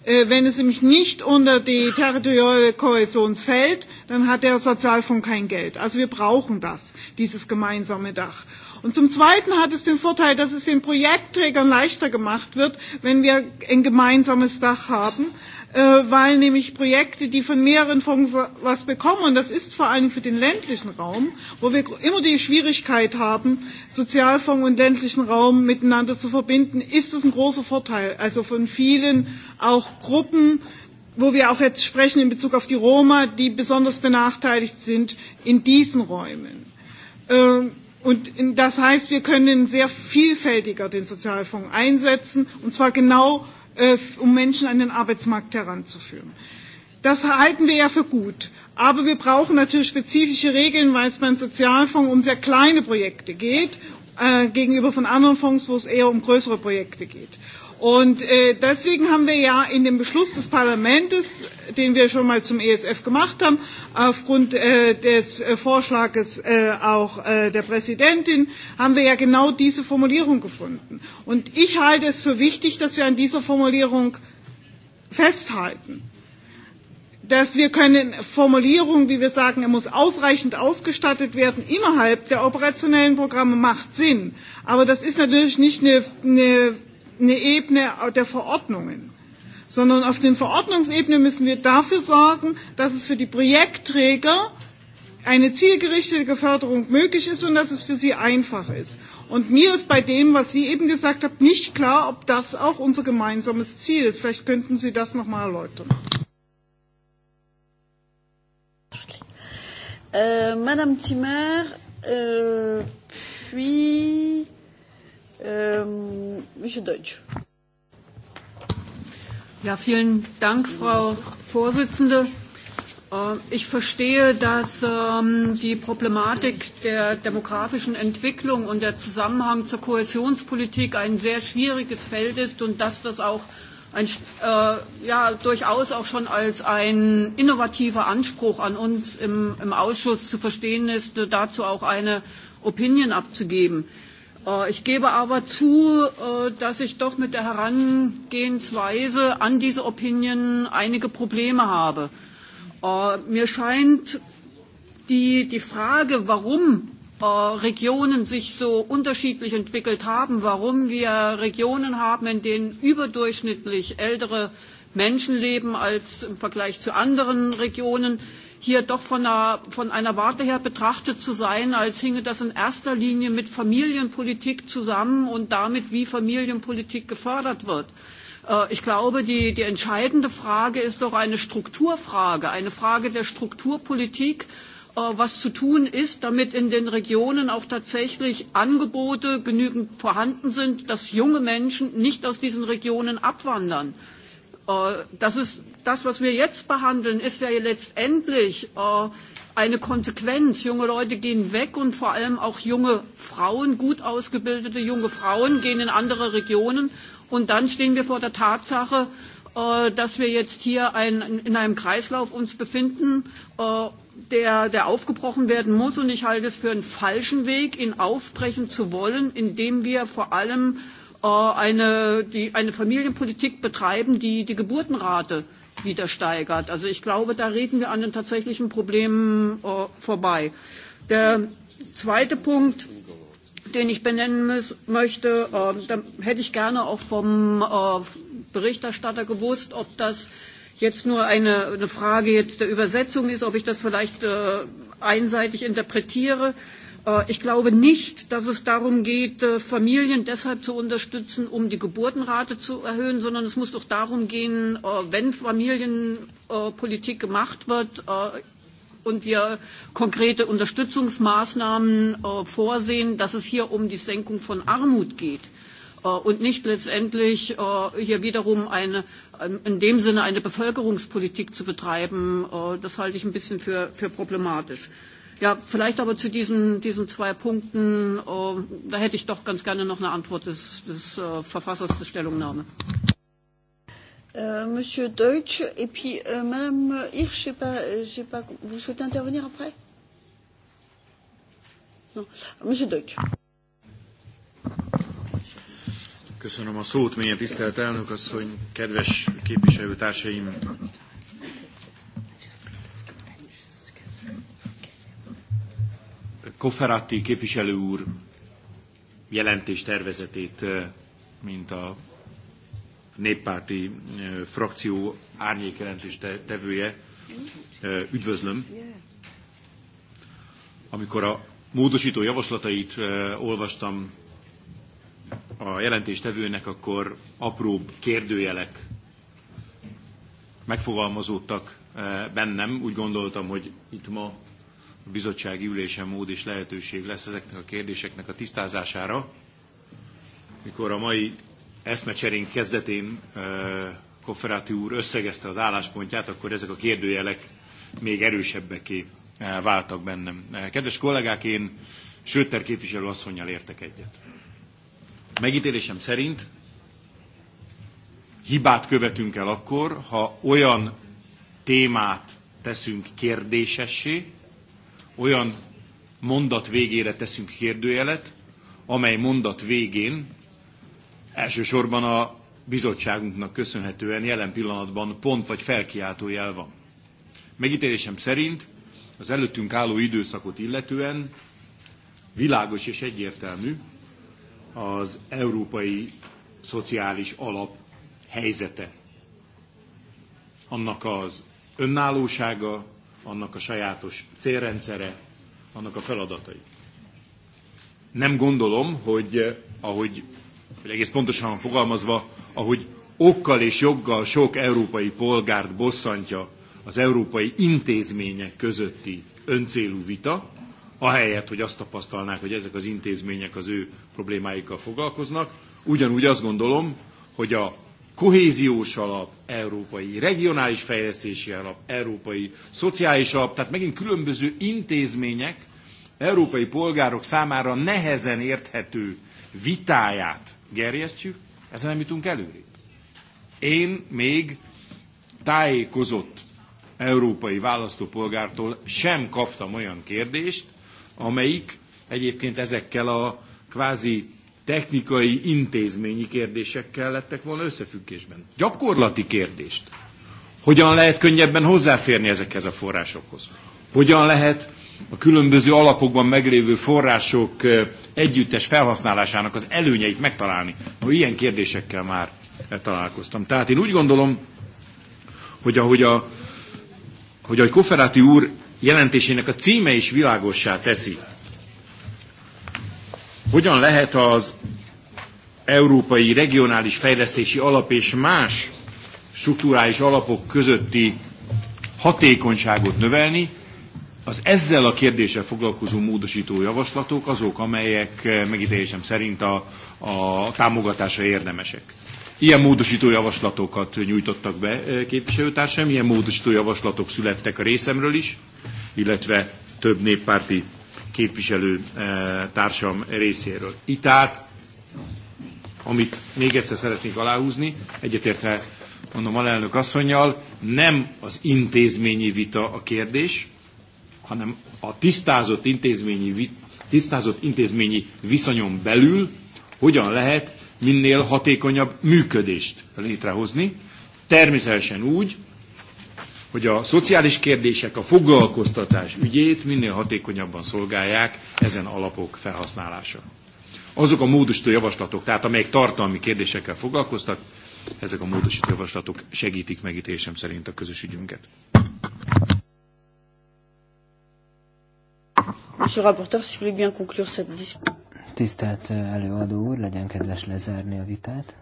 Äh, wenn es nämlich nicht unter die territoriale Kohäsion fällt, dann hat der Sozialfonds kein Geld. Also wir brauchen das, dieses gemeinsame Dach. Und zum Zweiten hat es den Vorteil, dass es den Projektträgern leichter gemacht wird, wenn wir ein gemeinsames Dach haben, Äh, weil nämlich Projekte, die von mehreren Fonds was bekommen, und das ist vor allem für den ländlichen Raum, wo wir immer die Schwierigkeit haben, Sozialfonds und ländlichen Raum miteinander zu verbinden, ist das ein großer Vorteil. Also von vielen auch Gruppen, wo wir auch jetzt sprechen in Bezug auf die Roma, die besonders benachteiligt sind in diesen Räumen. Ähm, und das heißt, wir können sehr vielfältiger den Sozialfonds einsetzen, und zwar genau Äh, um Menschen an den Arbeitsmarkt heranzuführen. Das halten wir ja für gut. Aber wir brauchen natürlich spezifische Regeln, weil es beim Sozialfonds um sehr kleine Projekte geht, äh, gegenüber von anderen Fonds, wo es eher um größere Projekte geht. Und äh, deswegen haben wir ja in dem Beschluss des Parlaments, den wir schon mal zum ESF gemacht haben, aufgrund äh, des äh, Vorschlages äh, auch äh, der Präsidentin, haben wir ja genau diese Formulierung gefunden. Und ich halte es für wichtig, dass wir an dieser Formulierung festhalten dass wir können Formulierungen, wie wir sagen, er muss ausreichend ausgestattet werden, innerhalb der operationellen Programme macht Sinn. Aber das ist natürlich nicht eine, eine eine Ebene der Verordnungen, sondern auf den Verordnungsebene müssen wir dafür sorgen, dass es für die Projektträger eine zielgerichtete Förderung möglich ist und dass es für sie einfach ist. Und mir ist bei dem, was Sie eben gesagt haben, nicht klar, ob das auch unser gemeinsames Ziel ist. Vielleicht könnten Sie das noch mal erläutern. Okay. Äh, Madame Timmer, äh, euh, puis Ehm, ja, vielen Dank, Frau Vorsitzende. Äh, ich verstehe, dass ähm, die Problematik der demografischen Entwicklung und der Zusammenhang zur Kohäsionspolitik ein sehr schwieriges Feld ist und dass das auch ein, äh, ja, durchaus auch schon als ein innovativer Anspruch an uns im, im Ausschuss zu verstehen ist, dazu auch eine Opinion abzugeben. Äh, ich gebe aber zu, äh, dass ich doch mit der Herangehensweise an diese Opinion einige Probleme habe. Äh, mir scheint die, die Frage, warum Regionen sich so unterschiedlich entwickelt haben, warum wir Regionen haben, in denen überdurchschnittlich ältere Menschen leben als im Vergleich zu anderen Regionen, hier doch von einer, von einer Warte her betrachtet zu sein, als hinge das in erster Linie mit Familienpolitik zusammen und damit, wie Familienpolitik gefördert wird. Äh, ich glaube, die, die entscheidende Frage ist doch eine Strukturfrage, eine Frage der Strukturpolitik, äh, was zu tun ist, damit in den Regionen auch tatsächlich Angebote genügend vorhanden sind, dass junge Menschen nicht aus diesen Regionen abwandern. Äh, das ist das, was wir jetzt behandeln, ist ja letztendlich äh, eine Konsequenz. Junge Leute gehen weg und vor allem auch junge Frauen, gut ausgebildete junge Frauen gehen in andere Regionen. Und dann stehen wir vor der Tatsache, äh, dass wir jetzt hier ein, in einem Kreislauf uns befinden, äh, der, der aufgebrochen werden muss. Und ich halte es für einen falschen Weg, ihn aufbrechen zu wollen, indem wir vor allem äh, eine, die, eine Familienpolitik betreiben, die die Geburtenrate äh, wieder steigert. Also ich glaube, da reden wir an den tatsächlichen Problemen äh, vorbei. Der zweite Punkt, den ich benennen muss, möchte, äh, da hätte ich gerne auch vom äh, Berichterstatter gewusst, ob das jetzt nur eine, eine Frage jetzt der Übersetzung ist, ob ich das vielleicht äh, einseitig interpretiere. Äh, Äh, ich glaube nicht, dass es darum geht, äh, Familien deshalb zu unterstützen, um die Geburtenrate zu erhöhen, sondern es muss doch darum gehen, äh, wenn Familienpolitik gemacht wird und wir konkrete Unterstützungsmaßnahmen vorsehen, dass es hier um die Senkung von Armut geht und nicht letztendlich hier wiederum eine, ähm, in dem Sinne eine Bevölkerungspolitik zu betreiben. Das halte ich ein bisschen für, für problematisch. Ja, vielleicht aber zu diesen, diesen zwei Punkten, äh, da hätte ich doch ganz gerne noch eine Antwort des, des äh, Verfassers der Stellungnahme. Euh, Monsieur Deutsch, et puis euh, Madame Hirsch, je pas, je pas, vous souhaitez intervenir après non. Monsieur Deutsch. Köszönöm a szót, mélyen tisztelt elnök asszony, kedves képviselőtársaim! Koferati képviselő úr jelentés tervezetét, mint a néppárti frakció árnyékjelentés tevője, üdvözlöm. Amikor a módosító javaslatait olvastam a jelentéstevőnek, akkor apróbb kérdőjelek megfogalmazódtak bennem. Úgy gondoltam, hogy itt ma bizottsági ülésen mód és lehetőség lesz ezeknek a kérdéseknek a tisztázására, mikor a mai eszmecserénk kezdetén Kofferáti úr összegezte az álláspontját, akkor ezek a kérdőjelek még erősebbeké váltak bennem. Kedves kollégák, én Söter képviselő asszonynal értek egyet. Megítélésem szerint hibát követünk el akkor, ha olyan témát teszünk kérdésessé, olyan mondat végére teszünk kérdőjelet, amely mondat végén elsősorban a bizottságunknak köszönhetően jelen pillanatban pont vagy felkiáltó jel van. Megítélésem szerint az előttünk álló időszakot illetően világos és egyértelmű az európai szociális alap helyzete. Annak az önállósága, annak a sajátos célrendszere, annak a feladatai. Nem gondolom, hogy eh, ahogy hogy, egész pontosan fogalmazva, ahogy okkal és joggal sok európai polgárt bosszantja az európai intézmények közötti öncélú vita, ahelyett, hogy azt tapasztalnák, hogy ezek az intézmények az ő problémáikkal foglalkoznak, ugyanúgy azt gondolom, hogy a kohéziós alap, európai regionális fejlesztési alap, európai szociális alap, tehát megint különböző intézmények európai polgárok számára nehezen érthető vitáját gerjesztjük, ezzel nem jutunk előrébb. Én még tájékozott európai választópolgártól sem kaptam olyan kérdést, amelyik egyébként ezekkel a kvázi technikai, intézményi kérdésekkel lettek volna összefüggésben. Gyakorlati kérdést. Hogyan lehet könnyebben hozzáférni ezekhez a forrásokhoz? Hogyan lehet a különböző alapokban meglévő források együttes felhasználásának az előnyeit megtalálni? Ha ilyen kérdésekkel már találkoztam. Tehát én úgy gondolom, hogy ahogy a hogy a Koferáti úr jelentésének a címe is világossá teszi, hogyan lehet az európai regionális fejlesztési alap és más strukturális alapok közötti hatékonyságot növelni, az ezzel a kérdéssel foglalkozó módosító javaslatok azok, amelyek eh, megítélésem szerint a, a támogatásra érdemesek. Ilyen módosító javaslatokat nyújtottak be eh, képviselőtársaim, ilyen módosító javaslatok születtek a részemről is, illetve több néppárti képviselő eh, társam részéről. Itt át, amit még egyszer szeretnék aláhúzni, egyetértve mondom alelnök asszonyjal, nem az intézményi vita a kérdés, hanem a tisztázott intézményi, tisztázott intézményi viszonyon belül hogyan lehet minél hatékonyabb működést létrehozni. Természetesen úgy, hogy a szociális kérdések a foglalkoztatás ügyét minél hatékonyabban szolgálják ezen alapok felhasználása. Azok a módosító javaslatok, tehát amelyek tartalmi kérdésekkel foglalkoztak, ezek a módosító javaslatok segítik megítélésem szerint a közös ügyünket. Tisztelt eh, előadó úr, legyen kedves lezárni a vitát.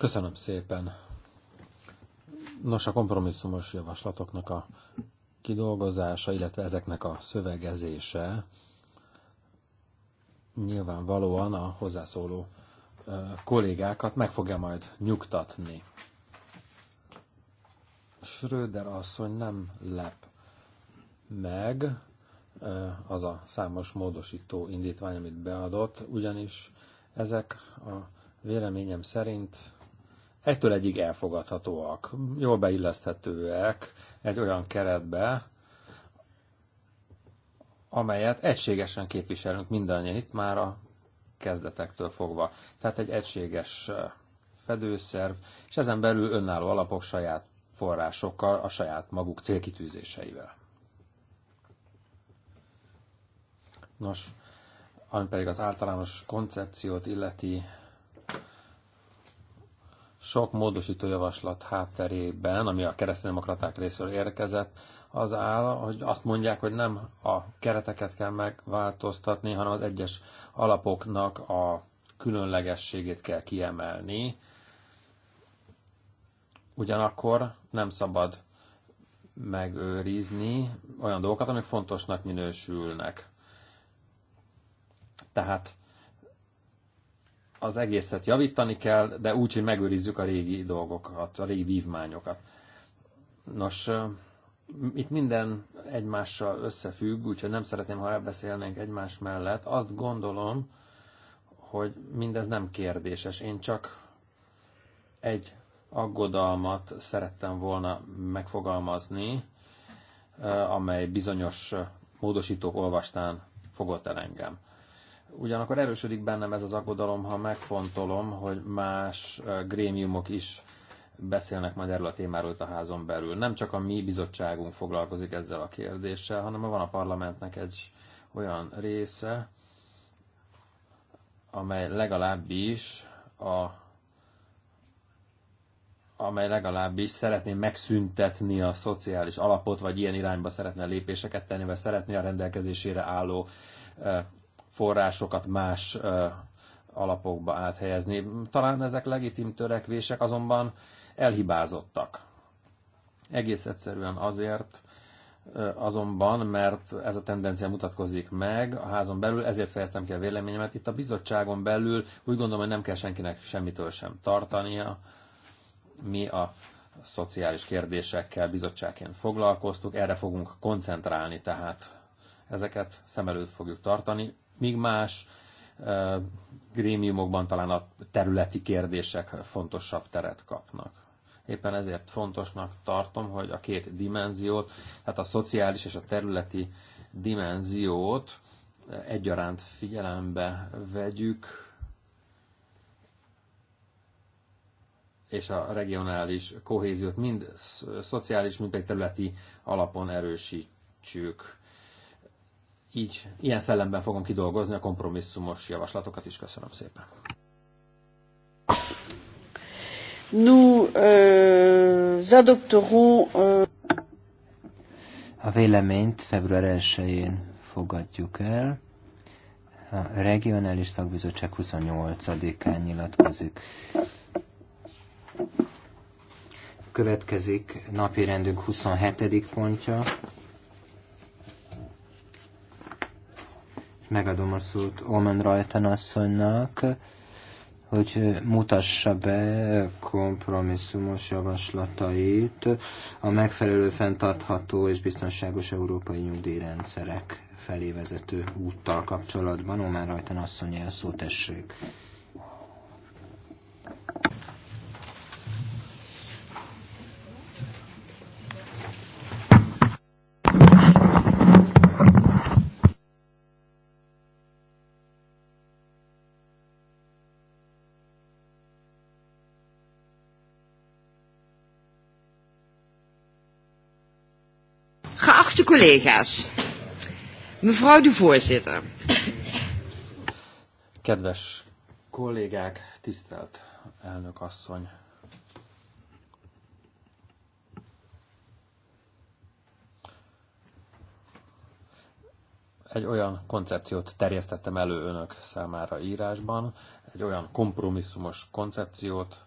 Köszönöm szépen. Nos, a kompromisszumos javaslatoknak a kidolgozása, illetve ezeknek a szövegezése nyilvánvalóan a hozzászóló kollégákat meg fogja majd nyugtatni. Schröder asszony nem lep meg az a számos módosító indítvány, amit beadott, ugyanis ezek a véleményem szerint egytől egyig elfogadhatóak, jól beilleszthetőek egy olyan keretbe, amelyet egységesen képviselünk mindannyian itt már a kezdetektől fogva. Tehát egy egységes fedőszerv, és ezen belül önálló alapok saját forrásokkal, a saját maguk célkitűzéseivel. Nos, ami pedig az általános koncepciót illeti, sok módosító javaslat hátterében, ami a kereszténydemokraták részéről érkezett, az áll, hogy azt mondják, hogy nem a kereteket kell megváltoztatni, hanem az egyes alapoknak a különlegességét kell kiemelni. Ugyanakkor nem szabad megőrizni olyan dolgokat, amik fontosnak minősülnek. Tehát az egészet javítani kell, de úgy, hogy megőrizzük a régi dolgokat, a régi vívmányokat. Nos, itt minden egymással összefügg, úgyhogy nem szeretném, ha elbeszélnénk egymás mellett. Azt gondolom, hogy mindez nem kérdéses. Én csak egy aggodalmat szerettem volna megfogalmazni, amely bizonyos módosítók olvastán fogott el engem. Ugyanakkor erősödik bennem ez az aggodalom, ha megfontolom, hogy más eh, grémiumok is beszélnek majd erről a témáról a házon belül. Nem csak a mi bizottságunk foglalkozik ezzel a kérdéssel, hanem van a parlamentnek egy olyan része, amely legalábbis a amely legalábbis szeretné megszüntetni a szociális alapot, vagy ilyen irányba szeretne lépéseket tenni, vagy szeretné a rendelkezésére álló eh, forrásokat más alapokba áthelyezni. Talán ezek legitim törekvések, azonban elhibázottak. Egész egyszerűen azért, azonban, mert ez a tendencia mutatkozik meg a házon belül, ezért fejeztem ki a véleményemet. Itt a bizottságon belül úgy gondolom, hogy nem kell senkinek semmitől sem tartania. Mi a szociális kérdésekkel bizottságként foglalkoztuk, erre fogunk koncentrálni, tehát ezeket szem előtt fogjuk tartani míg más grémiumokban talán a területi kérdések fontosabb teret kapnak. Éppen ezért fontosnak tartom, hogy a két dimenziót, tehát a szociális és a területi dimenziót egyaránt figyelembe vegyük, és a regionális kohéziót mind szociális, mind pedig területi alapon erősítsük így, ilyen szellemben fogom kidolgozni a kompromisszumos javaslatokat is. Köszönöm szépen. Nous euh, adopterons euh... A véleményt február 1-én fogadjuk el. A regionális szakbizottság 28-án nyilatkozik. Következik napi rendünk 27. pontja. megadom a szót Omen Rajten asszonynak, hogy mutassa be kompromisszumos javaslatait a megfelelő fenntartható és biztonságos európai nyugdíjrendszerek felé vezető úttal kapcsolatban. Omen Rajten asszonyja a szót tessék. collega's. Mevrouw de voorzitter. Kedves tisztelt elnök asszony. Egy olyan koncepciót terjesztettem elő önök számára írásban, egy olyan kompromisszumos koncepciót,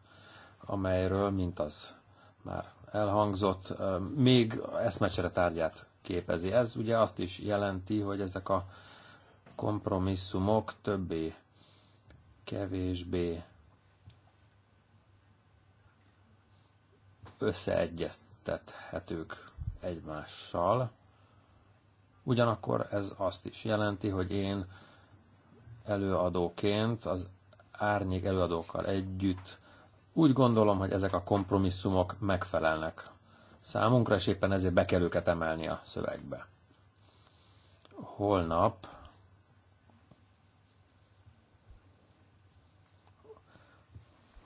amelyről, mint az már elhangzott, még eszmecsere tárgyát képezi. Ez ugye azt is jelenti, hogy ezek a kompromisszumok többé, kevésbé összeegyeztethetők egymással. Ugyanakkor ez azt is jelenti, hogy én előadóként az árnyék előadókkal együtt úgy gondolom, hogy ezek a kompromisszumok megfelelnek számunkra, és éppen ezért be kell őket emelni a szövegbe. Holnap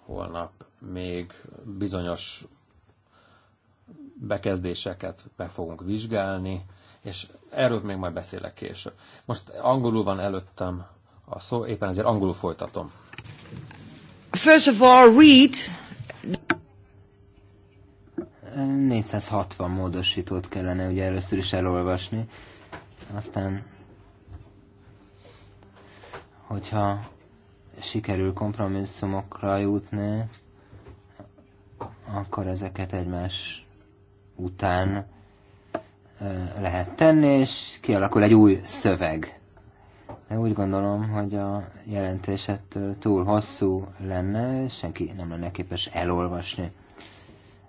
holnap még bizonyos bekezdéseket be fogunk vizsgálni, és erről még majd beszélek később. Most angolul van előttem a szó, éppen ezért angolul folytatom. First of all, read 460 módosítót kellene ugye először is elolvasni, aztán hogyha sikerül kompromisszumokra jutni, akkor ezeket egymás után lehet tenni, és kialakul egy új szöveg. De úgy gondolom, hogy a jelentésettől túl hosszú lenne, és senki nem lenne képes elolvasni.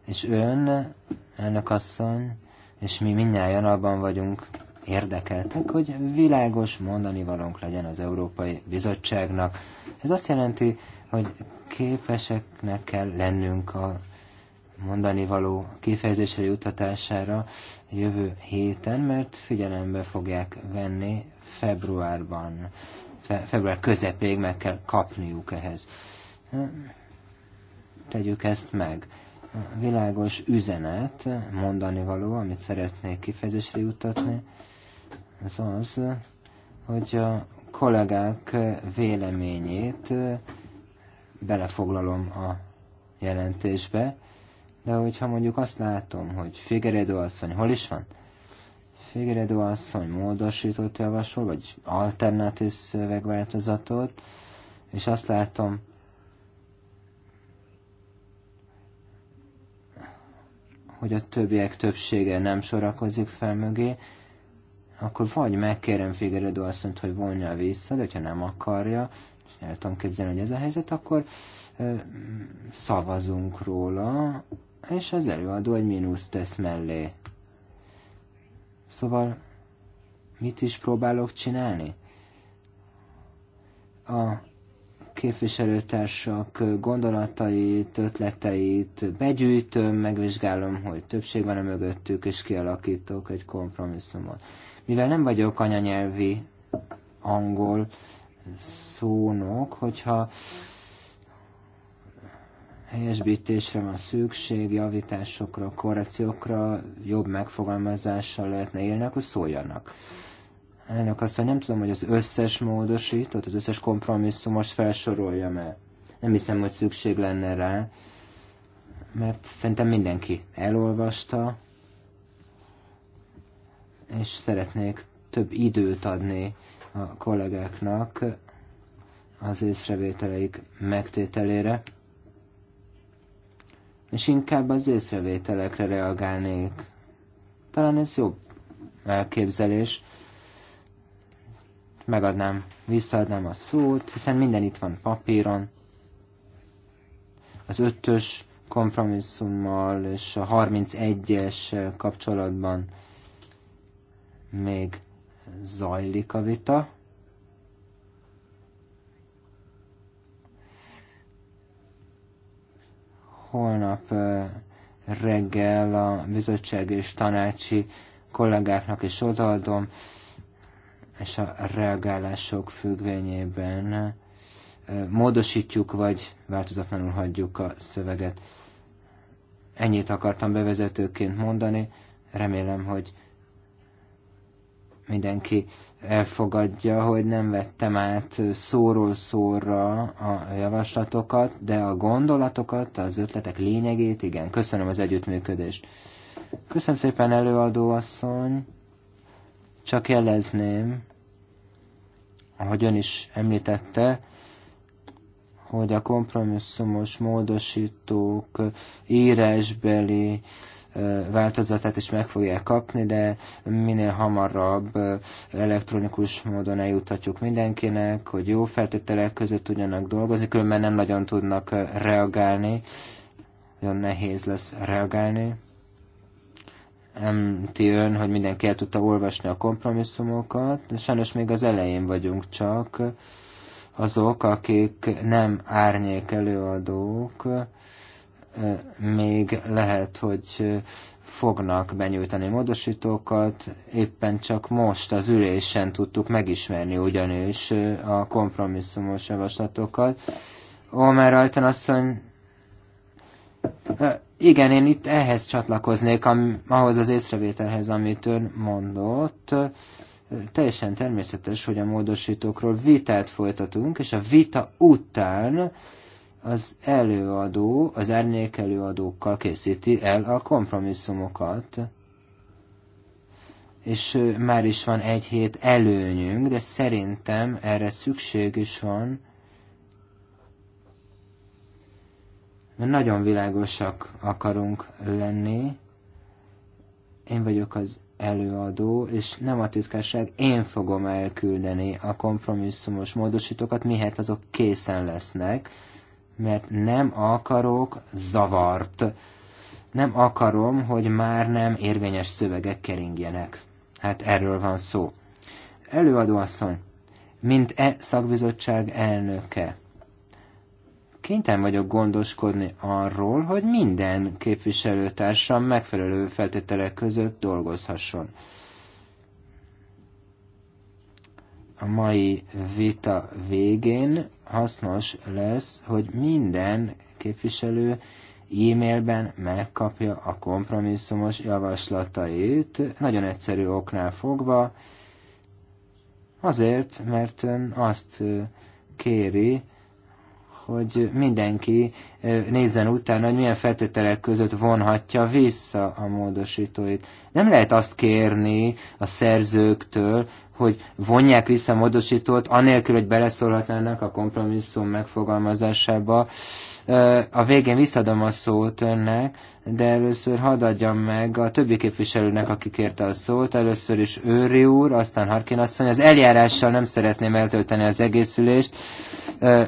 És ön, elnök asszony, és mi mindnyájan abban vagyunk érdekeltek, hogy világos mondani valónk legyen az Európai Bizottságnak. Ez azt jelenti, hogy képeseknek kell lennünk a mondani való kifejezésre juttatására jövő héten, mert figyelembe fogják venni februárban, fe, február közepéig meg kell kapniuk ehhez. Tegyük ezt meg világos üzenet, mondani való, amit szeretnék kifejezésre jutatni, az az, hogy a kollégák véleményét belefoglalom a jelentésbe, de hogyha mondjuk azt látom, hogy Figueredo asszony hol is van? Figueredo asszony módosított javasol, vagy alternatív szövegváltozatot, és azt látom, hogy a többiek többsége nem sorakozik fel mögé, akkor vagy megkérem Figueredo asszonyt, hogy vonja vissza, de ha nem akarja, és el tudom képzelni, hogy ez a helyzet, akkor ö, szavazunk róla, és az előadó egy mínusz tesz mellé. Szóval mit is próbálok csinálni? A képviselőtársak gondolatait, ötleteit begyűjtöm, megvizsgálom, hogy többség van a mögöttük, és kialakítok egy kompromisszumot. Mivel nem vagyok anyanyelvi angol szónok, hogyha helyesbítésre van szükség, javításokra, korrekciókra, jobb megfogalmazással lehetne élni, akkor szóljanak elnök asszony, nem tudom, hogy az összes módosított, az összes kompromisszumos felsorolja, mert Nem hiszem, hogy szükség lenne rá, mert szerintem mindenki elolvasta, és szeretnék több időt adni a kollégáknak az észrevételeik megtételére, és inkább az észrevételekre reagálnék. Talán ez jobb elképzelés, megadnám, visszaadnám a szót, hiszen minden itt van papíron. Az ötös kompromisszummal és a 31-es kapcsolatban még zajlik a vita. Holnap reggel a bizottság és tanácsi kollégáknak is odaadom és a reagálások függvényében módosítjuk, vagy változatlanul hagyjuk a szöveget. Ennyit akartam bevezetőként mondani, remélem, hogy mindenki elfogadja, hogy nem vettem át szóról szóra a javaslatokat, de a gondolatokat, az ötletek lényegét, igen, köszönöm az együttműködést. Köszönöm szépen előadóasszony, csak jelezném, ahogy ön is említette, hogy a kompromisszumos módosítók írásbeli változatát is meg fogják kapni, de minél hamarabb elektronikus módon eljuthatjuk mindenkinek, hogy jó feltételek között tudjanak dolgozni, különben nem nagyon tudnak reagálni, nagyon nehéz lesz reagálni említi ön, hogy mindenki el tudta olvasni a kompromisszumokat, de sajnos még az elején vagyunk csak. Azok, akik nem árnyék előadók, még lehet, hogy fognak benyújtani módosítókat, éppen csak most az ülésen tudtuk megismerni ugyanis a kompromisszumos javaslatokat. Omer Rajten asszony igen, én itt ehhez csatlakoznék, am, ahhoz az észrevételhez, amit ön mondott. Teljesen természetes, hogy a módosítókról vitát folytatunk, és a vita után az előadó, az árnyék előadókkal készíti el a kompromisszumokat. És már is van egy hét előnyünk, de szerintem erre szükség is van, mert nagyon világosak akarunk lenni. Én vagyok az előadó, és nem a titkárság, én fogom elküldeni a kompromisszumos módosítókat, mihet azok készen lesznek, mert nem akarok zavart. Nem akarom, hogy már nem érvényes szövegek keringjenek. Hát erről van szó. Előadó asszony, mint e szakbizottság elnöke, kénytelen vagyok gondoskodni arról, hogy minden képviselőtársam megfelelő feltételek között dolgozhasson. A mai vita végén hasznos lesz, hogy minden képviselő e-mailben megkapja a kompromisszumos javaslatait, nagyon egyszerű oknál fogva, azért, mert ön azt kéri, hogy mindenki nézzen utána, hogy milyen feltételek között vonhatja vissza a módosítóit. Nem lehet azt kérni a szerzőktől, hogy vonják vissza a módosítót, anélkül, hogy beleszólhatnának a kompromisszum megfogalmazásába. A végén visszadom a szót önnek, de először hadd adjam meg a többi képviselőnek, aki kérte a szót. Először is Őri úr, aztán Harkin asszony. Az eljárással nem szeretném eltölteni az egészülést,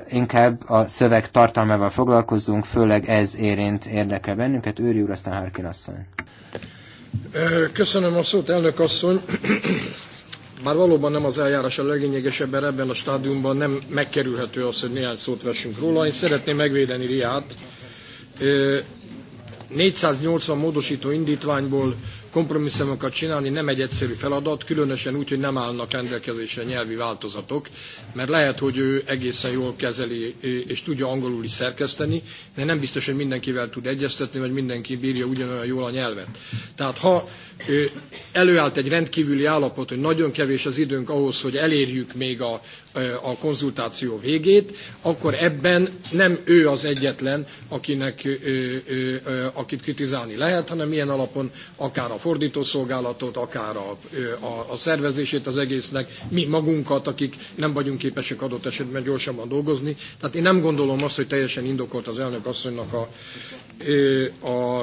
inkább a szöveg tartalmával foglalkozunk, főleg ez érint érdekel bennünket. Őri úr, aztán Harkin asszony. Köszönöm a szót, elnök asszony. Bár valóban nem az eljárás a leglényegesebb, ebben a stádiumban nem megkerülhető az, hogy néhány szót vessünk róla. Én szeretném megvédeni Riát. 480 módosító indítványból kompromisszumokat csinálni nem egy egyszerű feladat, különösen úgy, hogy nem állnak rendelkezésre nyelvi változatok, mert lehet, hogy ő egészen jól kezeli és tudja angolul is szerkeszteni, de nem biztos, hogy mindenkivel tud egyeztetni, vagy mindenki bírja ugyanolyan jól a nyelvet. Tehát ha előállt egy rendkívüli állapot, hogy nagyon kevés az időnk ahhoz, hogy elérjük még a, a konzultáció végét, akkor ebben nem ő az egyetlen, akinek, akit kritizálni lehet, hanem ilyen alapon akár a fordítószolgálatot, akár a, a, a szervezését az egésznek, mi magunkat, akik nem vagyunk képesek adott esetben gyorsabban dolgozni. Tehát én nem gondolom azt, hogy teljesen indokolt az elnök asszonynak a, a,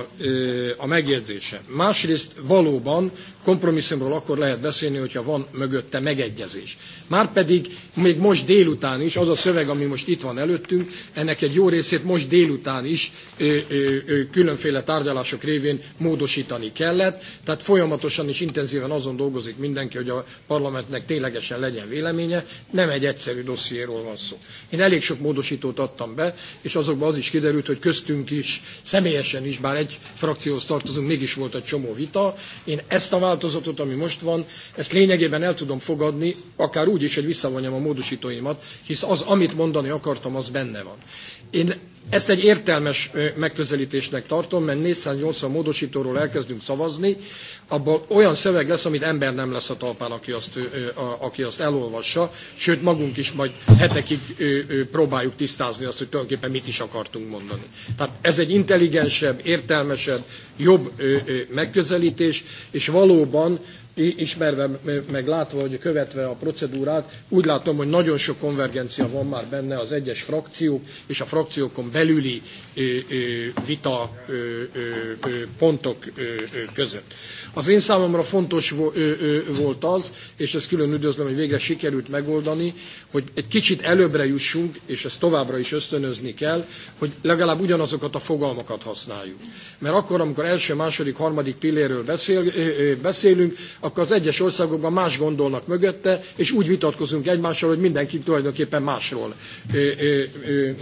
a megjegyzése. Másrészt valóban kompromisszumról akkor lehet beszélni, hogyha van mögötte megegyezés. Márpedig még most délután is, az a szöveg, ami most itt van előttünk, ennek egy jó részét most délután is ö, ö, ö, különféle tárgyalások révén módosítani kellett, tehát folyamatosan és intenzíven azon dolgozik mindenki, hogy a parlamentnek ténylegesen legyen véleménye, nem egy egyszerű dossziéról van szó. Én elég sok módosítót adtam be, és azokban az is kiderült, hogy köztünk is személyesen is, bár egy frakcióhoz tartozunk, mégis volt egy csomó vita. Én ezt a változatot, ami most van, ezt lényegében el tudom fogadni, akár úgy is, hogy visszavonjam a módosítóimat, hisz az, amit mondani akartam, az benne van. Én ezt egy értelmes megközelítésnek tartom, mert 480 módosítóról elkezdünk szavazni, abból olyan szöveg lesz, amit ember nem lesz a talpán, aki azt, aki azt elolvassa, sőt magunk is majd hetekig próbáljuk tisztázni azt, hogy tulajdonképpen mit is akartunk mondani. Tehát ez egy intelligensebb, értelmesebb, jobb megközelítés, és valóban ismerve, meg látva, hogy követve a procedúrát, úgy látom, hogy nagyon sok konvergencia van már benne az egyes frakciók és a frakciókon belüli vita pontok között. Az én számomra fontos volt az, és ezt külön üdvözlöm, hogy végre sikerült megoldani, hogy egy kicsit előbbre jussunk, és ezt továbbra is ösztönözni kell, hogy legalább ugyanazokat a fogalmakat használjuk. Mert akkor, amikor első, második, harmadik pilléről beszél, beszélünk, akkor az egyes országokban más gondolnak mögötte, és úgy vitatkozunk egymással, hogy mindenki tulajdonképpen másról,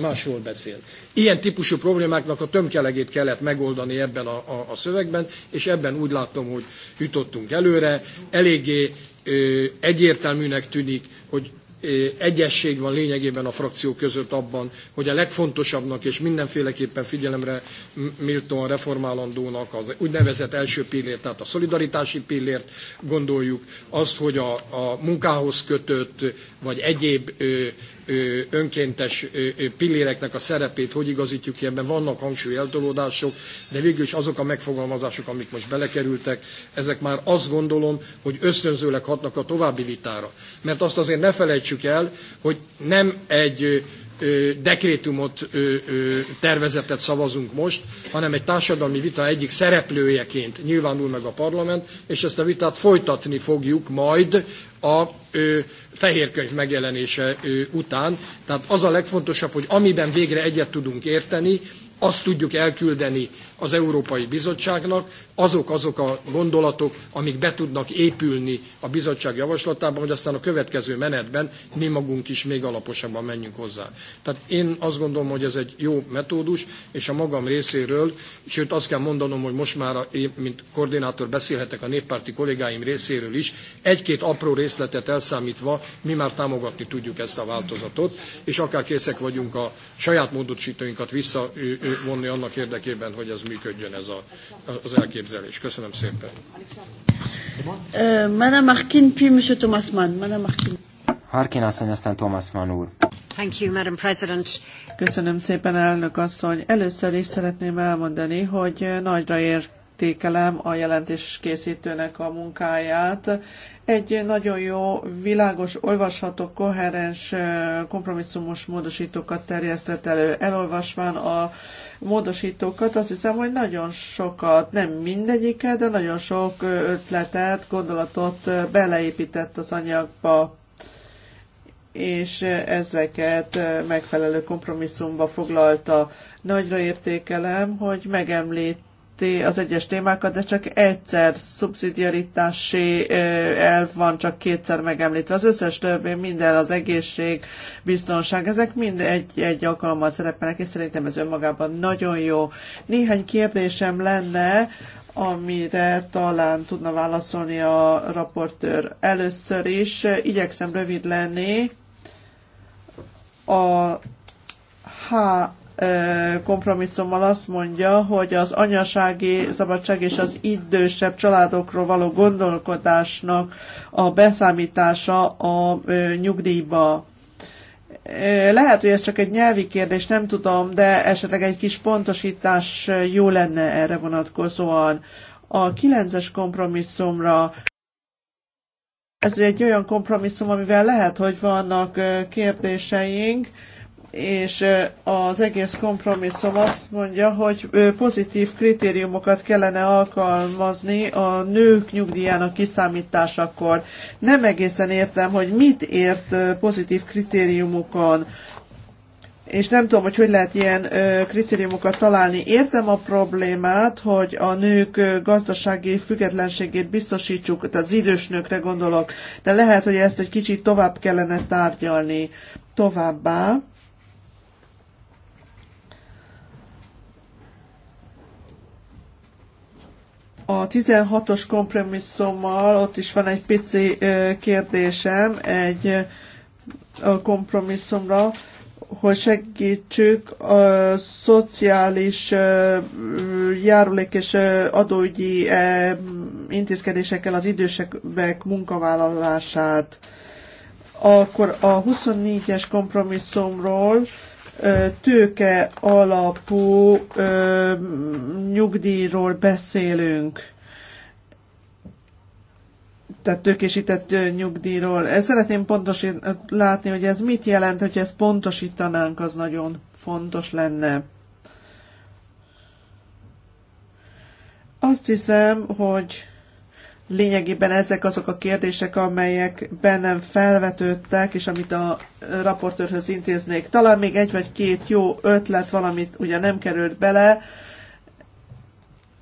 másról beszél. Ilyen típusú problémáknak a tömkelegét kellett megoldani ebben a, a, a szövegben, és ebben úgy látom, hogy jutottunk előre. Eléggé ö, egyértelműnek tűnik, hogy egyesség van lényegében a frakciók között abban, hogy a legfontosabbnak és mindenféleképpen figyelemre méltóan reformálandónak az úgynevezett első pillért, tehát a szolidaritási pillért gondoljuk, azt, hogy a, a munkához kötött vagy egyéb önkéntes pilléreknek a szerepét hogy igazítjuk ki, ebben vannak hangsúlyeltolódások, de végül is azok a megfogalmazások, amik most belekerültek, ezek már azt gondolom, hogy ösztönzőleg hatnak a további vitára. Mert azt azért ne felejtsük el, hogy nem egy dekrétumot, tervezetet szavazunk most, hanem egy társadalmi vita egyik szereplőjeként nyilvánul meg a parlament, és ezt a vitát folytatni fogjuk majd a fehér könyv megjelenése után. Tehát az a legfontosabb, hogy amiben végre egyet tudunk érteni, azt tudjuk elküldeni az Európai Bizottságnak, azok azok a gondolatok, amik be tudnak épülni a bizottság javaslatában, hogy aztán a következő menetben mi magunk is még alaposabban menjünk hozzá. Tehát én azt gondolom, hogy ez egy jó metódus, és a magam részéről, sőt azt kell mondanom, hogy most már én, mint koordinátor beszélhetek a néppárti kollégáim részéről is, egy-két apró részletet elszámítva mi már támogatni tudjuk ezt a változatot, és akár készek vagyunk a saját módosítóinkat visszavonni annak érdekében, hogy ez működjön ez a, az elképzelés. Köszönöm szépen. Uh, Madame Harkin, puis Monsieur Thomas Mann. Madame Harkin. Harkin asszony, aztán Thomas Mann úr. Thank you, Madam President. Köszönöm szépen, elnök asszony. Először is szeretném elmondani, hogy nagyra ér értékelem a jelentés készítőnek a munkáját. Egy nagyon jó, világos, olvasható, koherens, kompromisszumos módosítókat terjesztett elő. Elolvasván a módosítókat, azt hiszem, hogy nagyon sokat, nem mindegyiket, de nagyon sok ötletet, gondolatot beleépített az anyagba, és ezeket megfelelő kompromisszumba foglalta. Nagyra értékelem, hogy megemlít az egyes témákat, de csak egyszer szubszidiaritási elv van csak kétszer megemlítve. Az összes többi minden az egészség, biztonság, ezek mind egy, egy alkalommal szerepelnek, és szerintem ez önmagában nagyon jó. Néhány kérdésem lenne, amire talán tudna válaszolni a raportőr. Először is igyekszem rövid lenni. A H kompromisszummal azt mondja, hogy az anyasági szabadság és az idősebb családokról való gondolkodásnak a beszámítása a nyugdíjba. Lehet, hogy ez csak egy nyelvi kérdés, nem tudom, de esetleg egy kis pontosítás jó lenne erre vonatkozóan. A kilences kompromisszumra ez egy olyan kompromisszum, amivel lehet, hogy vannak kérdéseink, és az egész kompromisszum azt mondja, hogy pozitív kritériumokat kellene alkalmazni a nők nyugdíjának kiszámításakor. Nem egészen értem, hogy mit ért pozitív kritériumokon és nem tudom, hogy hogy lehet ilyen kritériumokat találni. Értem a problémát, hogy a nők gazdasági függetlenségét biztosítsuk, tehát az idős nőkre gondolok, de lehet, hogy ezt egy kicsit tovább kellene tárgyalni. Továbbá A 16-os kompromisszummal ott is van egy pici kérdésem, egy kompromisszumra, hogy segítsük a szociális járulék és adógyi intézkedésekkel az idősek munkavállalását. Akkor a 24-es kompromisszumról tőke alapú nyugdíjról beszélünk tehát tőkésített nyugdíjról. Ezt szeretném pontosan látni, hogy ez mit jelent, hogy ezt pontosítanánk, az nagyon fontos lenne. Azt hiszem, hogy Lényegében ezek azok a kérdések, amelyek bennem felvetődtek, és amit a raportőrhöz intéznék. Talán még egy vagy két jó ötlet, valamit ugye nem került bele,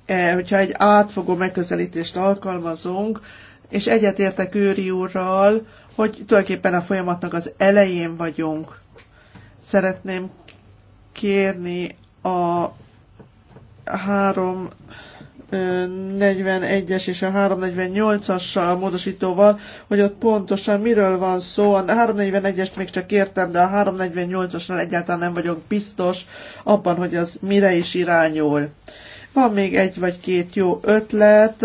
e, hogyha egy átfogó megközelítést alkalmazunk, és egyetértek Őri úrral, hogy tulajdonképpen a folyamatnak az elején vagyunk. Szeretném kérni a három 41-es és a 348-assal módosítóval, hogy ott pontosan miről van szó. A 341-est még csak értem, de a 348-asnál egyáltalán nem vagyok biztos abban, hogy az mire is irányul. Van még egy vagy két jó ötlet.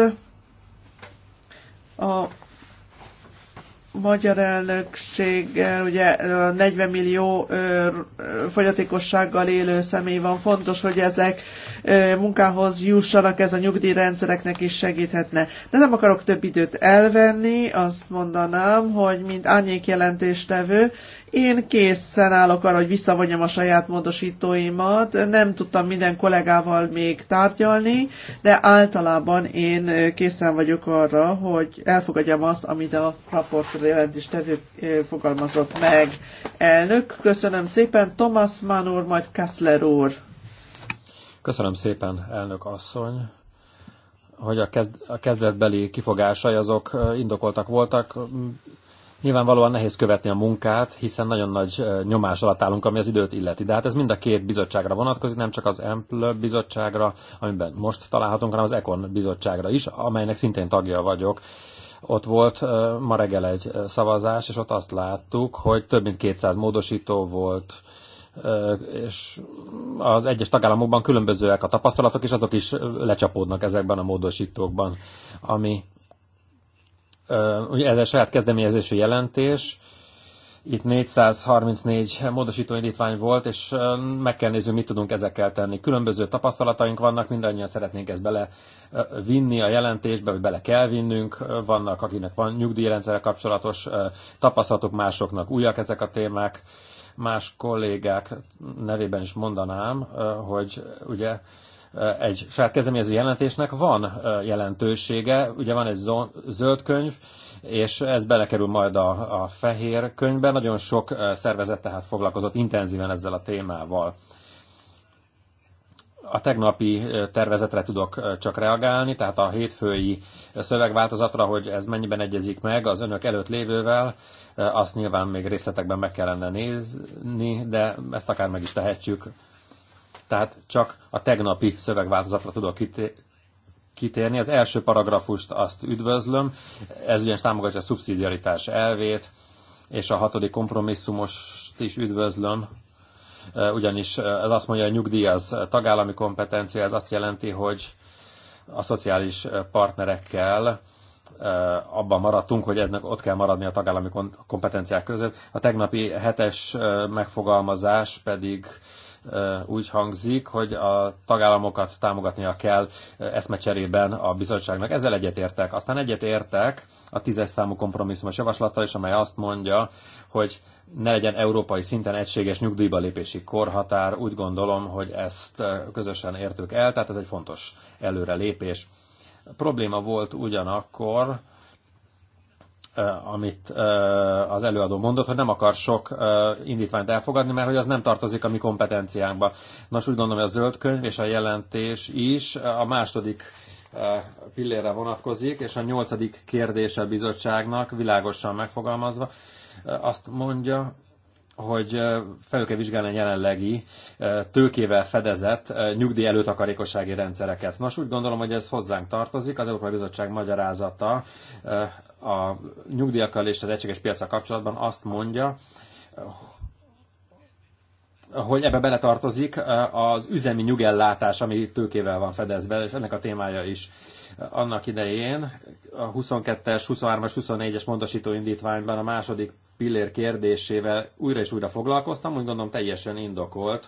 A magyar elnökséggel, ugye 40 millió fogyatékossággal élő személy van, fontos, hogy ezek munkához jussanak, ez a nyugdíjrendszereknek is segíthetne. De nem akarok több időt elvenni, azt mondanám, hogy mint árnyék jelentéstevő, én készen állok arra, hogy visszavonjam a saját módosítóimat. Nem tudtam minden kollégával még tárgyalni, de általában én készen vagyok arra, hogy elfogadjam azt, amit a jelentés jelentéstevő fogalmazott meg. Elnök, köszönöm szépen. Thomas Mann úr, majd Kessler úr. Köszönöm szépen, elnök asszony hogy a, kezd, a kezdetbeli kifogásai azok indokoltak voltak, Nyilvánvalóan nehéz követni a munkát, hiszen nagyon nagy nyomás alatt állunk, ami az időt illeti. De hát ez mind a két bizottságra vonatkozik, nem csak az EMPL bizottságra, amiben most találhatunk, hanem az ECON bizottságra is, amelynek szintén tagja vagyok. Ott volt ma reggel egy szavazás, és ott azt láttuk, hogy több mint 200 módosító volt, és az egyes tagállamokban különbözőek a tapasztalatok, és azok is lecsapódnak ezekben a módosítókban, ami ugye ez egy saját kezdeményezésű jelentés, itt 434 módosító indítvány volt, és meg kell nézni, mit tudunk ezekkel tenni. Különböző tapasztalataink vannak, mindannyian szeretnénk ezt bele vinni a jelentésbe, vagy bele kell vinnünk. Vannak, akinek van nyugdíjrendszerrel kapcsolatos tapasztalatok, másoknak újak ezek a témák. Más kollégák nevében is mondanám, hogy ugye egy saját kezdeményező jelentésnek van jelentősége, ugye van egy zöld könyv, és ez belekerül majd a, a fehér könyvbe. Nagyon sok szervezet tehát foglalkozott intenzíven ezzel a témával. A tegnapi tervezetre tudok csak reagálni, tehát a hétfői szövegváltozatra, hogy ez mennyiben egyezik meg az önök előtt lévővel, azt nyilván még részletekben meg kellene nézni, de ezt akár meg is tehetjük tehát csak a tegnapi szövegváltozatra tudok kitérni. Az első paragrafust azt üdvözlöm, ez ugyanis támogatja a szubszidiaritás elvét, és a hatodik kompromisszumost is üdvözlöm, ugyanis ez azt mondja, hogy a nyugdíj az tagállami kompetencia, ez azt jelenti, hogy a szociális partnerekkel abban maradtunk, hogy ennek ott kell maradni a tagállami kompetenciák között. A tegnapi hetes megfogalmazás pedig úgy hangzik, hogy a tagállamokat támogatnia kell eszmecserében a bizottságnak. Ezzel egyetértek. Aztán egyetértek a tízes számú kompromisszumos javaslattal is, amely azt mondja, hogy ne legyen európai szinten egységes nyugdíjba lépési korhatár. Úgy gondolom, hogy ezt közösen értük el, tehát ez egy fontos előrelépés. Probléma volt ugyanakkor, Eh, amit eh, az előadó mondott, hogy nem akar sok eh, indítványt elfogadni, mert hogy az nem tartozik a mi kompetenciánkba. Nos, úgy gondolom, hogy a zöld könyv és a jelentés is a második pillére vonatkozik, és a nyolcadik kérdése a bizottságnak világosan megfogalmazva azt mondja, hogy fel kell vizsgálni a jelenlegi tőkével fedezett nyugdíj előtakarékossági rendszereket. Nos, úgy gondolom, hogy ez hozzánk tartozik. Az Európai Bizottság magyarázata a nyugdíjakkal és az egységes piacsal kapcsolatban azt mondja, hogy ebbe beletartozik az üzemi nyugellátás, ami tőkével van fedezve, és ennek a témája is annak idején a 22-es, 23-as, 24-es mondosító indítványban a második pillér kérdésével újra és újra foglalkoztam, úgy gondolom teljesen indokolt,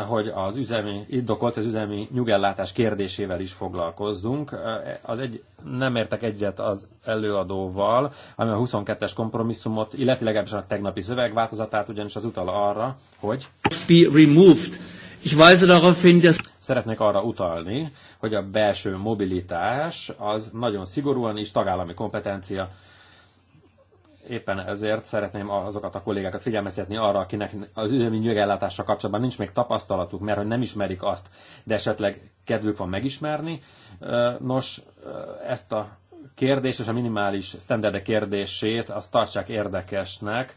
hogy az üzemi, indokolt az üzemi nyugellátás kérdésével is foglalkozzunk. Az egy, nem értek egyet az előadóval, ami a 22-es kompromisszumot, illetve legalábbis a tegnapi szövegváltozatát, ugyanis az utal arra, hogy be removed. Ich weise darauf hin, dass Szeretnék arra utalni, hogy a belső mobilitás az nagyon szigorúan is tagállami kompetencia éppen ezért szeretném azokat a kollégákat figyelmeztetni arra, akinek az üzemi nyögellátással kapcsolatban nincs még tapasztalatuk, mert hogy nem ismerik azt, de esetleg kedvük van megismerni. Nos, ezt a kérdés és a minimális standardek kérdését azt tartsák érdekesnek,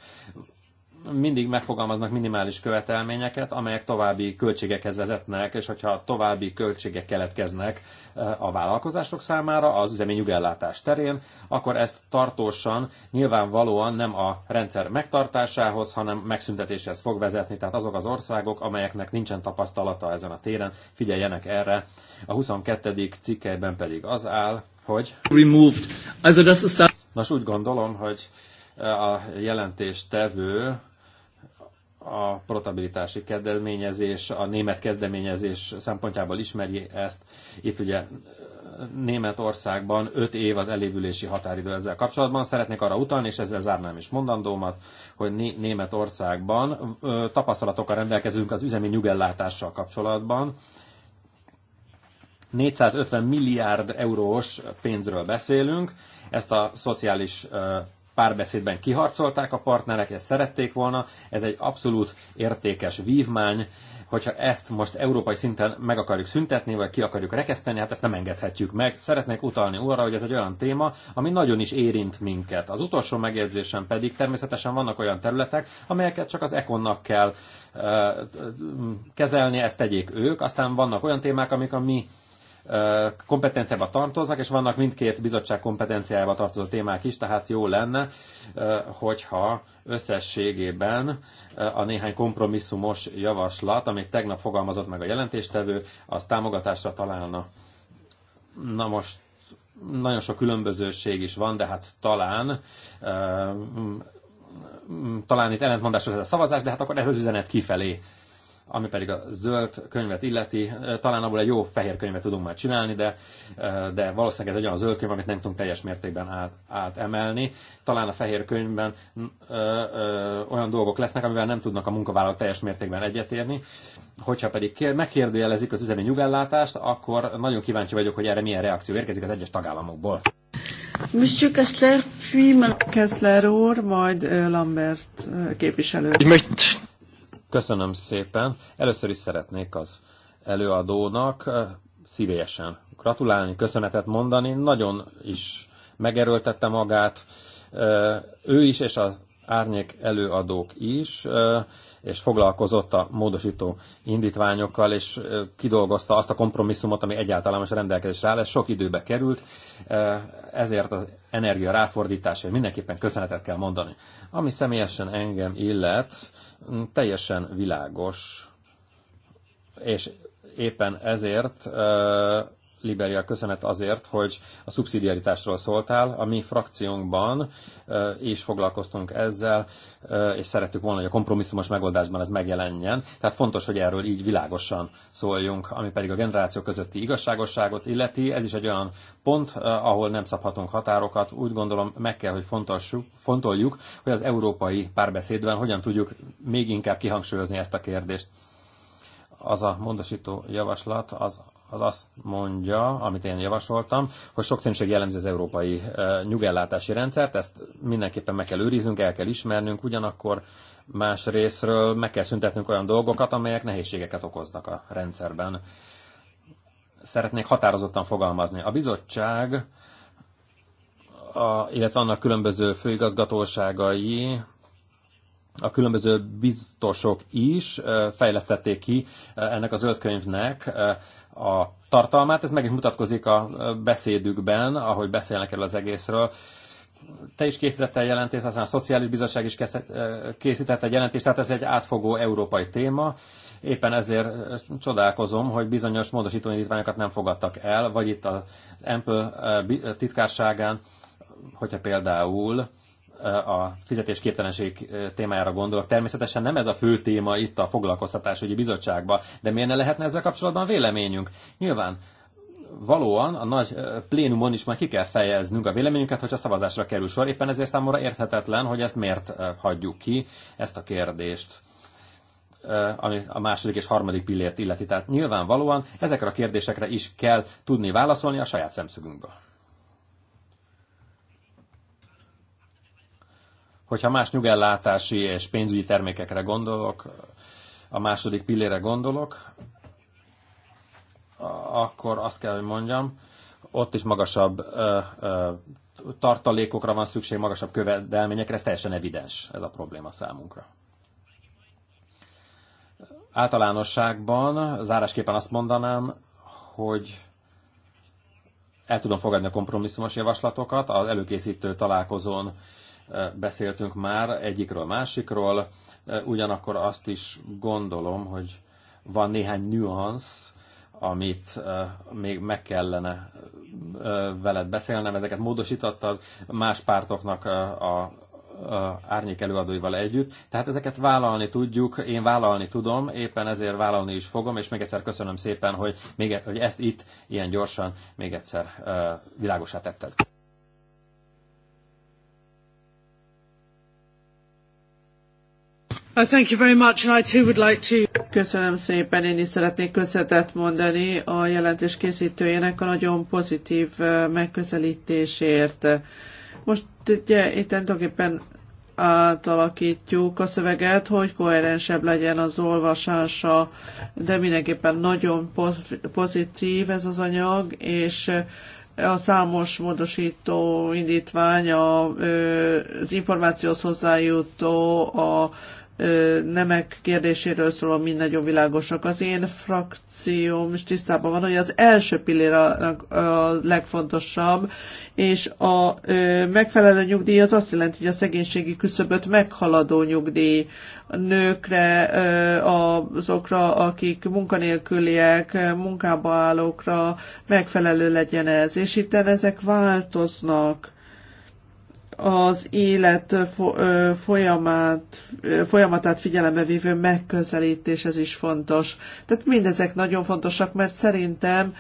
mindig megfogalmaznak minimális követelményeket, amelyek további költségekhez vezetnek, és hogyha további költségek keletkeznek eh, a vállalkozások számára az üzemi nyugellátás terén, akkor ezt tartósan nyilvánvalóan nem a rendszer megtartásához, hanem megszüntetéshez fog vezetni. Tehát azok az országok, amelyeknek nincsen tapasztalata ezen a téren, figyeljenek erre. A 22. cikkelyben pedig az áll, hogy... Removed. Nos, úgy gondolom, hogy eh, a jelentéstevő a protabilitási kezdeményezés, a német kezdeményezés szempontjából ismeri ezt. Itt ugye Németországban 5 év az elévülési határidő ezzel kapcsolatban. Szeretnék arra utalni, és ezzel zárnám is mondandómat, hogy Németországban tapasztalatokkal rendelkezünk az üzemi nyugellátással kapcsolatban. 450 milliárd eurós pénzről beszélünk, ezt a szociális párbeszédben kiharcolták a partnerek, ezt szerették volna, ez egy abszolút értékes vívmány, hogyha ezt most európai szinten meg akarjuk szüntetni, vagy ki akarjuk rekeszteni, hát ezt nem engedhetjük meg. Szeretnék utalni arra, hogy ez egy olyan téma, ami nagyon is érint minket. Az utolsó megjegyzésem pedig természetesen vannak olyan területek, amelyeket csak az ekonnak kell kezelni, ezt tegyék ők, aztán vannak olyan témák, amik a mi kompetenciába tartoznak, és vannak mindkét bizottság kompetenciájába tartozó témák is, tehát jó lenne, hogyha összességében a néhány kompromisszumos javaslat, amit tegnap fogalmazott meg a jelentéstevő, az támogatásra találna. Na most nagyon sok különbözőség is van, de hát talán talán itt ellentmondásos ez a szavazás, de hát akkor ez az üzenet kifelé ami pedig a zöld könyvet illeti, talán abból egy jó fehér könyvet tudunk már csinálni, de, de valószínűleg ez egy olyan zöld könyv, amit nem tudunk teljes mértékben át, emelni. Talán a fehér könyvben ö, ö, olyan dolgok lesznek, amivel nem tudnak a munkavállalók teljes mértékben egyetérni. Hogyha pedig kér, megkérdőjelezik az üzemi nyugellátást, akkor nagyon kíváncsi vagyok, hogy erre milyen reakció érkezik az egyes tagállamokból. Monsieur Kessler, puis Kessler úr, majd Lambert képviselő. Ich möchte Köszönöm szépen. Először is szeretnék az előadónak eh, szívélyesen gratulálni, köszönetet mondani. Nagyon is megerőltette magát eh, ő is, és az árnyék előadók is, eh, és foglalkozott a módosító indítványokkal, és kidolgozta azt a kompromisszumot, ami egyáltalán most rendelkezésre áll, ez sok időbe került, ezért az energia ráfordítása mindenképpen köszönetet kell mondani. Ami személyesen engem illet, Mm, teljesen világos, és éppen ezért Liberia, köszönet azért, hogy a szubszidiaritásról szóltál. A mi frakciónkban eh, is foglalkoztunk ezzel, eh, és szerettük volna, hogy a kompromisszumos megoldásban ez megjelenjen. Tehát fontos, hogy erről így világosan szóljunk, ami pedig a generáció közötti igazságosságot illeti. Ez is egy olyan pont, eh, ahol nem szabhatunk határokat. Úgy gondolom, meg kell, hogy fontoljuk, hogy az európai párbeszédben hogyan tudjuk még inkább kihangsúlyozni ezt a kérdést az a módosító javaslat az az azt mondja, amit én javasoltam, hogy sokszínűség jellemzi az európai nyugellátási rendszert, ezt mindenképpen meg kell őriznünk, el kell ismernünk, ugyanakkor más részről meg kell szüntetnünk olyan dolgokat, amelyek nehézségeket okoznak a rendszerben. Szeretnék határozottan fogalmazni. A bizottság, a, illetve annak különböző főigazgatóságai, a különböző biztosok is fejlesztették ki ennek a zöldkönyvnek a tartalmát, ez meg is mutatkozik a beszédükben, ahogy beszélnek erről az egészről. Te is készítette egy jelentést, aztán a Szociális Bizottság is készítette egy jelentést, tehát ez egy átfogó európai téma. Éppen ezért csodálkozom, hogy bizonyos módosítóindítványokat nem fogadtak el, vagy itt az Ample titkárságán, hogyha például a fizetésképtelenség témájára gondolok. Természetesen nem ez a fő téma itt a foglalkoztatásügyi bizottságban, de miért ne lehetne ezzel kapcsolatban véleményünk? Nyilván valóan a nagy plénumon is már ki kell fejeznünk a véleményünket, hogyha szavazásra kerül sor. Éppen ezért számomra érthetetlen, hogy ezt miért hagyjuk ki, ezt a kérdést ami a második és harmadik pillért illeti. Tehát nyilvánvalóan ezekre a kérdésekre is kell tudni válaszolni a saját szemszögünkből. Hogyha más nyugellátási és pénzügyi termékekre gondolok, a második pillére gondolok, akkor azt kell, hogy mondjam, ott is magasabb ö, ö, tartalékokra van szükség, magasabb követelményekre, ez teljesen evidens ez a probléma számunkra. Általánosságban, zárásképpen azt mondanám, hogy el tudom fogadni a kompromisszumos javaslatokat, az előkészítő találkozón beszéltünk már egyikről másikról, ugyanakkor azt is gondolom, hogy van néhány nüansz, amit még meg kellene veled beszélnem, ezeket módosítottad más pártoknak a, árnyék előadóival együtt. Tehát ezeket vállalni tudjuk, én vállalni tudom, éppen ezért vállalni is fogom, és még egyszer köszönöm szépen, hogy, még, e-, hogy ezt itt ilyen gyorsan még egyszer világosá tetted. Köszönöm szépen, én is szeretnék köszönetet mondani a jelentés készítőjének a nagyon pozitív uh, megközelítésért. Most ugye itt tulajdonképpen átalakítjuk a szöveget, hogy koherensebb legyen az olvasása, de mindenképpen nagyon pozitív ez az anyag, és uh, a számos módosító indítvány, uh, az információhoz hozzájutó, a nemek kérdéséről szóló mind nagyon világosak. Az én frakcióm is tisztában van, hogy az első pillér a legfontosabb, és a megfelelő nyugdíj az azt jelenti, hogy a szegénységi küszöböt meghaladó nyugdíj a nőkre, azokra, akik munkanélküliek, munkába állókra megfelelő legyen ez. És itt ezek változnak az élet folyamát, folyamatát figyelembe vívő megközelítés, ez is fontos. Tehát mindezek nagyon fontosak, mert szerintem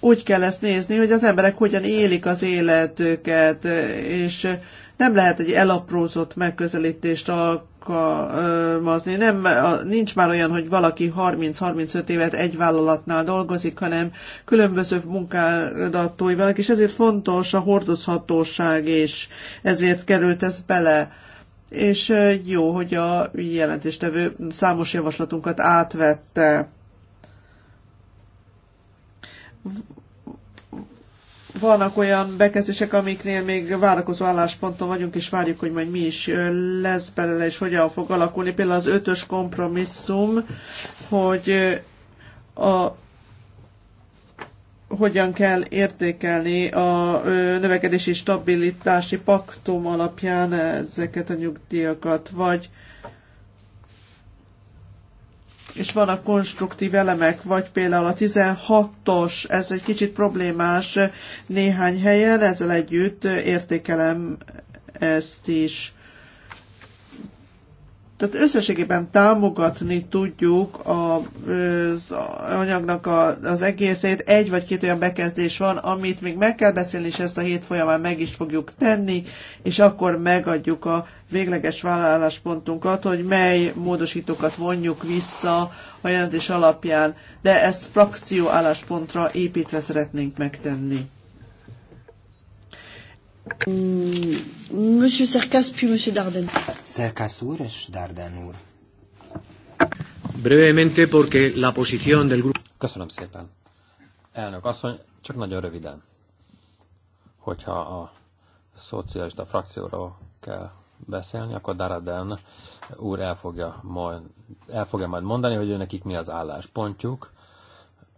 úgy kell ezt nézni, hogy az emberek hogyan élik az életüket, és nem lehet egy elaprózott megközelítést alkalmazni, alkalmazni. Nem, nincs már olyan, hogy valaki 30-35 évet egy vállalatnál dolgozik, hanem különböző munkádatói vannak, és ezért fontos a hordozhatóság, és ezért került ez bele. És jó, hogy a jelentéstevő számos javaslatunkat átvette vannak olyan bekezdések, amiknél még várakozó állásponton vagyunk, és várjuk, hogy majd mi is lesz belőle, és hogyan fog alakulni. Például az ötös kompromisszum, hogy a hogyan kell értékelni a növekedési stabilitási paktum alapján ezeket a nyugdíjakat, vagy és vannak konstruktív elemek, vagy például a 16-os, ez egy kicsit problémás néhány helyen, ezzel együtt értékelem ezt is. Tehát összességében támogatni tudjuk az anyagnak az egészét. Egy vagy két olyan bekezdés van, amit még meg kell beszélni, és ezt a hét folyamán meg is fogjuk tenni, és akkor megadjuk a végleges vállaláspontunkat, hogy mely módosítókat vonjuk vissza a jelentés alapján, de ezt frakció álláspontra építve szeretnénk megtenni. Mm, Monsieur Szerkász, puis Monsieur Darden. Szerkász úr és Darden úr. Brevemente, porque la posición del grupo... Köszönöm szépen. Elnök asszony, csak nagyon röviden. Hogyha a szocialista frakcióról kell beszélni, akkor Daraden úr el fogja, majd, el fogja majd mondani, hogy ő nekik mi az álláspontjuk.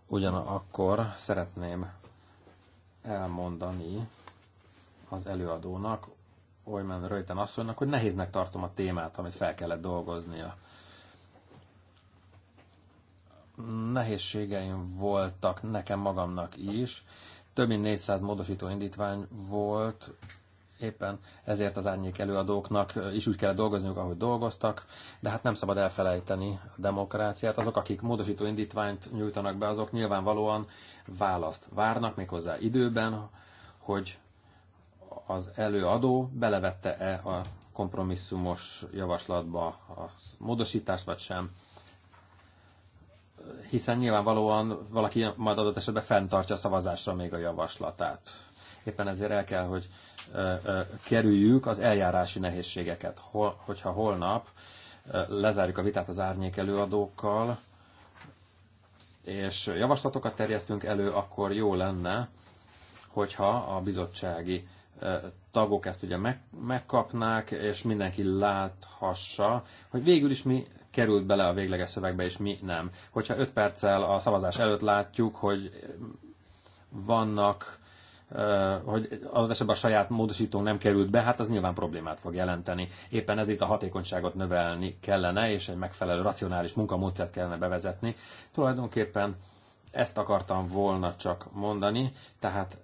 Ugyanakkor szeretném elmondani, az előadónak, Olyman Röjten asszonynak, hogy nehéznek tartom a témát, amit fel kellett dolgoznia. Nehézségeim voltak nekem magamnak is. Több mint 400 módosító indítvány volt, éppen ezért az árnyék előadóknak is úgy kellett dolgozniuk, ahogy dolgoztak, de hát nem szabad elfelejteni a demokráciát. Azok, akik módosító indítványt nyújtanak be, azok nyilvánvalóan választ várnak méghozzá időben, hogy az előadó belevette-e a kompromisszumos javaslatba a módosítást, vagy sem. Hiszen nyilvánvalóan valaki majd adott esetben fenntartja a szavazásra még a javaslatát. Éppen ezért el kell, hogy kerüljük az eljárási nehézségeket. hogyha holnap lezárjuk a vitát az árnyék előadókkal, és javaslatokat terjesztünk elő, akkor jó lenne, hogyha a bizottsági tagok ezt ugye meg, megkapnák, és mindenki láthassa, hogy végül is mi került bele a végleges szövegbe, és mi nem. Hogyha 5 perccel a szavazás előtt látjuk, hogy vannak, hogy az esetben a saját módosítónk nem került be, hát az nyilván problémát fog jelenteni. Éppen ezért a hatékonyságot növelni kellene, és egy megfelelő racionális munkamódszert kellene bevezetni. Tulajdonképpen ezt akartam volna csak mondani, tehát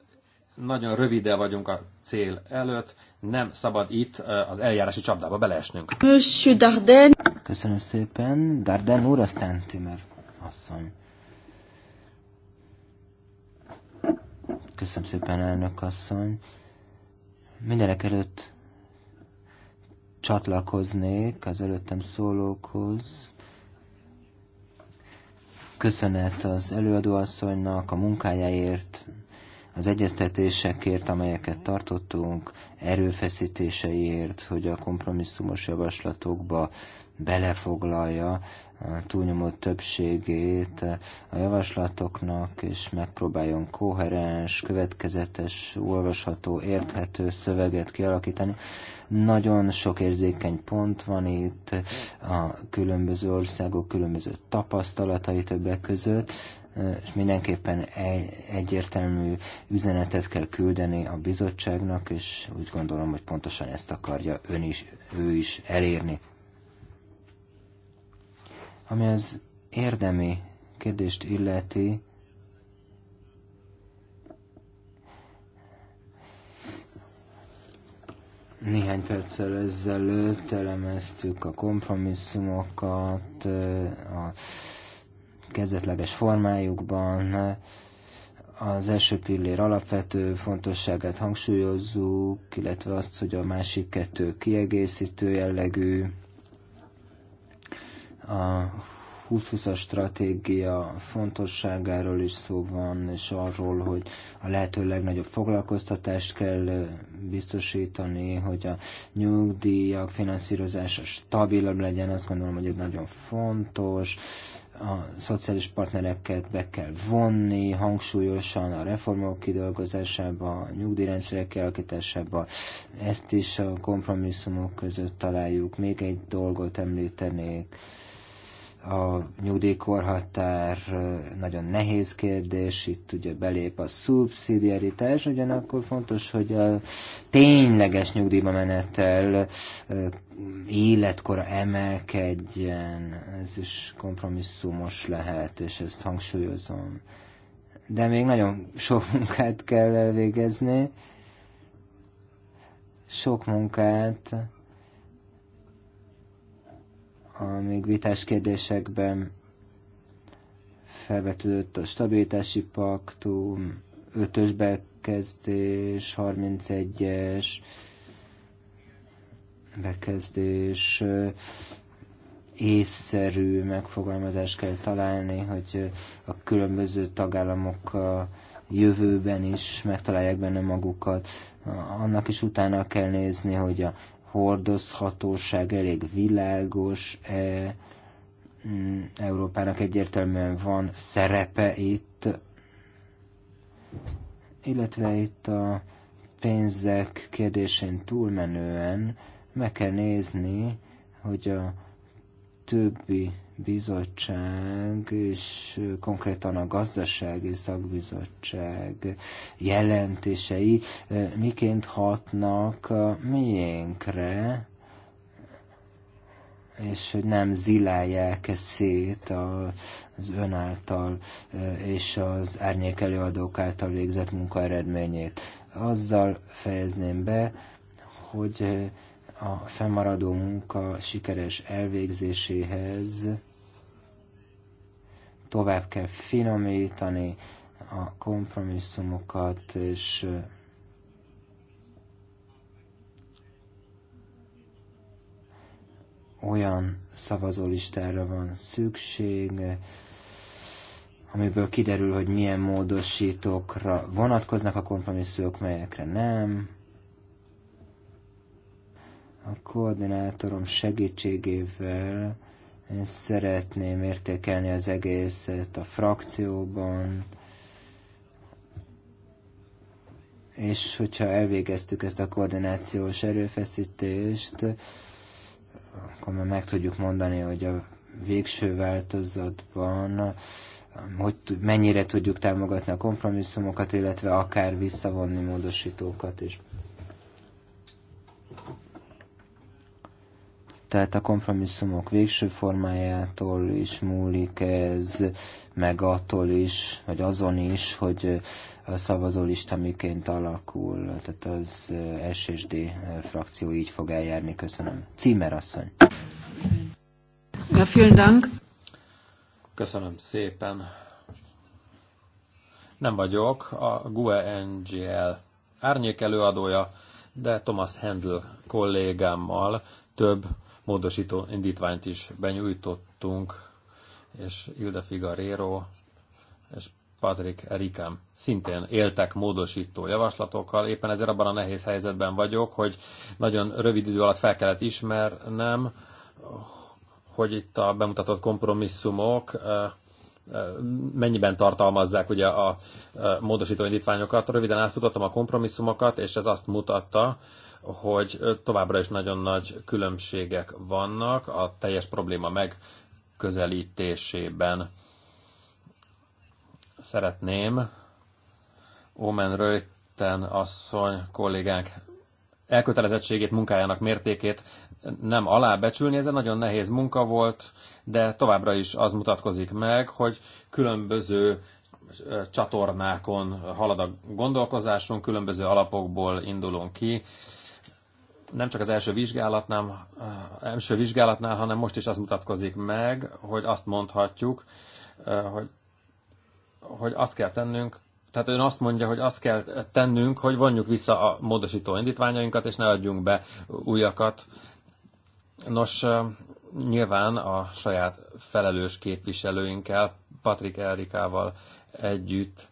nagyon rövide vagyunk a cél előtt, nem szabad itt az eljárási csapdába beleesnünk. Monsieur Darden. Köszönöm szépen. Darden úr, aztán Tümer asszony. Köszönöm szépen, elnök asszony. Mindenek előtt csatlakoznék az előttem szólókhoz. Köszönet az előadóasszonynak a munkájáért, az egyeztetésekért, amelyeket tartottunk, erőfeszítéseiért, hogy a kompromisszumos javaslatokba belefoglalja a eh, túlnyomó többségét eh, a javaslatoknak, és megpróbáljon koherens, következetes, olvasható, érthető szöveget kialakítani. Nagyon sok érzékeny pont van itt, a különböző országok különböző tapasztalatai többek között, és mindenképpen egy, egyértelmű üzenetet kell küldeni a bizottságnak, és úgy gondolom, hogy pontosan ezt akarja ön is, ő is elérni. Ami az érdemi kérdést illeti, néhány perccel ezzel elemeztük a kompromisszumokat, a kezdetleges formájukban az első pillér alapvető fontosságát hangsúlyozzuk, illetve azt, hogy a másik kettő kiegészítő jellegű. A 2020-as stratégia fontosságáról is szó van, és arról, hogy a lehető legnagyobb foglalkoztatást kell biztosítani, hogy a nyugdíjak finanszírozása stabilabb legyen, azt gondolom, hogy ez nagyon fontos a szociális partnereket be kell vonni hangsúlyosan a reformok kidolgozásába, a nyugdíjrendszer kialakításába. Ezt is a kompromisszumok között találjuk. Még egy dolgot említenék a nyugdíjkorhatár nagyon nehéz kérdés, itt ugye belép a szubszidiaritás, ugyanakkor fontos, hogy a tényleges nyugdíjba menetel életkora emelkedjen, ez is kompromisszumos lehet, és ezt hangsúlyozom. De még nagyon sok [LAUGHS] munkát kell elvégezni, sok munkát, a még vitás kérdésekben felvetődött a stabilitási paktum, ötös bekezdés, 31-es bekezdés, észszerű megfogalmazást kell találni, hogy a különböző tagállamok a jövőben is megtalálják benne magukat. Annak is utána kell nézni, hogy a hordozhatóság elég világos-e, mm, Európának egyértelműen van szerepe itt, illetve itt a pénzek kérdésén túlmenően meg kell nézni, hogy a többi bizottság, és konkrétan a gazdasági szakbizottság jelentései eh, miként hatnak miénkre, és hogy nem zilálják -e szét az ön által eh, és az árnyék előadók által végzett munka eredményét. Azzal fejezném be, hogy eh, a fennmaradó munka sikeres elvégzéséhez tovább kell finomítani a kompromisszumokat, és olyan szavazólistára van szükség, amiből kiderül, hogy milyen módosítókra vonatkoznak a kompromisszumok, melyekre nem. A koordinátorom segítségével én szeretném értékelni az egészet a frakcióban, és hogyha elvégeztük ezt a koordinációs erőfeszítést, akkor már meg tudjuk mondani, hogy a végső változatban hogy mennyire tudjuk támogatni a kompromisszumokat, illetve akár visszavonni módosítókat is. Tehát a kompromisszumok végső formájától is múlik ez, meg attól is, vagy azon is, hogy a szavazólista miként alakul. Tehát az SSD frakció így fog eljárni. Köszönöm. Címer asszony. Ja, vielen Dank. Köszönöm szépen. Nem vagyok a GUE NGL árnyék előadója, de Thomas Handel kollégámmal több módosító indítványt is benyújtottunk, és Ilde Figaréro és Patrick Erikem szintén éltek módosító javaslatokkal. Éppen ezért abban a nehéz helyzetben vagyok, hogy nagyon rövid idő alatt fel kellett ismernem, hogy itt a bemutatott kompromisszumok mennyiben tartalmazzák ugye a módosító indítványokat. Röviden átfutottam a kompromisszumokat, és ez azt mutatta, hogy továbbra is nagyon nagy különbségek vannak a teljes probléma megközelítésében. Szeretném Omen Röjten asszony kollégánk elkötelezettségét, munkájának mértékét nem alábecsülni. Ez egy nagyon nehéz munka volt, de továbbra is az mutatkozik meg, hogy különböző csatornákon halad a gondolkozásunk, különböző alapokból indulunk ki, nem csak az első vizsgálatnál, eh, első vizsgálatnál, hanem most is az mutatkozik meg, hogy azt mondhatjuk, eh, hogy, hogy azt kell tennünk, tehát ön azt mondja, hogy azt kell tennünk, hogy vonjuk vissza a módosító indítványainkat, és ne adjunk be újakat. Nos, eh, nyilván a saját felelős képviselőinkkel, Patrik Erikával együtt,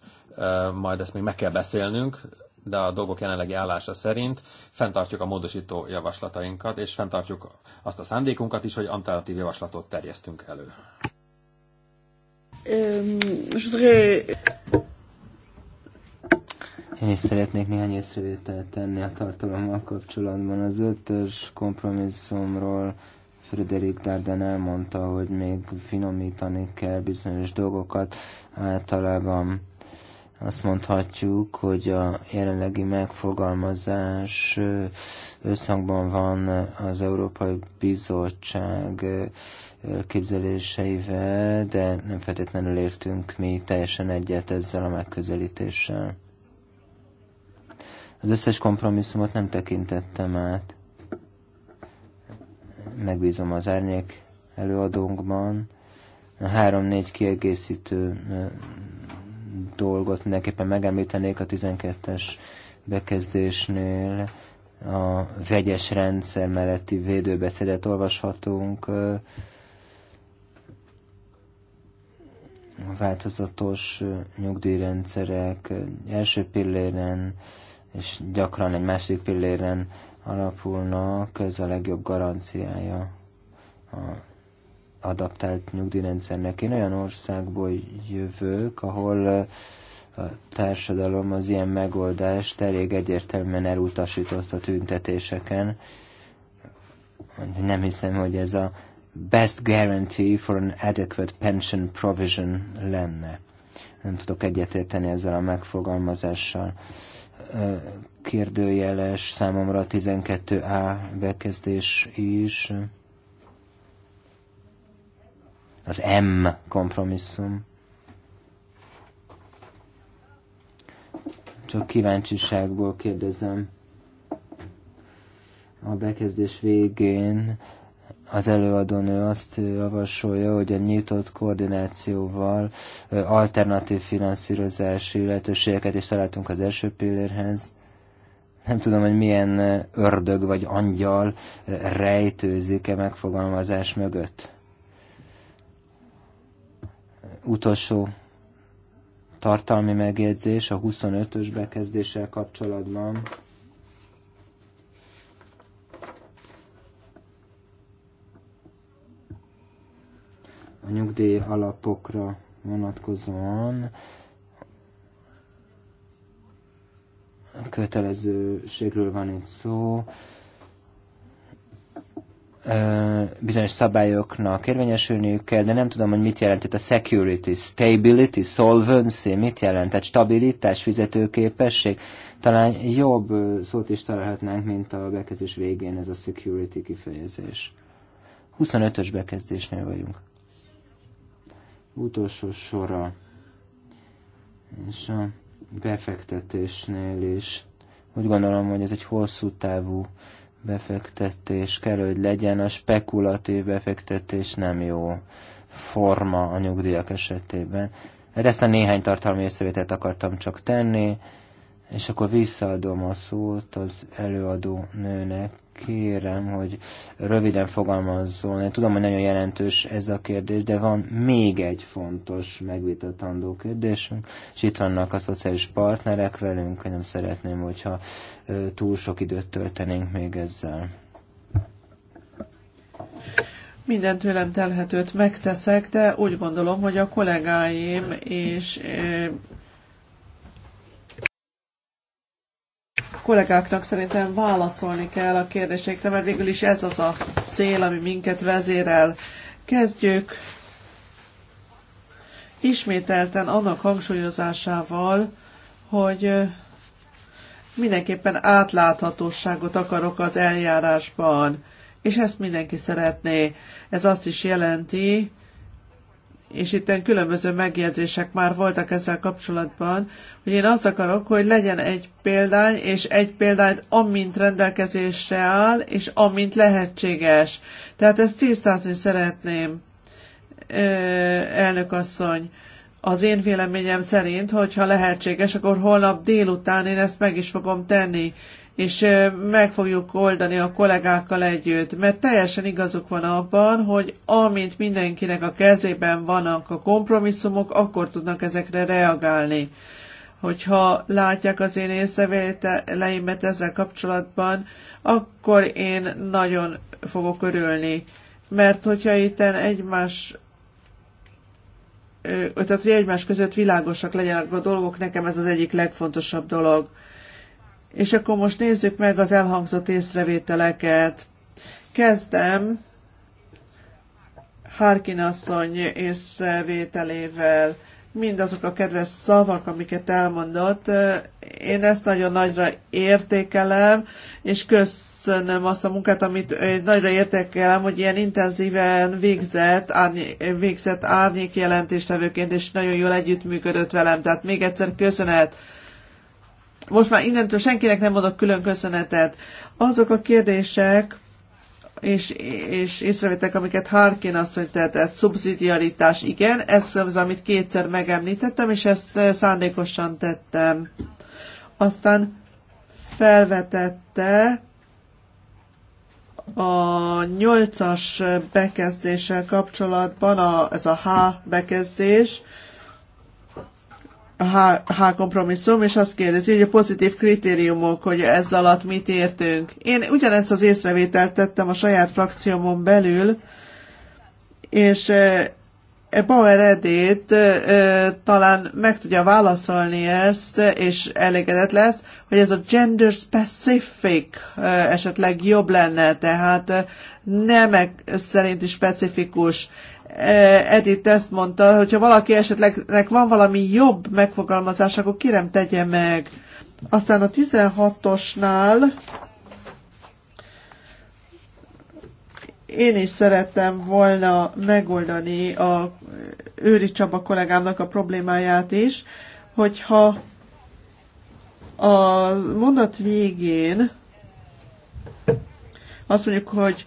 majd ezt még meg kell beszélnünk, de a dolgok jelenlegi állása szerint fenntartjuk a módosító javaslatainkat, és fenntartjuk azt a szándékunkat is, hogy alternatív javaslatot terjesztünk elő. Én is szeretnék néhány észrevételt tenni a tartalommal kapcsolatban. Az ötös kompromisszumról Frederik Darden elmondta, hogy még finomítani kell bizonyos dolgokat általában azt mondhatjuk, hogy a jelenlegi megfogalmazás összhangban van az Európai Bizottság képzeléseivel, de nem feltétlenül értünk mi teljesen egyet ezzel a megközelítéssel. Az összes kompromisszumot nem tekintettem át. Megbízom az árnyék előadónkban. A három-négy kiegészítő dolgot mindenképpen megemlítenék a 12-es bekezdésnél. A vegyes rendszer melletti védőbeszédet olvashatunk. Változatos nyugdíjrendszerek első pilléren és gyakran egy másik pilléren alapulnak, ez a legjobb garanciája a adaptált nyugdíjrendszernek. Én olyan országból jövök, ahol a társadalom az ilyen megoldást elég egyértelműen elutasított a tüntetéseken. Nem hiszem, hogy ez a best guarantee for an adequate pension provision lenne. Nem tudok egyetérteni ezzel a megfogalmazással. Kérdőjeles számomra a 12A bekezdés is az M kompromisszum. Csak kíváncsiságból kérdezem a bekezdés végén az előadónő azt javasolja, hogy a nyitott koordinációval alternatív finanszírozási lehetőségeket is találtunk az első pillérhez. Nem tudom, hogy milyen ördög vagy angyal rejtőzik-e megfogalmazás mögött utolsó tartalmi megjegyzés a 25-ös bekezdéssel kapcsolatban. A nyugdíj alapokra vonatkozóan kötelezőségről van itt szó, bizonyos szabályoknak érvényesülniük kell, de nem tudom, hogy mit jelent itt a security, stability, solvency, mit jelent, tehát stabilitás, fizetőképesség. Talán jobb szót is találhatnánk, mint a bekezdés végén ez a security kifejezés. 25-ös bekezdésnél vagyunk. Utolsó sora. És a befektetésnél is. Úgy gondolom, hogy ez egy hosszú távú befektetés kell, hogy legyen, a spekulatív befektetés nem jó forma a nyugdíjak esetében. Hát ezt a néhány tartalmi észrevételt akartam csak tenni. És akkor visszaadom a szót az előadó nőnek. Kérem, hogy röviden fogalmazzon. Én tudom, hogy nagyon jelentős ez a kérdés, de van még egy fontos megvitatandó kérdésünk, és itt vannak a szociális partnerek velünk, nem szeretném, hogyha túl sok időt töltenénk még ezzel. Minden tőlem telhetőt megteszek, de úgy gondolom, hogy a kollégáim és kollégáknak szerintem válaszolni kell a kérdésekre, mert végül is ez az a cél, ami minket vezérel. Kezdjük ismételten annak hangsúlyozásával, hogy mindenképpen átláthatóságot akarok az eljárásban, és ezt mindenki szeretné. Ez azt is jelenti, és itt különböző megjegyzések már voltak ezzel kapcsolatban, hogy én azt akarok, hogy legyen egy példány, és egy példányt amint rendelkezésre áll, és amint lehetséges. Tehát ezt tisztázni szeretném, elnök asszony. Az én véleményem szerint, hogyha lehetséges, akkor holnap délután én ezt meg is fogom tenni, és meg fogjuk oldani a kollégákkal együtt, mert teljesen igazuk van abban, hogy amint mindenkinek a kezében vannak a kompromisszumok, akkor tudnak ezekre reagálni. Hogyha látják az én észrevételeimet ezzel kapcsolatban, akkor én nagyon fogok örülni. Mert hogyha itten egymás tehát, hogy egymás között világosak legyenek a dolgok, nekem ez az egyik legfontosabb dolog. És akkor most nézzük meg az elhangzott észrevételeket. Kezdem Harkin asszony észrevételével mindazok a kedves szavak, amiket elmondott, én ezt nagyon nagyra értékelem, és köszönöm azt a munkát, amit nagyra értékelem, hogy ilyen intenzíven végzett, árny, végzett árnyék jelentéstevőként, és nagyon jól együttműködött velem. Tehát még egyszer köszönet most már innentől senkinek nem mondok külön köszönetet. Azok a kérdések, és, és észrevétek, amiket Harkin asszony tehetett, szubszidiaritás, igen, ez az, amit kétszer megemlítettem, és ezt eh, szándékosan tettem. Aztán felvetette a nyolcas bekezdéssel kapcsolatban, a, ez a H bekezdés, H, H kompromisszum, és azt kérdezi, hogy a pozitív kritériumok, hogy ez alatt mit értünk. Én ugyanezt az észrevételt tettem a saját frakciómon belül, és e Bauer Edét talán meg tudja válaszolni ezt, és elégedett lesz, hogy ez a gender specific esetleg jobb lenne, tehát nemek szerinti specifikus. Eh, Edith ezt mondta, hogyha valaki esetleg van valami jobb megfogalmazás, akkor kérem tegye meg. Aztán a 16-osnál én is szerettem volna megoldani a Őri Csaba kollégámnak a problémáját is, hogyha a mondat végén azt mondjuk, hogy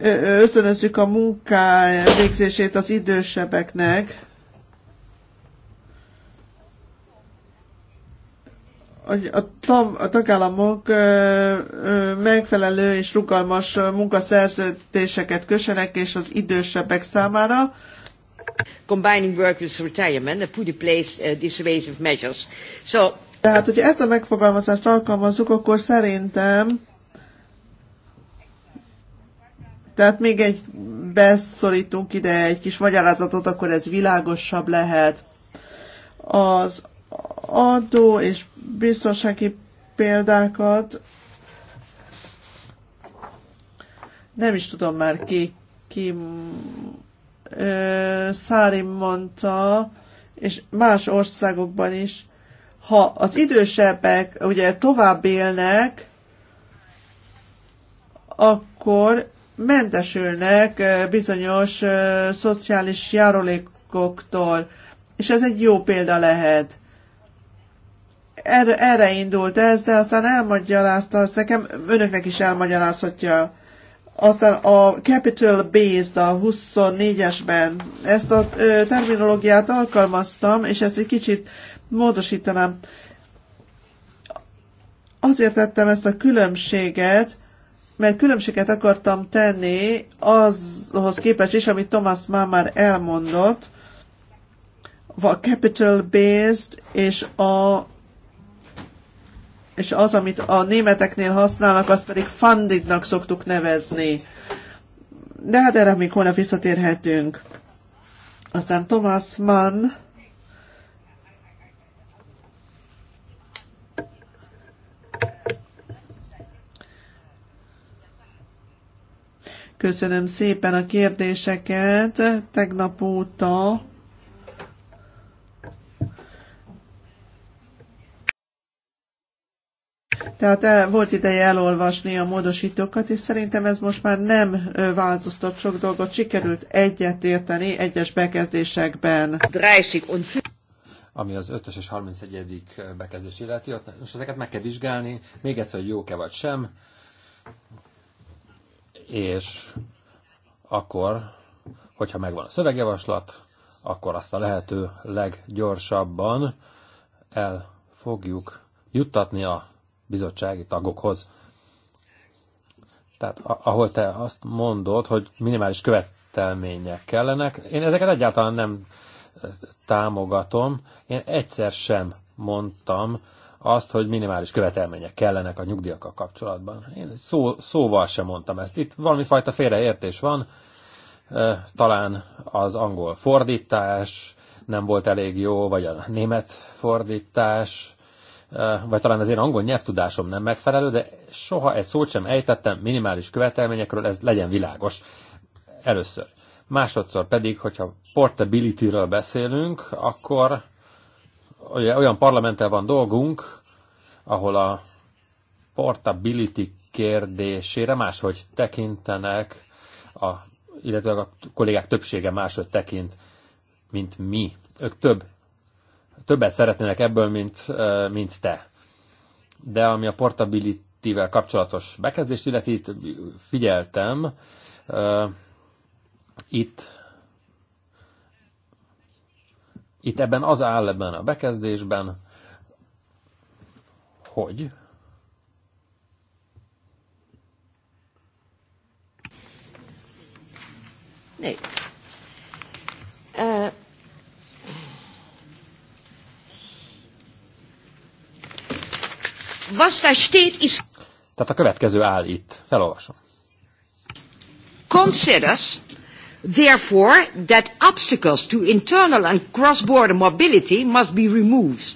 ösztönözzük a munká végzését az idősebbeknek, hogy a, tam, a tagállamok ö, ö, megfelelő és rugalmas munkaszerződéseket kösenek és az idősebbek számára. Combining work with retirement and put in place uh, dissuasive measures. So, tehát, hogyha ezt a megfogalmazást alkalmazzuk, akkor szerintem Tehát még egy beszorítunk ide egy kis magyarázatot, akkor ez világosabb lehet. Az adó és biztonsági példákat nem is tudom már ki, ki ö, Szári mondta, és más országokban is, ha az idősebbek ugye tovább élnek, akkor mentesülnek bizonyos szociális járulékoktól, és ez egy jó példa lehet. Erre, erre indult ez, de aztán elmagyarázta azt nekem, önöknek is elmagyarázhatja. Aztán a Capital Based a 24-esben ezt a ö, terminológiát alkalmaztam, és ezt egy kicsit módosítanám. Azért tettem ezt a különbséget, mert különbséget akartam tenni azhoz képest is, amit Thomas Mann már elmondott, a capital based és a és az, amit a németeknél használnak, azt pedig fundednak szoktuk nevezni. De hát erre még holnap visszatérhetünk. Aztán Thomas Mann Köszönöm szépen a kérdéseket. Tegnap óta Tehát el, volt ideje elolvasni a módosítókat, és szerintem ez most már nem változtat sok dolgot, sikerült egyetérteni egyes bekezdésekben. Ami az 5 és 31. bekezdés illeti, most ezeket meg kell vizsgálni, még egyszer, hogy jó-e vagy sem és akkor, hogyha megvan a szövegjavaslat, akkor azt a lehető leggyorsabban el fogjuk juttatni a bizottsági tagokhoz. Tehát ahol te azt mondod, hogy minimális követelmények kellenek, én ezeket egyáltalán nem támogatom. Én egyszer sem mondtam azt, hogy minimális követelmények kellenek a nyugdíjakkal kapcsolatban. Én szó, szóval sem mondtam ezt. Itt valami fajta félreértés van, talán az angol fordítás nem volt elég jó, vagy a német fordítás, vagy talán az én angol nyelvtudásom nem megfelelő, de soha egy szót sem ejtettem minimális követelményekről, ez legyen világos. Először. Másodszor pedig, hogyha portability-ről beszélünk, akkor olyan parlamenttel van dolgunk, ahol a portability kérdésére máshogy tekintenek, a, illetve a kollégák többsége máshogy tekint, mint mi. Ők több, többet szeretnének ebből, mint, mint te. De ami a portability-vel kapcsolatos bekezdést illeti, itt figyeltem, itt itt ebben az áll ebben a bekezdésben, hogy Né. Uh, was is... Tehát a következő áll itt. Felolvasom. Considers Therefore, that obstacles to internal and cross-border mobility must be removed,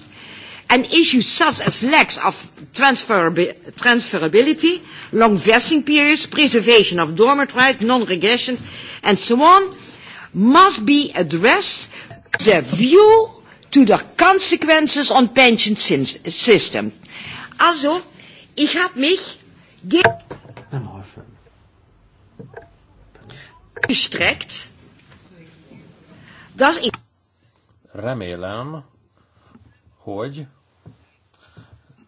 and issues such as lacks of transferability, long vesting periods, preservation of dormant rights, non-regression, and so on, must be addressed with a view to the consequences on pension system. Also, ich habe mich Gestrekt. Das Remélem, hogy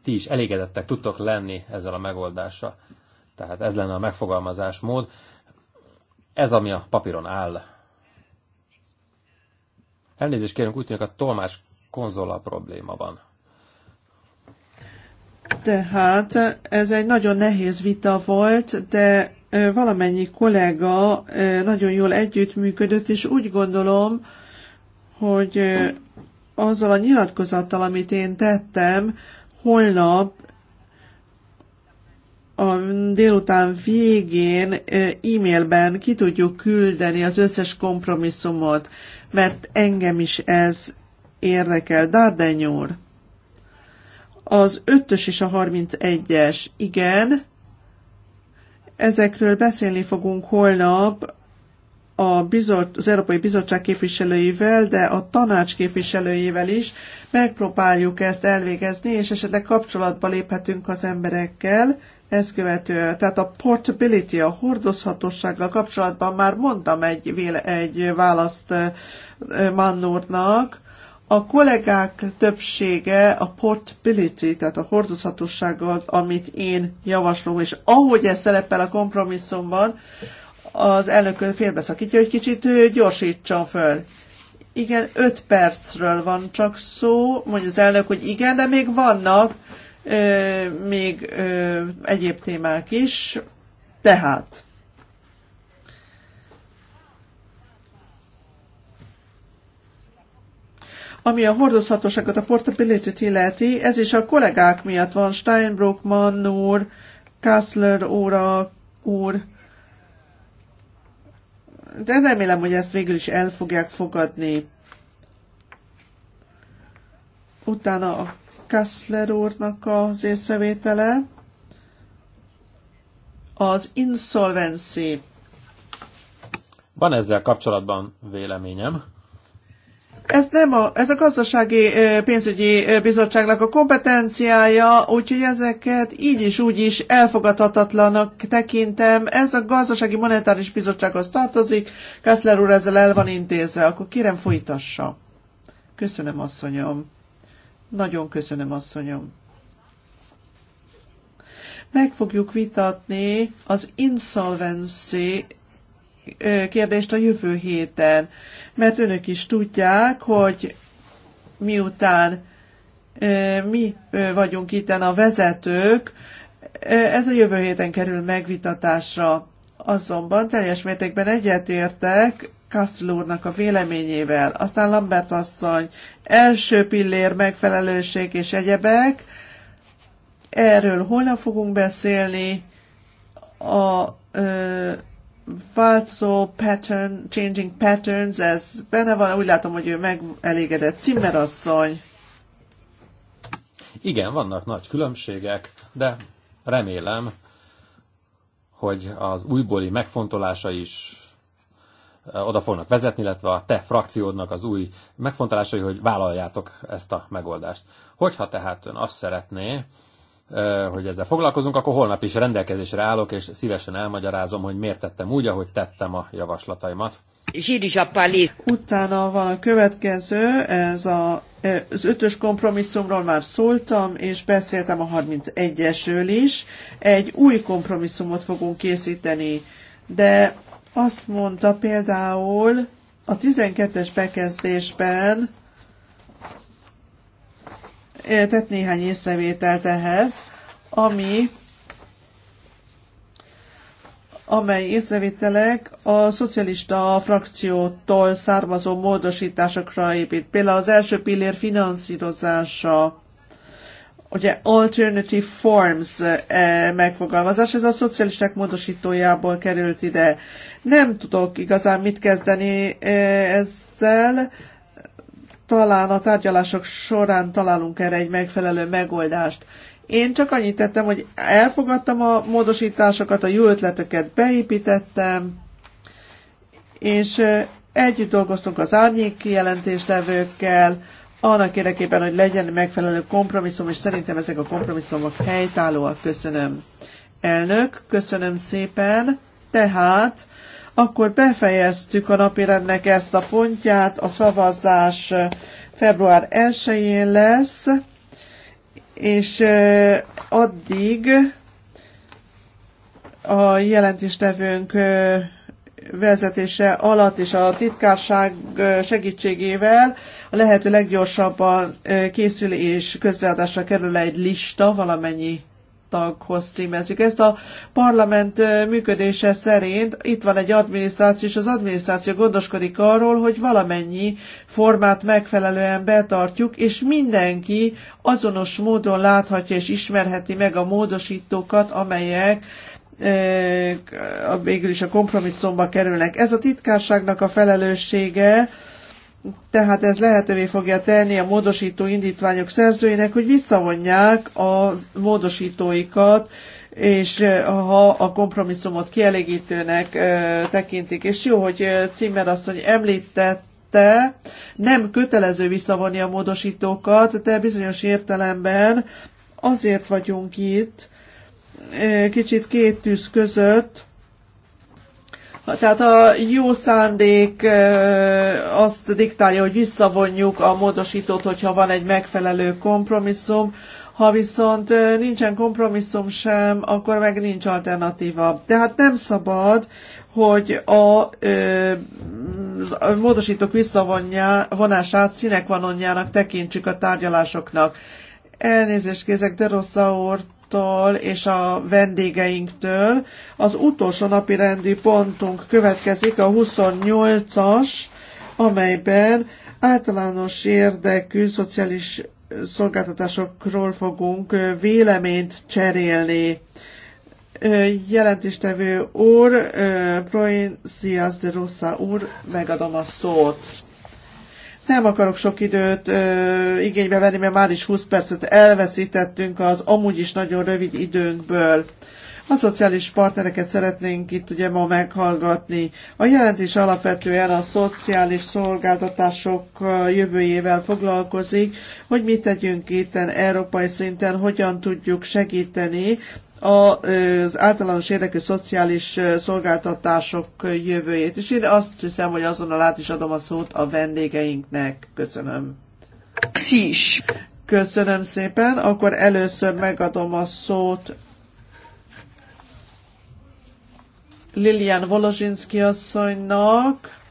ti is elégedettek tudtok lenni ezzel a megoldással. Tehát ez lenne a megfogalmazásmód. Ez, ami a papíron áll. Elnézést kérünk, úgy tűnik a tolmás konzola probléma van. Tehát eh, ez egy nagyon nehéz vita volt, de valamennyi kollega nagyon jól együttműködött, és úgy gondolom, hogy azzal a nyilatkozattal, amit én tettem, holnap a délután végén e-mailben ki tudjuk küldeni az összes kompromisszumot, mert engem is ez érdekel. Dardeny úr, az 5-ös és a 31-es, igen, Ezekről beszélni fogunk holnap a bizot, az Európai Bizottság képviselőivel, de a tanács képviselőjével is megpróbáljuk ezt elvégezni, és esetleg kapcsolatba léphetünk az emberekkel, ezt követően, tehát a portability, a hordozhatósággal kapcsolatban már mondtam egy, véle, egy választ eh, Mannurnak, a kollégák többsége a portability, tehát a hordozhatósággal, amit én javaslom, és ahogy ez szerepel a kompromisszumban, az elnök félbeszakítja, hogy kicsit gyorsítsam föl. Igen, öt percről van csak szó, mondja az elnök, hogy igen, de még vannak ö, még ö, egyéb témák is. Tehát Ami a hordozhatóságot, a portability-t illeti, ez is a kollégák miatt van, Steinbrook, Mann úr, Kassler óra, úr, de remélem, hogy ezt végül is el fogják fogadni. Utána a Kassler úrnak az észrevétele. Az insolvency. Van ezzel kapcsolatban véleményem. Ez, nem a, ez a gazdasági pénzügyi bizottságnak a kompetenciája, úgyhogy ezeket így is úgy is elfogadhatatlanak tekintem. Ez a gazdasági monetáris bizottsághoz tartozik. Kessler úr ezzel el van intézve, akkor kérem folytassa. Köszönöm, asszonyom. Nagyon köszönöm, asszonyom. Meg fogjuk vitatni az insolvency kérdést a jövő héten, mert önök is tudják, hogy miután mi vagyunk itt a vezetők, ez a jövő héten kerül megvitatásra. Azonban teljes mértékben egyetértek Kasszlúrnak a véleményével. Aztán Lambert asszony, első pillér megfelelőség és egyebek. Erről holnap fogunk beszélni. A ö, változó pattern, changing patterns, ez benne van, úgy látom, hogy ő megelégedett. Cimmerasszony. Igen, vannak nagy különbségek, de remélem, hogy az újbóli megfontolása is oda fognak vezetni, illetve a te frakciódnak az új megfontolásai, hogy vállaljátok ezt a megoldást. Hogyha tehát ön azt szeretné, hogy ezzel foglalkozunk, akkor holnap is rendelkezésre állok, és szívesen elmagyarázom, hogy miért tettem úgy, ahogy tettem a javaslataimat. Utána van a következő, ez a, e, az ötös kompromisszumról már szóltam, és beszéltem a 31-esről is. Egy új kompromisszumot fogunk készíteni, de azt mondta például a 12-es bekezdésben, Eh, tett néhány észrevételt ehhez, ami amely észrevételek a szocialista frakciótól származó módosításokra épít. Például az első pillér finanszírozása, ugye alternative forms eh, megfogalmazás, ez a szocialisták módosítójából került ide. Nem tudok igazán mit kezdeni eh, ezzel, talán a tárgyalások során találunk erre egy megfelelő megoldást. Én csak annyit tettem, hogy elfogadtam a módosításokat, a jó ötleteket beépítettem, és együtt dolgoztunk az árnyék kijelentéstevőkkel, annak érdekében, hogy legyen megfelelő kompromisszum, és szerintem ezek a kompromisszumok helytállóak. Köszönöm. Elnök, köszönöm szépen. Tehát akkor befejeztük a napirendnek ezt a pontját, a szavazás február 1-én lesz, és addig a jelentéstevőnk vezetése alatt és a titkárság segítségével a lehető leggyorsabban készül és közreadásra kerül egy lista valamennyi taghoz címezzük. Ezt a parlament működése szerint itt van egy adminisztráció, és az adminisztráció gondoskodik arról, hogy valamennyi formát megfelelően betartjuk, és mindenki azonos módon láthatja és ismerheti meg a módosítókat, amelyek végül is a kompromisszumba kerülnek. Ez a titkárságnak a felelőssége, tehát ez lehetővé fogja tenni a módosító indítványok szerzőinek, hogy visszavonják a módosítóikat, és eh, ha a kompromisszumot kielégítőnek eh, tekintik. És jó, hogy eh, Cimmer asszony említette, nem kötelező visszavonni a módosítókat, de bizonyos értelemben azért vagyunk itt, kicsit két tűz között, tehát a jó szándék azt diktálja, hogy visszavonjuk a módosítót, hogyha van egy megfelelő kompromisszum, ha viszont nincsen kompromisszum sem, akkor meg nincs alternatíva. Tehát nem szabad, hogy a a módosítók visszavonását színek vanonjának tekintsük a tárgyalásoknak. Elnézést kézek, de rossz ort tól és a vendégeinktől. Az utolsó napi rendi pontunk következik, a 28-as, amelyben általános érdekű szociális szolgáltatásokról fogunk véleményt cserélni. Jelentéstevő úr, Proin Sziasz de Rossa úr, megadom a szót. Nem akarok sok időt ö, igénybe venni, mert már is 20 percet elveszítettünk az amúgy is nagyon rövid időnkből. A szociális partnereket szeretnénk itt ugye ma meghallgatni. A jelentés alapvetően a szociális szolgáltatások jövőjével foglalkozik, hogy mit tegyünk itten európai szinten, hogyan tudjuk segíteni az általános érdekű szociális szolgáltatások jövőjét. És én azt hiszem, hogy azonnal át is adom a szót a vendégeinknek. Köszönöm. Szis. Köszönöm szépen. Akkor először megadom a szót Lilian Volozsinski asszonynak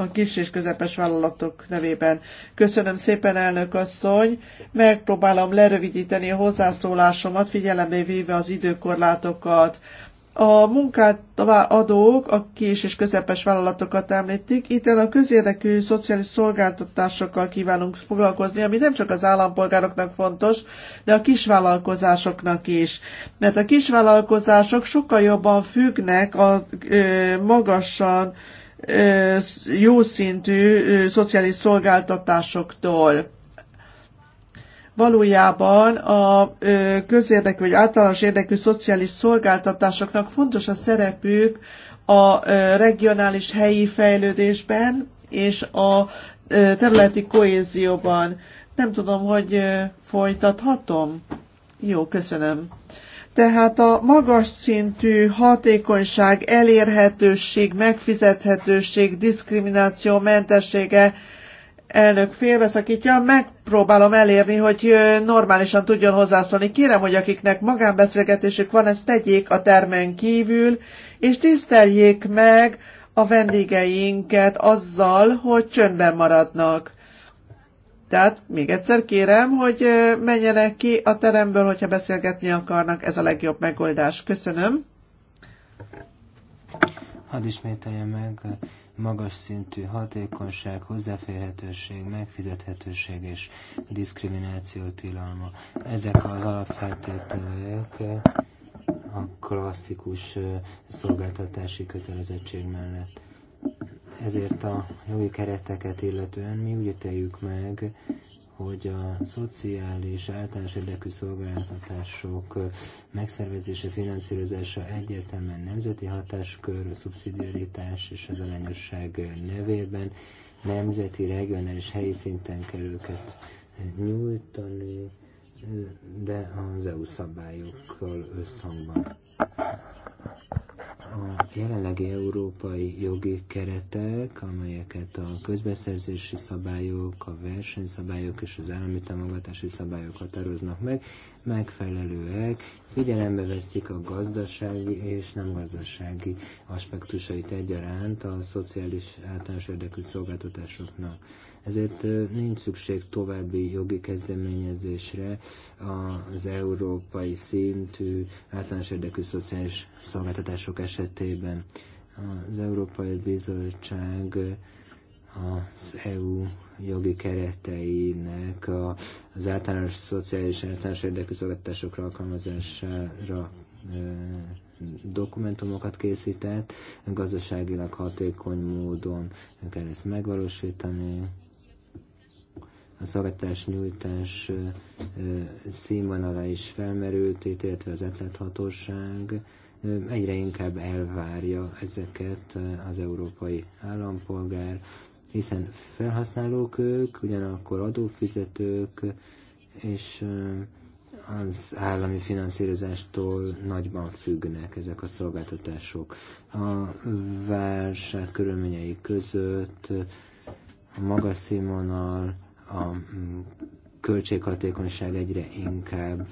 a kis és közepes vállalatok nevében. Köszönöm szépen, elnök asszony! Megpróbálom lerövidíteni a hozzászólásomat, figyelembe véve az időkorlátokat. A munkát adók, a kis és közepes vállalatokat említik, itt a közérdekű szociális szolgáltatásokkal kívánunk foglalkozni, ami nem csak az állampolgároknak fontos, de a kisvállalkozásoknak is. Mert a kisvállalkozások sokkal jobban függnek a ö, magasan, jó szintű szociális szolgáltatásoktól. Valójában a közérdekű vagy általános érdekű szociális szolgáltatásoknak fontos a szerepük a regionális helyi fejlődésben és a területi kohézióban. Nem tudom, hogy folytathatom. Jó, köszönöm. Tehát a magas szintű hatékonyság, elérhetőség, megfizethetőség, diszkrimináció mentessége, elnök félbeszakítja, megpróbálom elérni, hogy normálisan tudjon hozzászólni. Kérem, hogy akiknek magánbeszélgetésük van, ezt tegyék a termen kívül, és tiszteljék meg a vendégeinket azzal, hogy csöndben maradnak. Tehát még egyszer kérem, hogy menjenek ki a teremből, hogyha beszélgetni akarnak, ez a legjobb megoldás. Köszönöm. Hadd ismételjem meg, magas szintű hatékonyság, hozzáférhetőség, megfizethetőség és diszkrimináció tilalma. Ezek az alapfeltételek a klasszikus szolgáltatási kötelezettség mellett ezért a jogi kereteket illetően mi úgy ítéljük meg, hogy a szociális általános érdekű szolgáltatások megszervezése, finanszírozása egyértelműen nemzeti hatáskör, a szubszidiaritás és az arányosság nevében nemzeti, regionális, helyi szinten kell őket nyújtani, de az EU szabályokkal összhangban a jelenlegi európai jogi keretek, amelyeket a közbeszerzési szabályok, a versenyszabályok és az állami támogatási szabályok határoznak meg, megfelelőek, figyelembe veszik a gazdasági és nem gazdasági aspektusait egyaránt a szociális általános érdekű szolgáltatásoknak ezért nincs szükség további jogi kezdeményezésre az európai szintű általános érdekű szociális szolgáltatások esetében. Az Európai Bizottság az EU jogi kereteinek az általános szociális általános érdekű szolgáltatásokra alkalmazására dokumentumokat készített, gazdaságilag hatékony módon kell ezt megvalósítani, a nyújtás színvonala is felmerült, illetve az etlethatóság egyre inkább elvárja ezeket az európai állampolgár, hiszen felhasználók ők, ugyanakkor adófizetők, és az állami finanszírozástól nagyban függnek ezek a szolgáltatások. A válság körülményei között a magas színvonal, a költséghatékonyság egyre inkább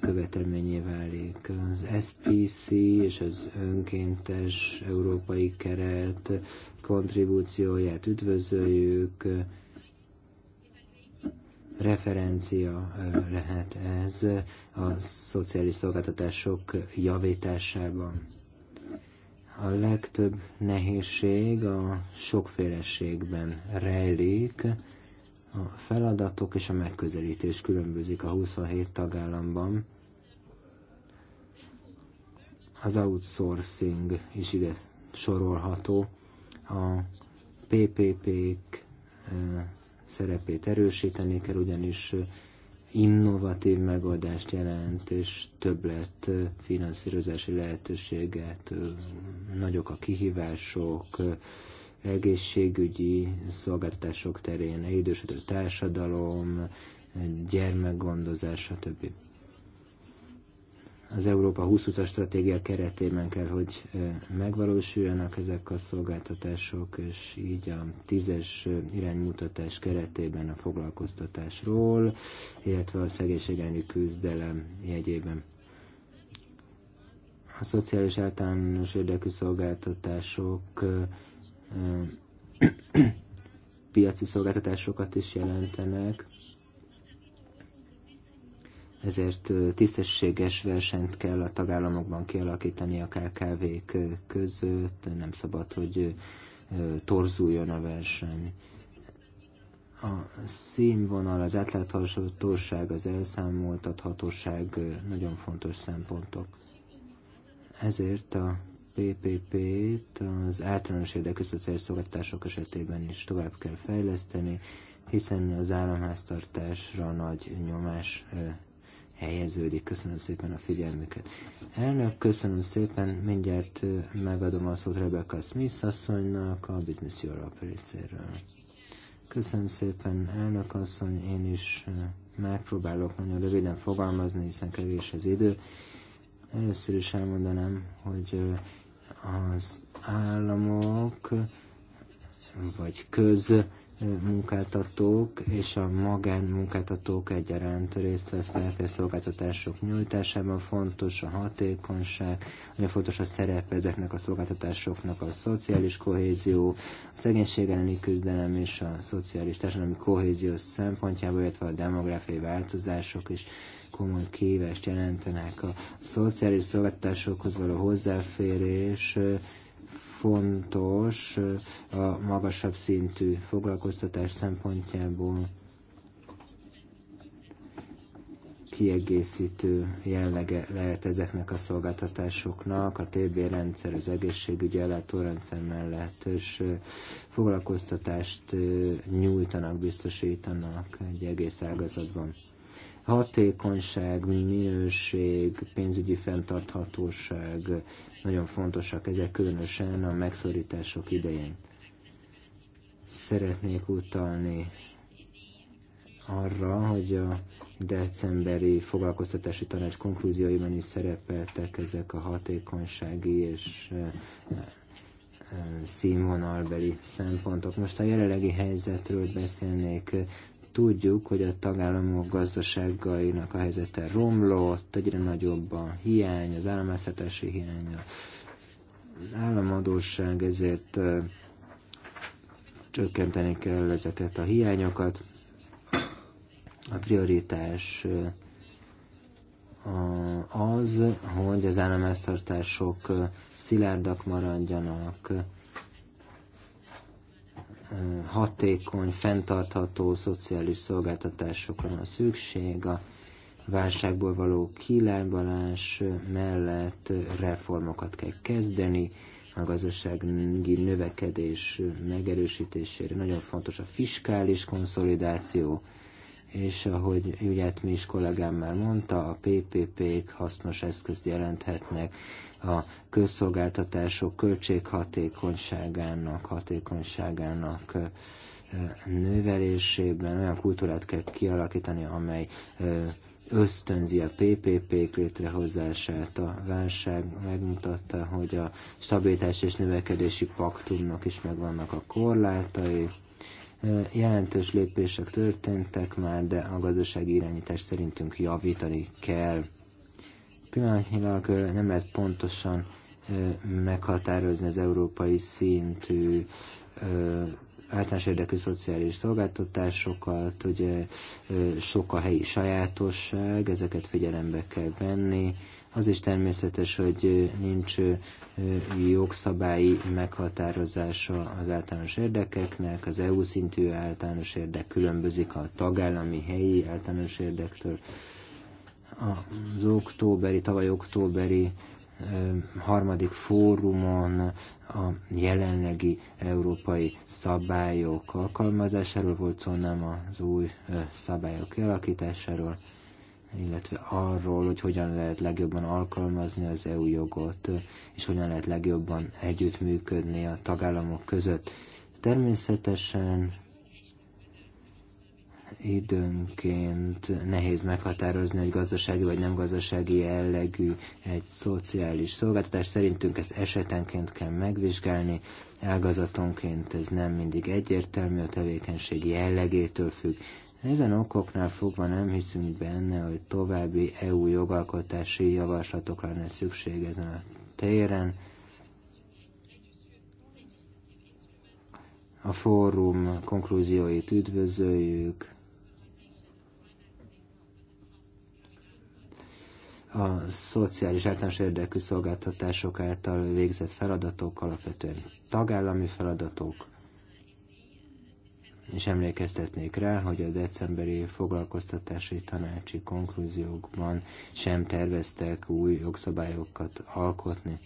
követelményé válik. Az SPC és az önkéntes európai keret kontribúcióját üdvözöljük, referencia lehet ez a szociális szolgáltatások javításában. A legtöbb nehézség a sokféleségben rejlik, a feladatok és a megközelítés különbözik a 27 tagállamban. Az outsourcing is ide sorolható. A PPP-k szerepét erősíteni kell, ugyanis innovatív megoldást jelent, és többlet finanszírozási lehetőséget, nagyok a kihívások, egészségügyi szolgáltatások terén, idősödő társadalom, gyermekgondozás, stb. Az Európa 2020-as stratégia keretében kell, hogy megvalósuljanak ezek a szolgáltatások, és így a tízes iránymutatás keretében a foglalkoztatásról, illetve a szegénység elleni küzdelem jegyében a szociális általános érdekű szolgáltatások piaci szolgáltatásokat is jelentenek, ezért tisztességes versenyt kell a tagállamokban kialakítani a KKV-k között, nem szabad, hogy torzuljon a verseny. A színvonal, az átláthatóság, az elszámoltathatóság nagyon fontos szempontok. Ezért a PPP-t az általános érdekű szociális szolgáltatások esetében is tovább kell fejleszteni, hiszen az államháztartásra nagy nyomás helyeződik. Köszönöm szépen a figyelmüket. Elnök, köszönöm szépen, mindjárt megadom a szót Rebecca Smith asszonynak a Business Europe részéről. Köszönöm szépen, elnök asszony, én is megpróbálok nagyon röviden fogalmazni, hiszen kevés az idő. Először is elmondanám, hogy az államok vagy közmunkáltatók és a magánmunkáltatók egyaránt részt vesznek a szolgáltatások nyújtásában. Fontos a hatékonyság, nagyon fontos a szerep ezeknek a szolgáltatásoknak a szociális kohézió, a szegénység elleni küzdelem és a szociális társadalmi kohézió szempontjából, illetve a demográfiai változások is komoly kívást jelentenek. A szociális szolgáltatásokhoz való hozzáférés fontos a magasabb szintű foglalkoztatás szempontjából kiegészítő jellege lehet ezeknek a szolgáltatásoknak, a TB rendszer, az egészségügyi ellátórendszer mellett, és foglalkoztatást nyújtanak, biztosítanak egy egész ágazatban. Hatékonyság, minőség, pénzügyi fenntarthatóság nagyon fontosak ezek, különösen a megszorítások idején. Szeretnék utalni arra, hogy a decemberi foglalkoztatási tanács konklúzióiban is szerepeltek ezek a hatékonysági és színvonalbeli szempontok. Most a jelenlegi helyzetről beszélnék. Tudjuk, hogy a tagállamok gazdaságainak a helyzete romlott, egyre nagyobb a hiány, az államháztartási hiány, az államadóság, ezért csökkenteni kell ezeket a hiányokat. A prioritás az, hogy az államháztartások szilárdak maradjanak, hatékony, fenntartható szociális szolgáltatásokra van szükség, a válságból való kilábalás mellett reformokat kell kezdeni, a gazdasági növekedés megerősítésére nagyon fontos a fiskális konszolidáció, és ahogy ügyet mi is kollégám már mondta, a PPP-k hasznos eszközt jelenthetnek a közszolgáltatások költséghatékonyságának, hatékonyságának növelésében olyan kultúrát kell kialakítani, amely ösztönzi a PPP-k létrehozását. A válság megmutatta, hogy a stabilitás és növekedési paktumnak is megvannak a korlátai. Jelentős lépések történtek már, de a gazdasági irányítás szerintünk javítani kell. Pillanatnyilag nem lehet pontosan meghatározni az európai szintű általános érdekű szociális szolgáltatásokat, hogy sok a helyi sajátosság, ezeket figyelembe kell venni. Az is természetes, hogy nincs jogszabályi meghatározása az általános érdekeknek, az EU szintű általános érdek különbözik a tagállami helyi általános érdektől az októberi, tavaly októberi harmadik fórumon a jelenlegi európai szabályok alkalmazásáról volt szó, nem az új szabályok kialakításáról, illetve arról, hogy hogyan lehet legjobban alkalmazni az EU jogot, és hogyan lehet legjobban együttműködni a tagállamok között. Természetesen időnként nehéz meghatározni, hogy gazdasági vagy nem gazdasági jellegű egy szociális szolgáltatás. Szerintünk ezt esetenként kell megvizsgálni, ágazatonként ez nem mindig egyértelmű, a tevékenység jellegétől függ. Ezen okoknál fogva nem hiszünk benne, hogy további EU jogalkotási javaslatokra lenne szükség ezen a téren. a fórum konklúzióit üdvözöljük, a szociális általános érdekű szolgáltatások által végzett feladatok alapvetően tagállami feladatok, és emlékeztetnék rá, hogy a decemberi foglalkoztatási tanácsi konklúziókban sem terveztek új jogszabályokat alkotni.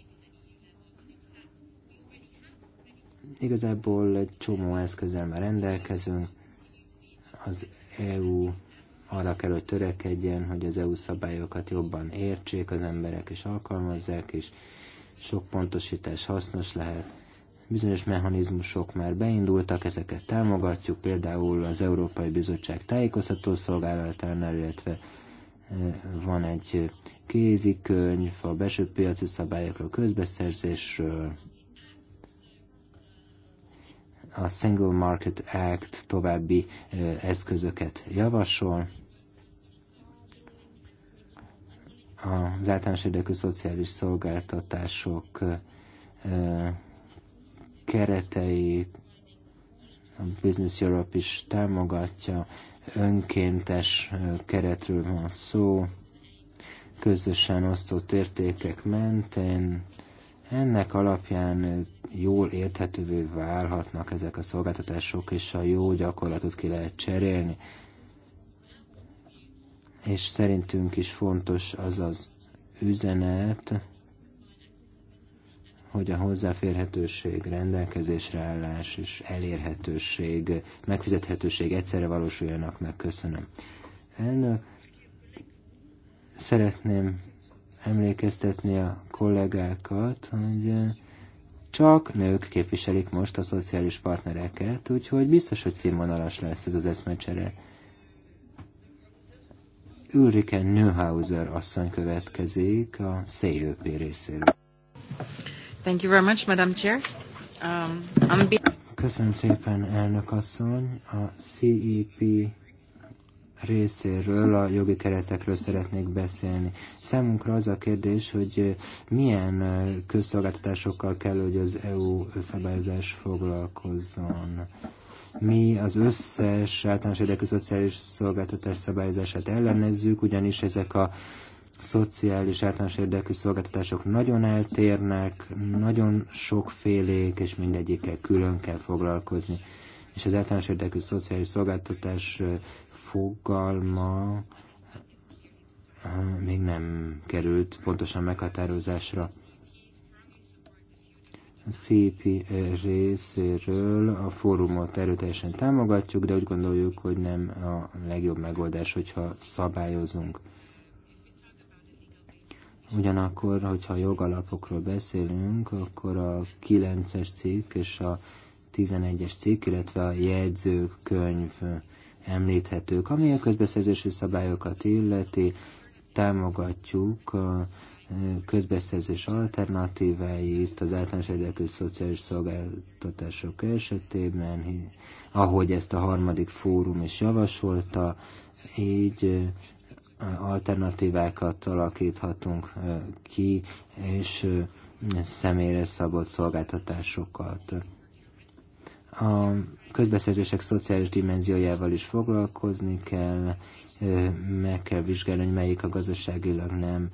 Igazából egy csomó eszközzel már rendelkezünk, az EU arra kell, hogy törekedjen, hogy az EU szabályokat jobban értsék az emberek és alkalmazzák, és sok pontosítás hasznos lehet. Bizonyos mechanizmusok már beindultak, ezeket támogatjuk, például az Európai Bizottság tájékoztató szolgálatánál, illetve e, van egy kézikönyv a belső piaci szabályokról, közbeszerzésről, a Single Market Act további e, eszközöket javasol, az általános érdekű szociális szolgáltatások kereteit a Business Europe is támogatja, önkéntes keretről van szó, közösen osztott értékek mentén, ennek alapján jól érthetővé válhatnak ezek a szolgáltatások, és a jó gyakorlatot ki lehet cserélni és szerintünk is fontos az az üzenet, hogy a hozzáférhetőség, rendelkezésre állás és elérhetőség, megfizethetőség egyszerre valósuljanak meg. Köszönöm. Elnök, szeretném emlékeztetni a kollégákat, hogy eh, csak nők képviselik most a szociális partnereket, úgyhogy biztos, hogy színvonalas lesz ez az eszmecsere. Ulrike Neuhauser asszony következik a CEP részéről. Thank you very much, Madam Chair. Um, Köszönöm szépen, elnök asszony. A CEP részéről, a jogi keretekről szeretnék beszélni. Számunkra az a kérdés, hogy milyen közszolgáltatásokkal kell, hogy az EU szabályozás foglalkozzon. Mi az összes általános érdekű szociális szolgáltatás szabályozását ellenezzük, ugyanis ezek a szociális általános érdekű szolgáltatások nagyon eltérnek, nagyon sokfélék, és mindegyikkel külön kell foglalkozni. És az általános érdekű szociális szolgáltatás fogalma még nem került pontosan meghatározásra. CP eh, részéről a fórumot erőteljesen támogatjuk, de úgy gondoljuk, hogy nem a legjobb megoldás, hogyha szabályozunk. Ugyanakkor, hogyha jogalapokról beszélünk, akkor a 9-es cikk és a 11-es cikk, illetve a jegyzőkönyv említhetők, ami a közbeszerzési szabályokat illeti, támogatjuk a közbeszerzés alternatíváit az általános érdekű szociális szolgáltatások esetében, ahogy ezt a harmadik fórum is javasolta, így alternatívákat alakíthatunk ki, és személyre szabott szolgáltatásokat. A közbeszerzések szociális dimenziójával is foglalkozni kell, meg kell vizsgálni, hogy melyik a gazdaságilag nem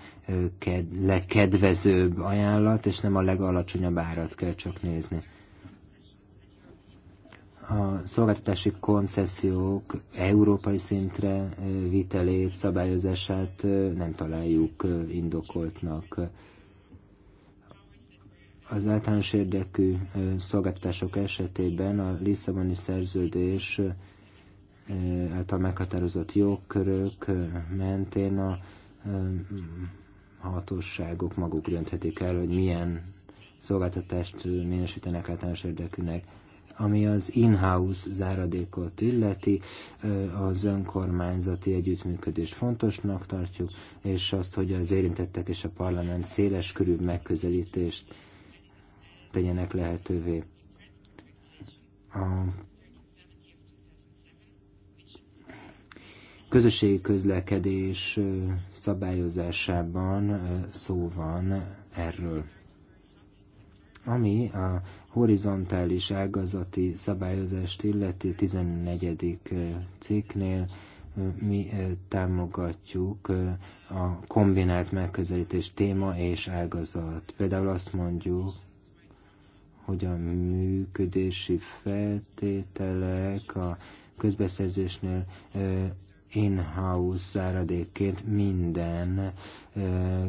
legkedvezőbb ajánlat, és nem a legalacsonyabb árat kell csak nézni a szolgáltatási koncesziók európai szintre vitelét, szabályozását nem találjuk indokoltnak. Az általános érdekű szolgáltatások esetében a Lisszaboni szerződés Eh, által meghatározott jogkörök eh, mentén a eh, hatóságok maguk dönthetik el, hogy milyen szolgáltatást minősítenek általános érdekűnek. Ami az in-house záradékot illeti, az önkormányzati együttműködést fontosnak tartjuk, és azt, hogy az érintettek és a parlament széles körű megközelítést tegyenek lehetővé. A közösségi közlekedés szabályozásában szó van erről. Ami a horizontális ágazati szabályozást illeti 14. cikknél, mi támogatjuk a kombinált megközelítés téma és ágazat. Például azt mondjuk, hogy a működési feltételek a közbeszerzésnél in-house záradékként minden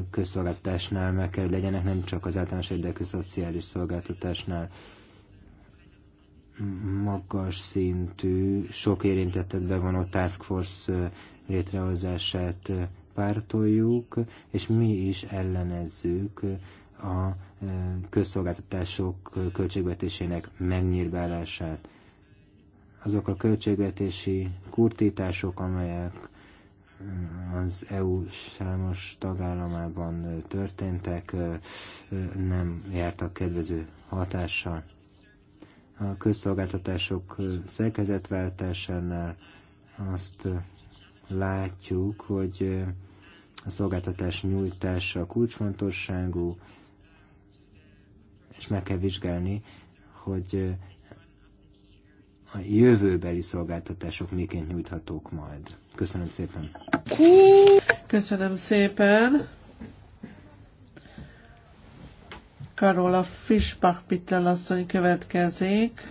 közszolgáltatásnál meg kell, hogy legyenek, nem csak az általános érdekű szociális szolgáltatásnál magas szintű, sok érintettet bevonó task force létrehozását pártoljuk, és mi is ellenezzük a közszolgáltatások költségvetésének megnyírbálását azok a költségvetési kurtítások, amelyek mm, az EU számos tagállamában történtek, nem jártak kedvező hatással. A közszolgáltatások szerkezetváltásánál azt látjuk, hogy a szolgáltatás nyújtása kulcsfontosságú, és meg kell vizsgálni, hogy a jövőbeli szolgáltatások miként nyújthatók majd. Köszönöm szépen. Köszönöm szépen. Karola Fischbach-Pittel asszony következik.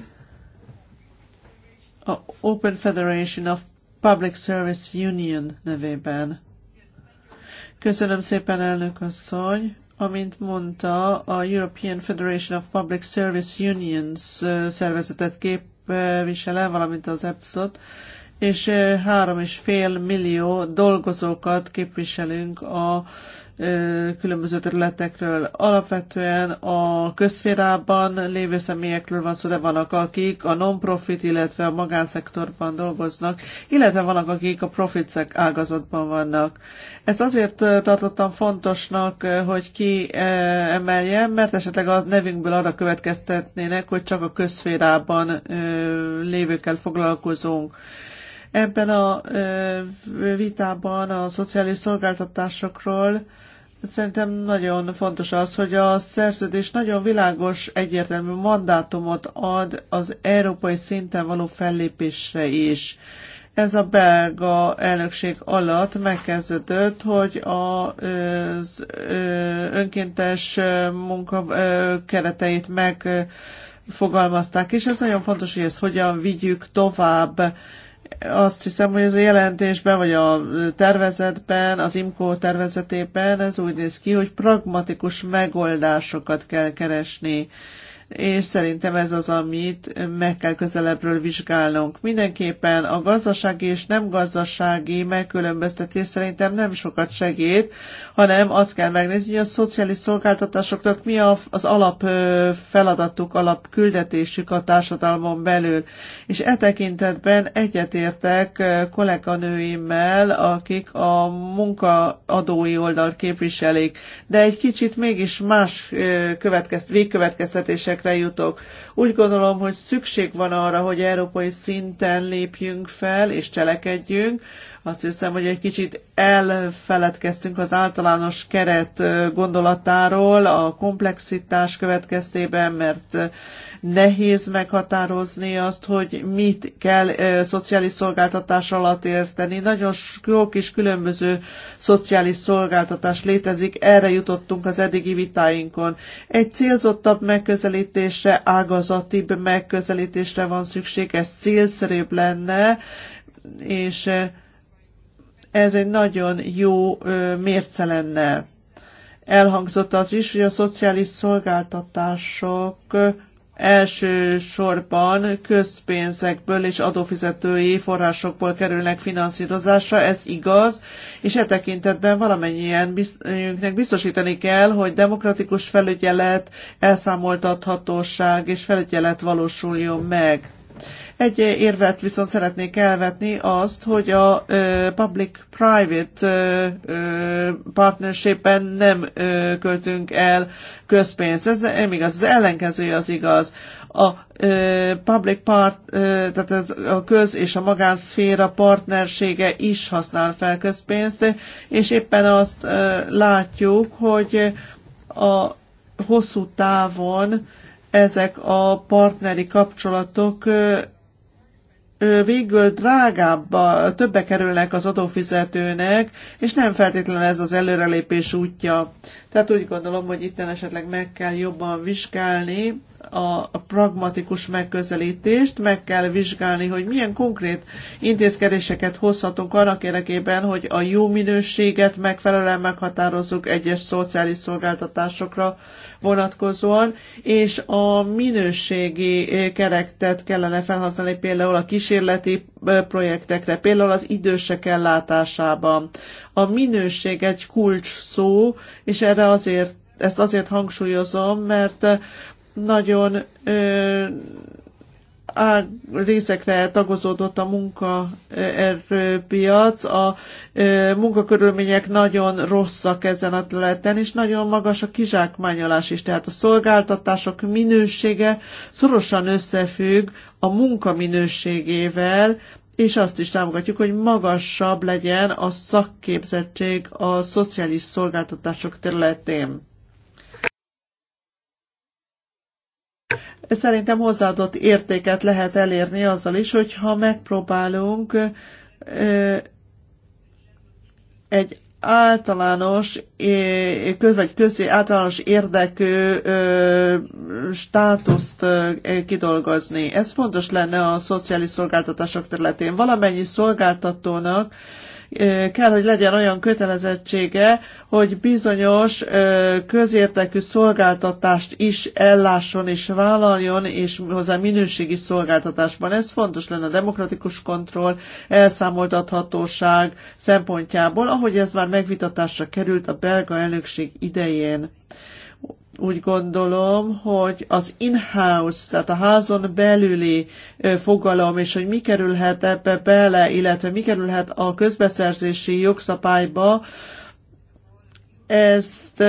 A Open Federation of Public Service Union nevében. Köszönöm szépen, elnök asszony amint mondta, a European Federation of Public Service Unions szervezetet kép képviselem, valamint az epsz és három és fél millió dolgozókat képviselünk a különböző területekről. Alapvetően a közférában lévő személyekről van szó, de vannak akik a non-profit, illetve a magánszektorban dolgoznak, illetve vannak akik a profit ágazatban vannak. Ezt azért tartottam fontosnak, hogy ki emeljem, mert esetleg a nevünkből arra következtetnének, hogy csak a közférában lévőkkel foglalkozunk. Ebben a vitában a szociális szolgáltatásokról Szerintem nagyon fontos az, hogy a szerződés nagyon világos, egyértelmű mandátumot ad az európai szinten való fellépésre is. Ez a belga elnökség alatt megkezdődött, hogy az önkéntes munka kereteit megfogalmazták, és ez nagyon fontos, hogy ezt hogyan vigyük tovább azt hiszem, hogy ez a jelentésben, vagy a tervezetben, az IMCO tervezetében ez úgy néz ki, hogy pragmatikus megoldásokat kell keresni és szerintem ez az, amit meg kell közelebbről vizsgálnunk. Mindenképpen a gazdasági és nem gazdasági megkülönböztetés szerintem nem sokat segít, hanem azt kell megnézni, hogy a szociális szolgáltatásoknak mi az alap feladatuk, alap küldetésük a társadalmon belül. És e tekintetben egyetértek kolléganőimmel, akik a munkaadói oldalt képviselik, de egy kicsit mégis más következt, végkövetkeztetések ezekre jutok. Úgy gondolom, hogy szükség van arra, hogy európai szinten lépjünk fel és cselekedjünk, azt hiszem, hogy egy kicsit elfeledkeztünk az általános keret gondolatáról a komplexitás következtében, mert nehéz meghatározni azt, hogy mit kell szociális szolgáltatás alatt érteni. Nagyon jó kis különböző szociális szolgáltatás létezik, erre jutottunk az eddigi vitáinkon. Egy célzottabb megközelítésre, ágazatibb megközelítésre van szükség, ez célszerűbb lenne, és ez egy nagyon jó mérce lenne. Elhangzott az is, hogy a szociális szolgáltatások elsősorban közpénzekből és adófizetői forrásokból kerülnek finanszírozásra, ez igaz, és e tekintetben valamennyien bizonyunknak biztosítani kell, hogy demokratikus felügyelet, elszámoltathatóság és felügyelet valósuljon meg. Egy érvet viszont szeretnék elvetni azt, hogy a public-private partnershipben nem költünk el közpénzt. Ez nem igaz, az ellenkezője az igaz a public part, tehát az, a köz és a magánszféra partnersége is használ fel közpénzt, és éppen azt látjuk, hogy a hosszú távon ezek a partneri kapcsolatok végül drágábba, többe kerülnek az adófizetőnek, és nem feltétlenül ez az előrelépés útja. Tehát úgy gondolom, hogy itt esetleg meg kell jobban vizsgálni a pragmatikus megközelítést, meg kell vizsgálni, hogy milyen konkrét intézkedéseket hozhatunk annak érdekében, hogy a jó minőséget megfelelően meghatározzuk egyes szociális szolgáltatásokra, vonatkozóan, és a minőségi eh, kerektet kellene felhasználni például a kísérleti eh, projektekre, például az idősek ellátásában. A minőség egy kulcs szó, és erre azért ezt azért hangsúlyozom, mert eh, nagyon a részekre tagozódott a munkaerőpiac, a munkakörülmények nagyon rosszak ezen a területen, és nagyon magas a kizsákmányolás is, tehát a szolgáltatások minősége szorosan összefügg a munka minőségével, és azt is támogatjuk, hogy magasabb legyen a szakképzettség a szociális szolgáltatások területén. Szerintem hozzáadott értéket lehet elérni azzal is, hogyha megpróbálunk egy általános vagy közé általános érdekű státuszt kidolgozni. Ez fontos lenne a szociális szolgáltatások területén. Valamennyi szolgáltatónak kell, hogy legyen olyan kötelezettsége, hogy bizonyos közértekű szolgáltatást is ellásson és vállaljon, és hozzá minőségi szolgáltatásban. Ez fontos lenne a demokratikus kontroll, elszámoltathatóság szempontjából, ahogy ez már megvitatásra került a belga elnökség idején úgy gondolom, hogy az in-house, tehát a házon belüli fogalom, és hogy mi kerülhet ebbe bele, illetve mi kerülhet a közbeszerzési jogszabályba, ezt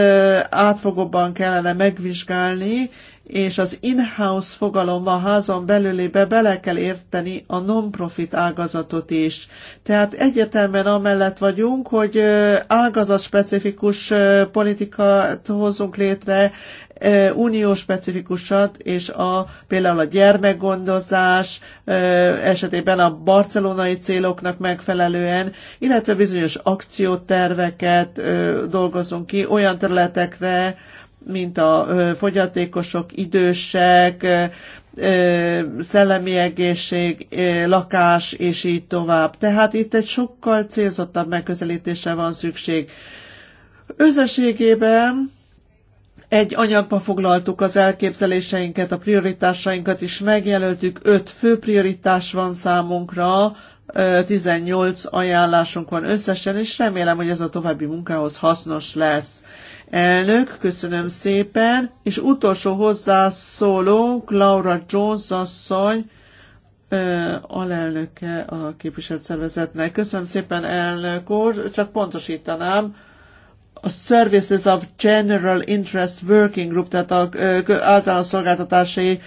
átfogóban kellene megvizsgálni, és az in-house fogalom a házon belülébe bele kell érteni a non-profit ágazatot is. Tehát egyetemben amellett vagyunk, hogy ágazatspecifikus politikát hozunk létre, uniós specifikusat, és a, például a gyermekgondozás esetében a barcelonai céloknak megfelelően, illetve bizonyos akcióterveket dolgozunk ki olyan területekre, mint a fogyatékosok, idősek, szellemi egészség, lakás, és így tovább. Tehát itt egy sokkal célzottabb megközelítésre van szükség. Összességében egy anyagba foglaltuk az elképzeléseinket, a prioritásainkat is megjelöltük, öt fő prioritás van számunkra, 18 ajánlásunk van összesen, és remélem, hogy ez a további munkához hasznos lesz. Elnök, köszönöm szépen, és utolsó hozzászólónk Laura Jones asszony, alelnöke a képviselt szervezetnek. Köszönöm szépen, elnök úr, csak pontosítanám, a Services of General Interest Working Group, tehát a általános szolgáltatási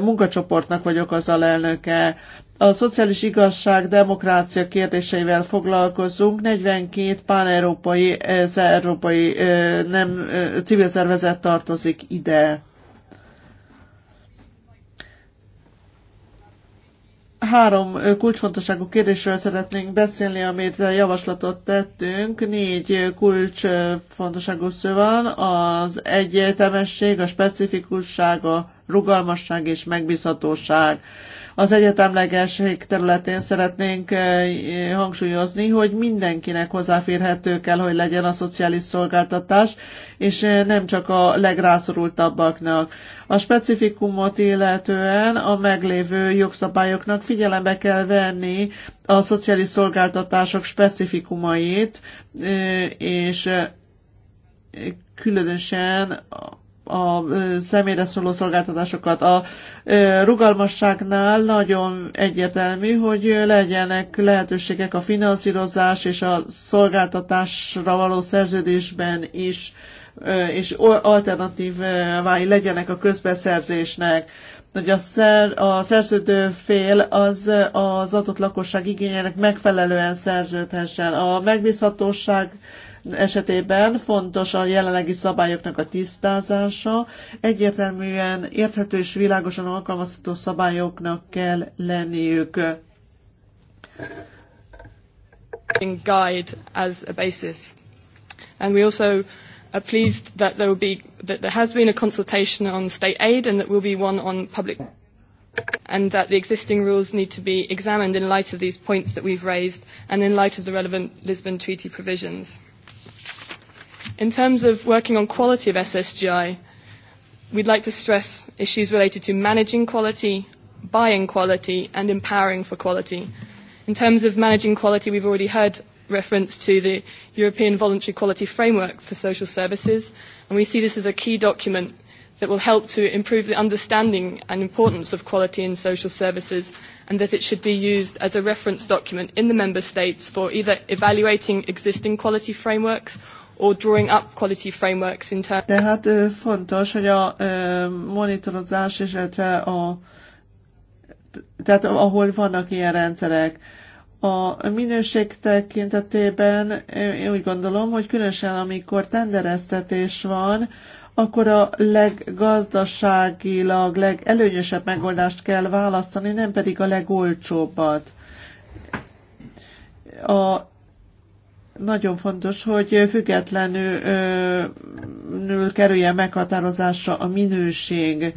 munkacsoportnak vagyok az alelnöke. A szociális igazság demokrácia kérdéseivel foglalkozunk. 42 pán-európai, európai nem, civil szervezet tartozik ide. három kulcsfontosságú kérdésről szeretnénk beszélni, amit javaslatot tettünk. Négy kulcsfontosságú szó van, az egyetemesség, a specifikusság, a rugalmasság és megbízhatóság. Az egyetemlegesség területén szeretnénk eh, hangsúlyozni, hogy mindenkinek hozzáférhető kell, hogy legyen a szociális szolgáltatás, és eh, nem csak a legrászorultabbaknak. A specifikumot illetően a meglévő jogszabályoknak figyelembe kell venni a szociális szolgáltatások specifikumait, eh, és különösen a személyre szóló szolgáltatásokat. A rugalmasságnál nagyon egyértelmű, hogy legyenek lehetőségek a finanszírozás és a szolgáltatásra való szerződésben is, és alternatívái legyenek a közbeszerzésnek hogy a, szer, a szerződő fél az az adott lakosság igényének megfelelően szerződhessen. A megbízhatóság esetében fontos a jelenlegi szabályoknak a tisztázása, egyértelműen érthető és világosan alkalmazható szabályoknak kell lenniük. Guide as a basis. And we also are pleased that there will be that there has been a consultation on state aid and that will be one on public and that the existing rules need to be examined in light of these points that we've raised and in light of the relevant Lisbon Treaty provisions. In terms of working on quality of SSGI, we'd like to stress issues related to managing quality, buying quality, and empowering for quality. In terms of managing quality, we've already heard reference to the European Voluntary Quality Framework for Social Services, and we see this as a key document that will help to improve the understanding and importance of quality in social services, and that it should be used as a reference document in the Member States for either evaluating existing quality frameworks or drawing up quality frameworks in terms. Tehát fontos, hogy a monitorozás, illetve a tehát ahol vannak ilyen rendszerek. A minőség tekintetében én úgy gondolom, hogy különösen amikor tendereztetés van, akkor a leggazdaságilag legelőnyösebb megoldást kell választani, nem pedig a legolcsóbbat. A nagyon fontos, hogy függetlenül kerüljen meghatározásra a minőség.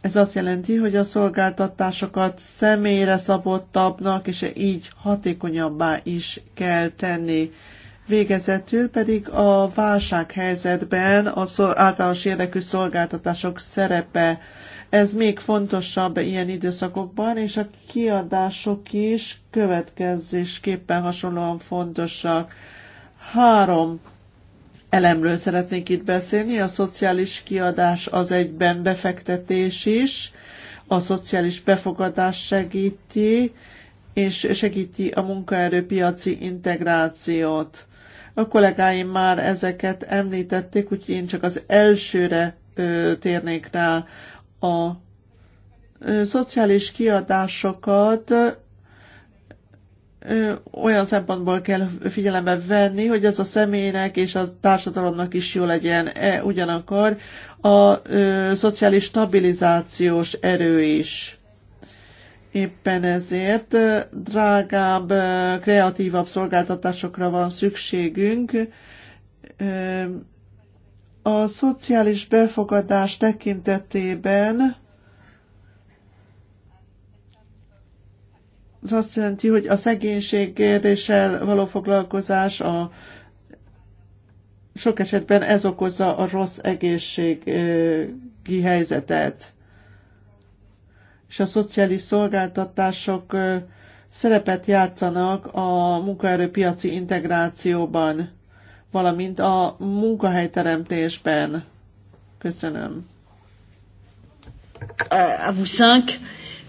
Ez azt jelenti, hogy a szolgáltatásokat személyre szabottabbnak, és így hatékonyabbá is kell tenni. Végezetül pedig a válsághelyzetben az általános érdekű szolgáltatások szerepe ez még fontosabb ilyen időszakokban, és a kiadások is következésképpen hasonlóan fontosak. Három elemről szeretnék itt beszélni. A szociális kiadás az egyben befektetés is, a szociális befogadás segíti, és segíti a munkaerőpiaci integrációt. A kollégáim már ezeket említették, úgyhogy én csak az elsőre ö, térnék rá a szociális kiadásokat olyan szempontból kell figyelembe venni, hogy ez a személynek és a társadalomnak is jó legyen. E, ugyanakkor a ö, szociális stabilizációs erő is. Éppen ezért drágább, kreatívabb szolgáltatásokra van szükségünk, a szociális befogadás tekintetében az azt jelenti, hogy a szegénység kérdéssel való foglalkozás a sok esetben ez okozza a rossz egészségi helyzetet. És a szociális szolgáltatások szerepet játszanak a munkaerőpiaci integrációban valamint a munkahelyteremtésben. Köszönöm. À vous cinq.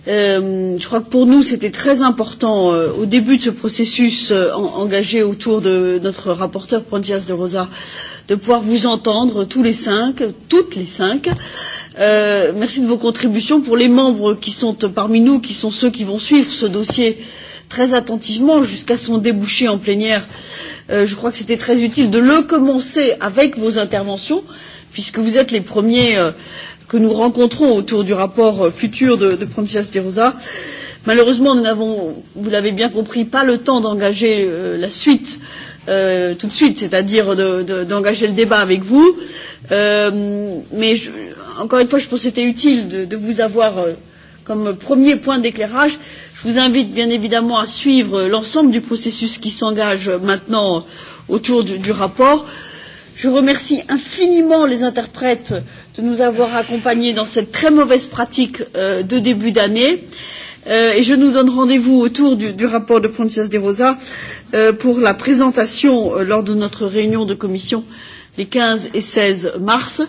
Euh, je crois que pour nous, c'était très important euh, au début de ce processus euh, en, engagé autour de notre rapporteur Pontias de Rosa de pouvoir vous entendre tous les cinq, toutes les cinq. Euh, merci de vos contributions. Pour les membres qui sont euh, parmi nous, qui sont ceux qui vont suivre ce dossier euh, très attentivement jusqu'à son débouché en plénière. Euh, je crois que c'était très utile de le commencer avec vos interventions, puisque vous êtes les premiers euh, que nous rencontrons autour du rapport euh, futur de, de Proncias de Rosa. Malheureusement, nous n'avons, vous l'avez bien compris, pas le temps d'engager euh, la suite euh, tout de suite, c'est-à-dire d'engager de, le débat avec vous. Euh, mais je, encore une fois, je pense que c'était utile de, de vous avoir. Euh, comme premier point d'éclairage. Je vous invite bien évidemment à suivre l'ensemble du processus qui s'engage maintenant autour du, du rapport. Je remercie infiniment les interprètes de nous avoir accompagnés dans cette très mauvaise pratique euh, de début d'année. Euh, et je nous donne rendez-vous autour du, du rapport de Princesse de Rosa euh, pour la présentation euh, lors de notre réunion de commission les 15 et 16 mars. Euh,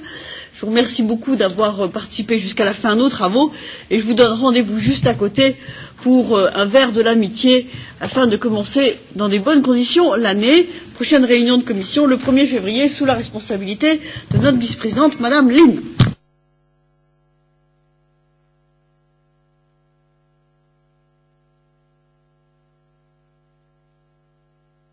Je vous remercie beaucoup d'avoir euh, participé jusqu'à la fin à nos travaux et je vous donne rendez-vous juste à côté pour euh, un verre de l'amitié afin de commencer dans des bonnes conditions l'année. Prochaine réunion de commission le 1er février sous la responsabilité de notre vice-présidente, Madame Lynn.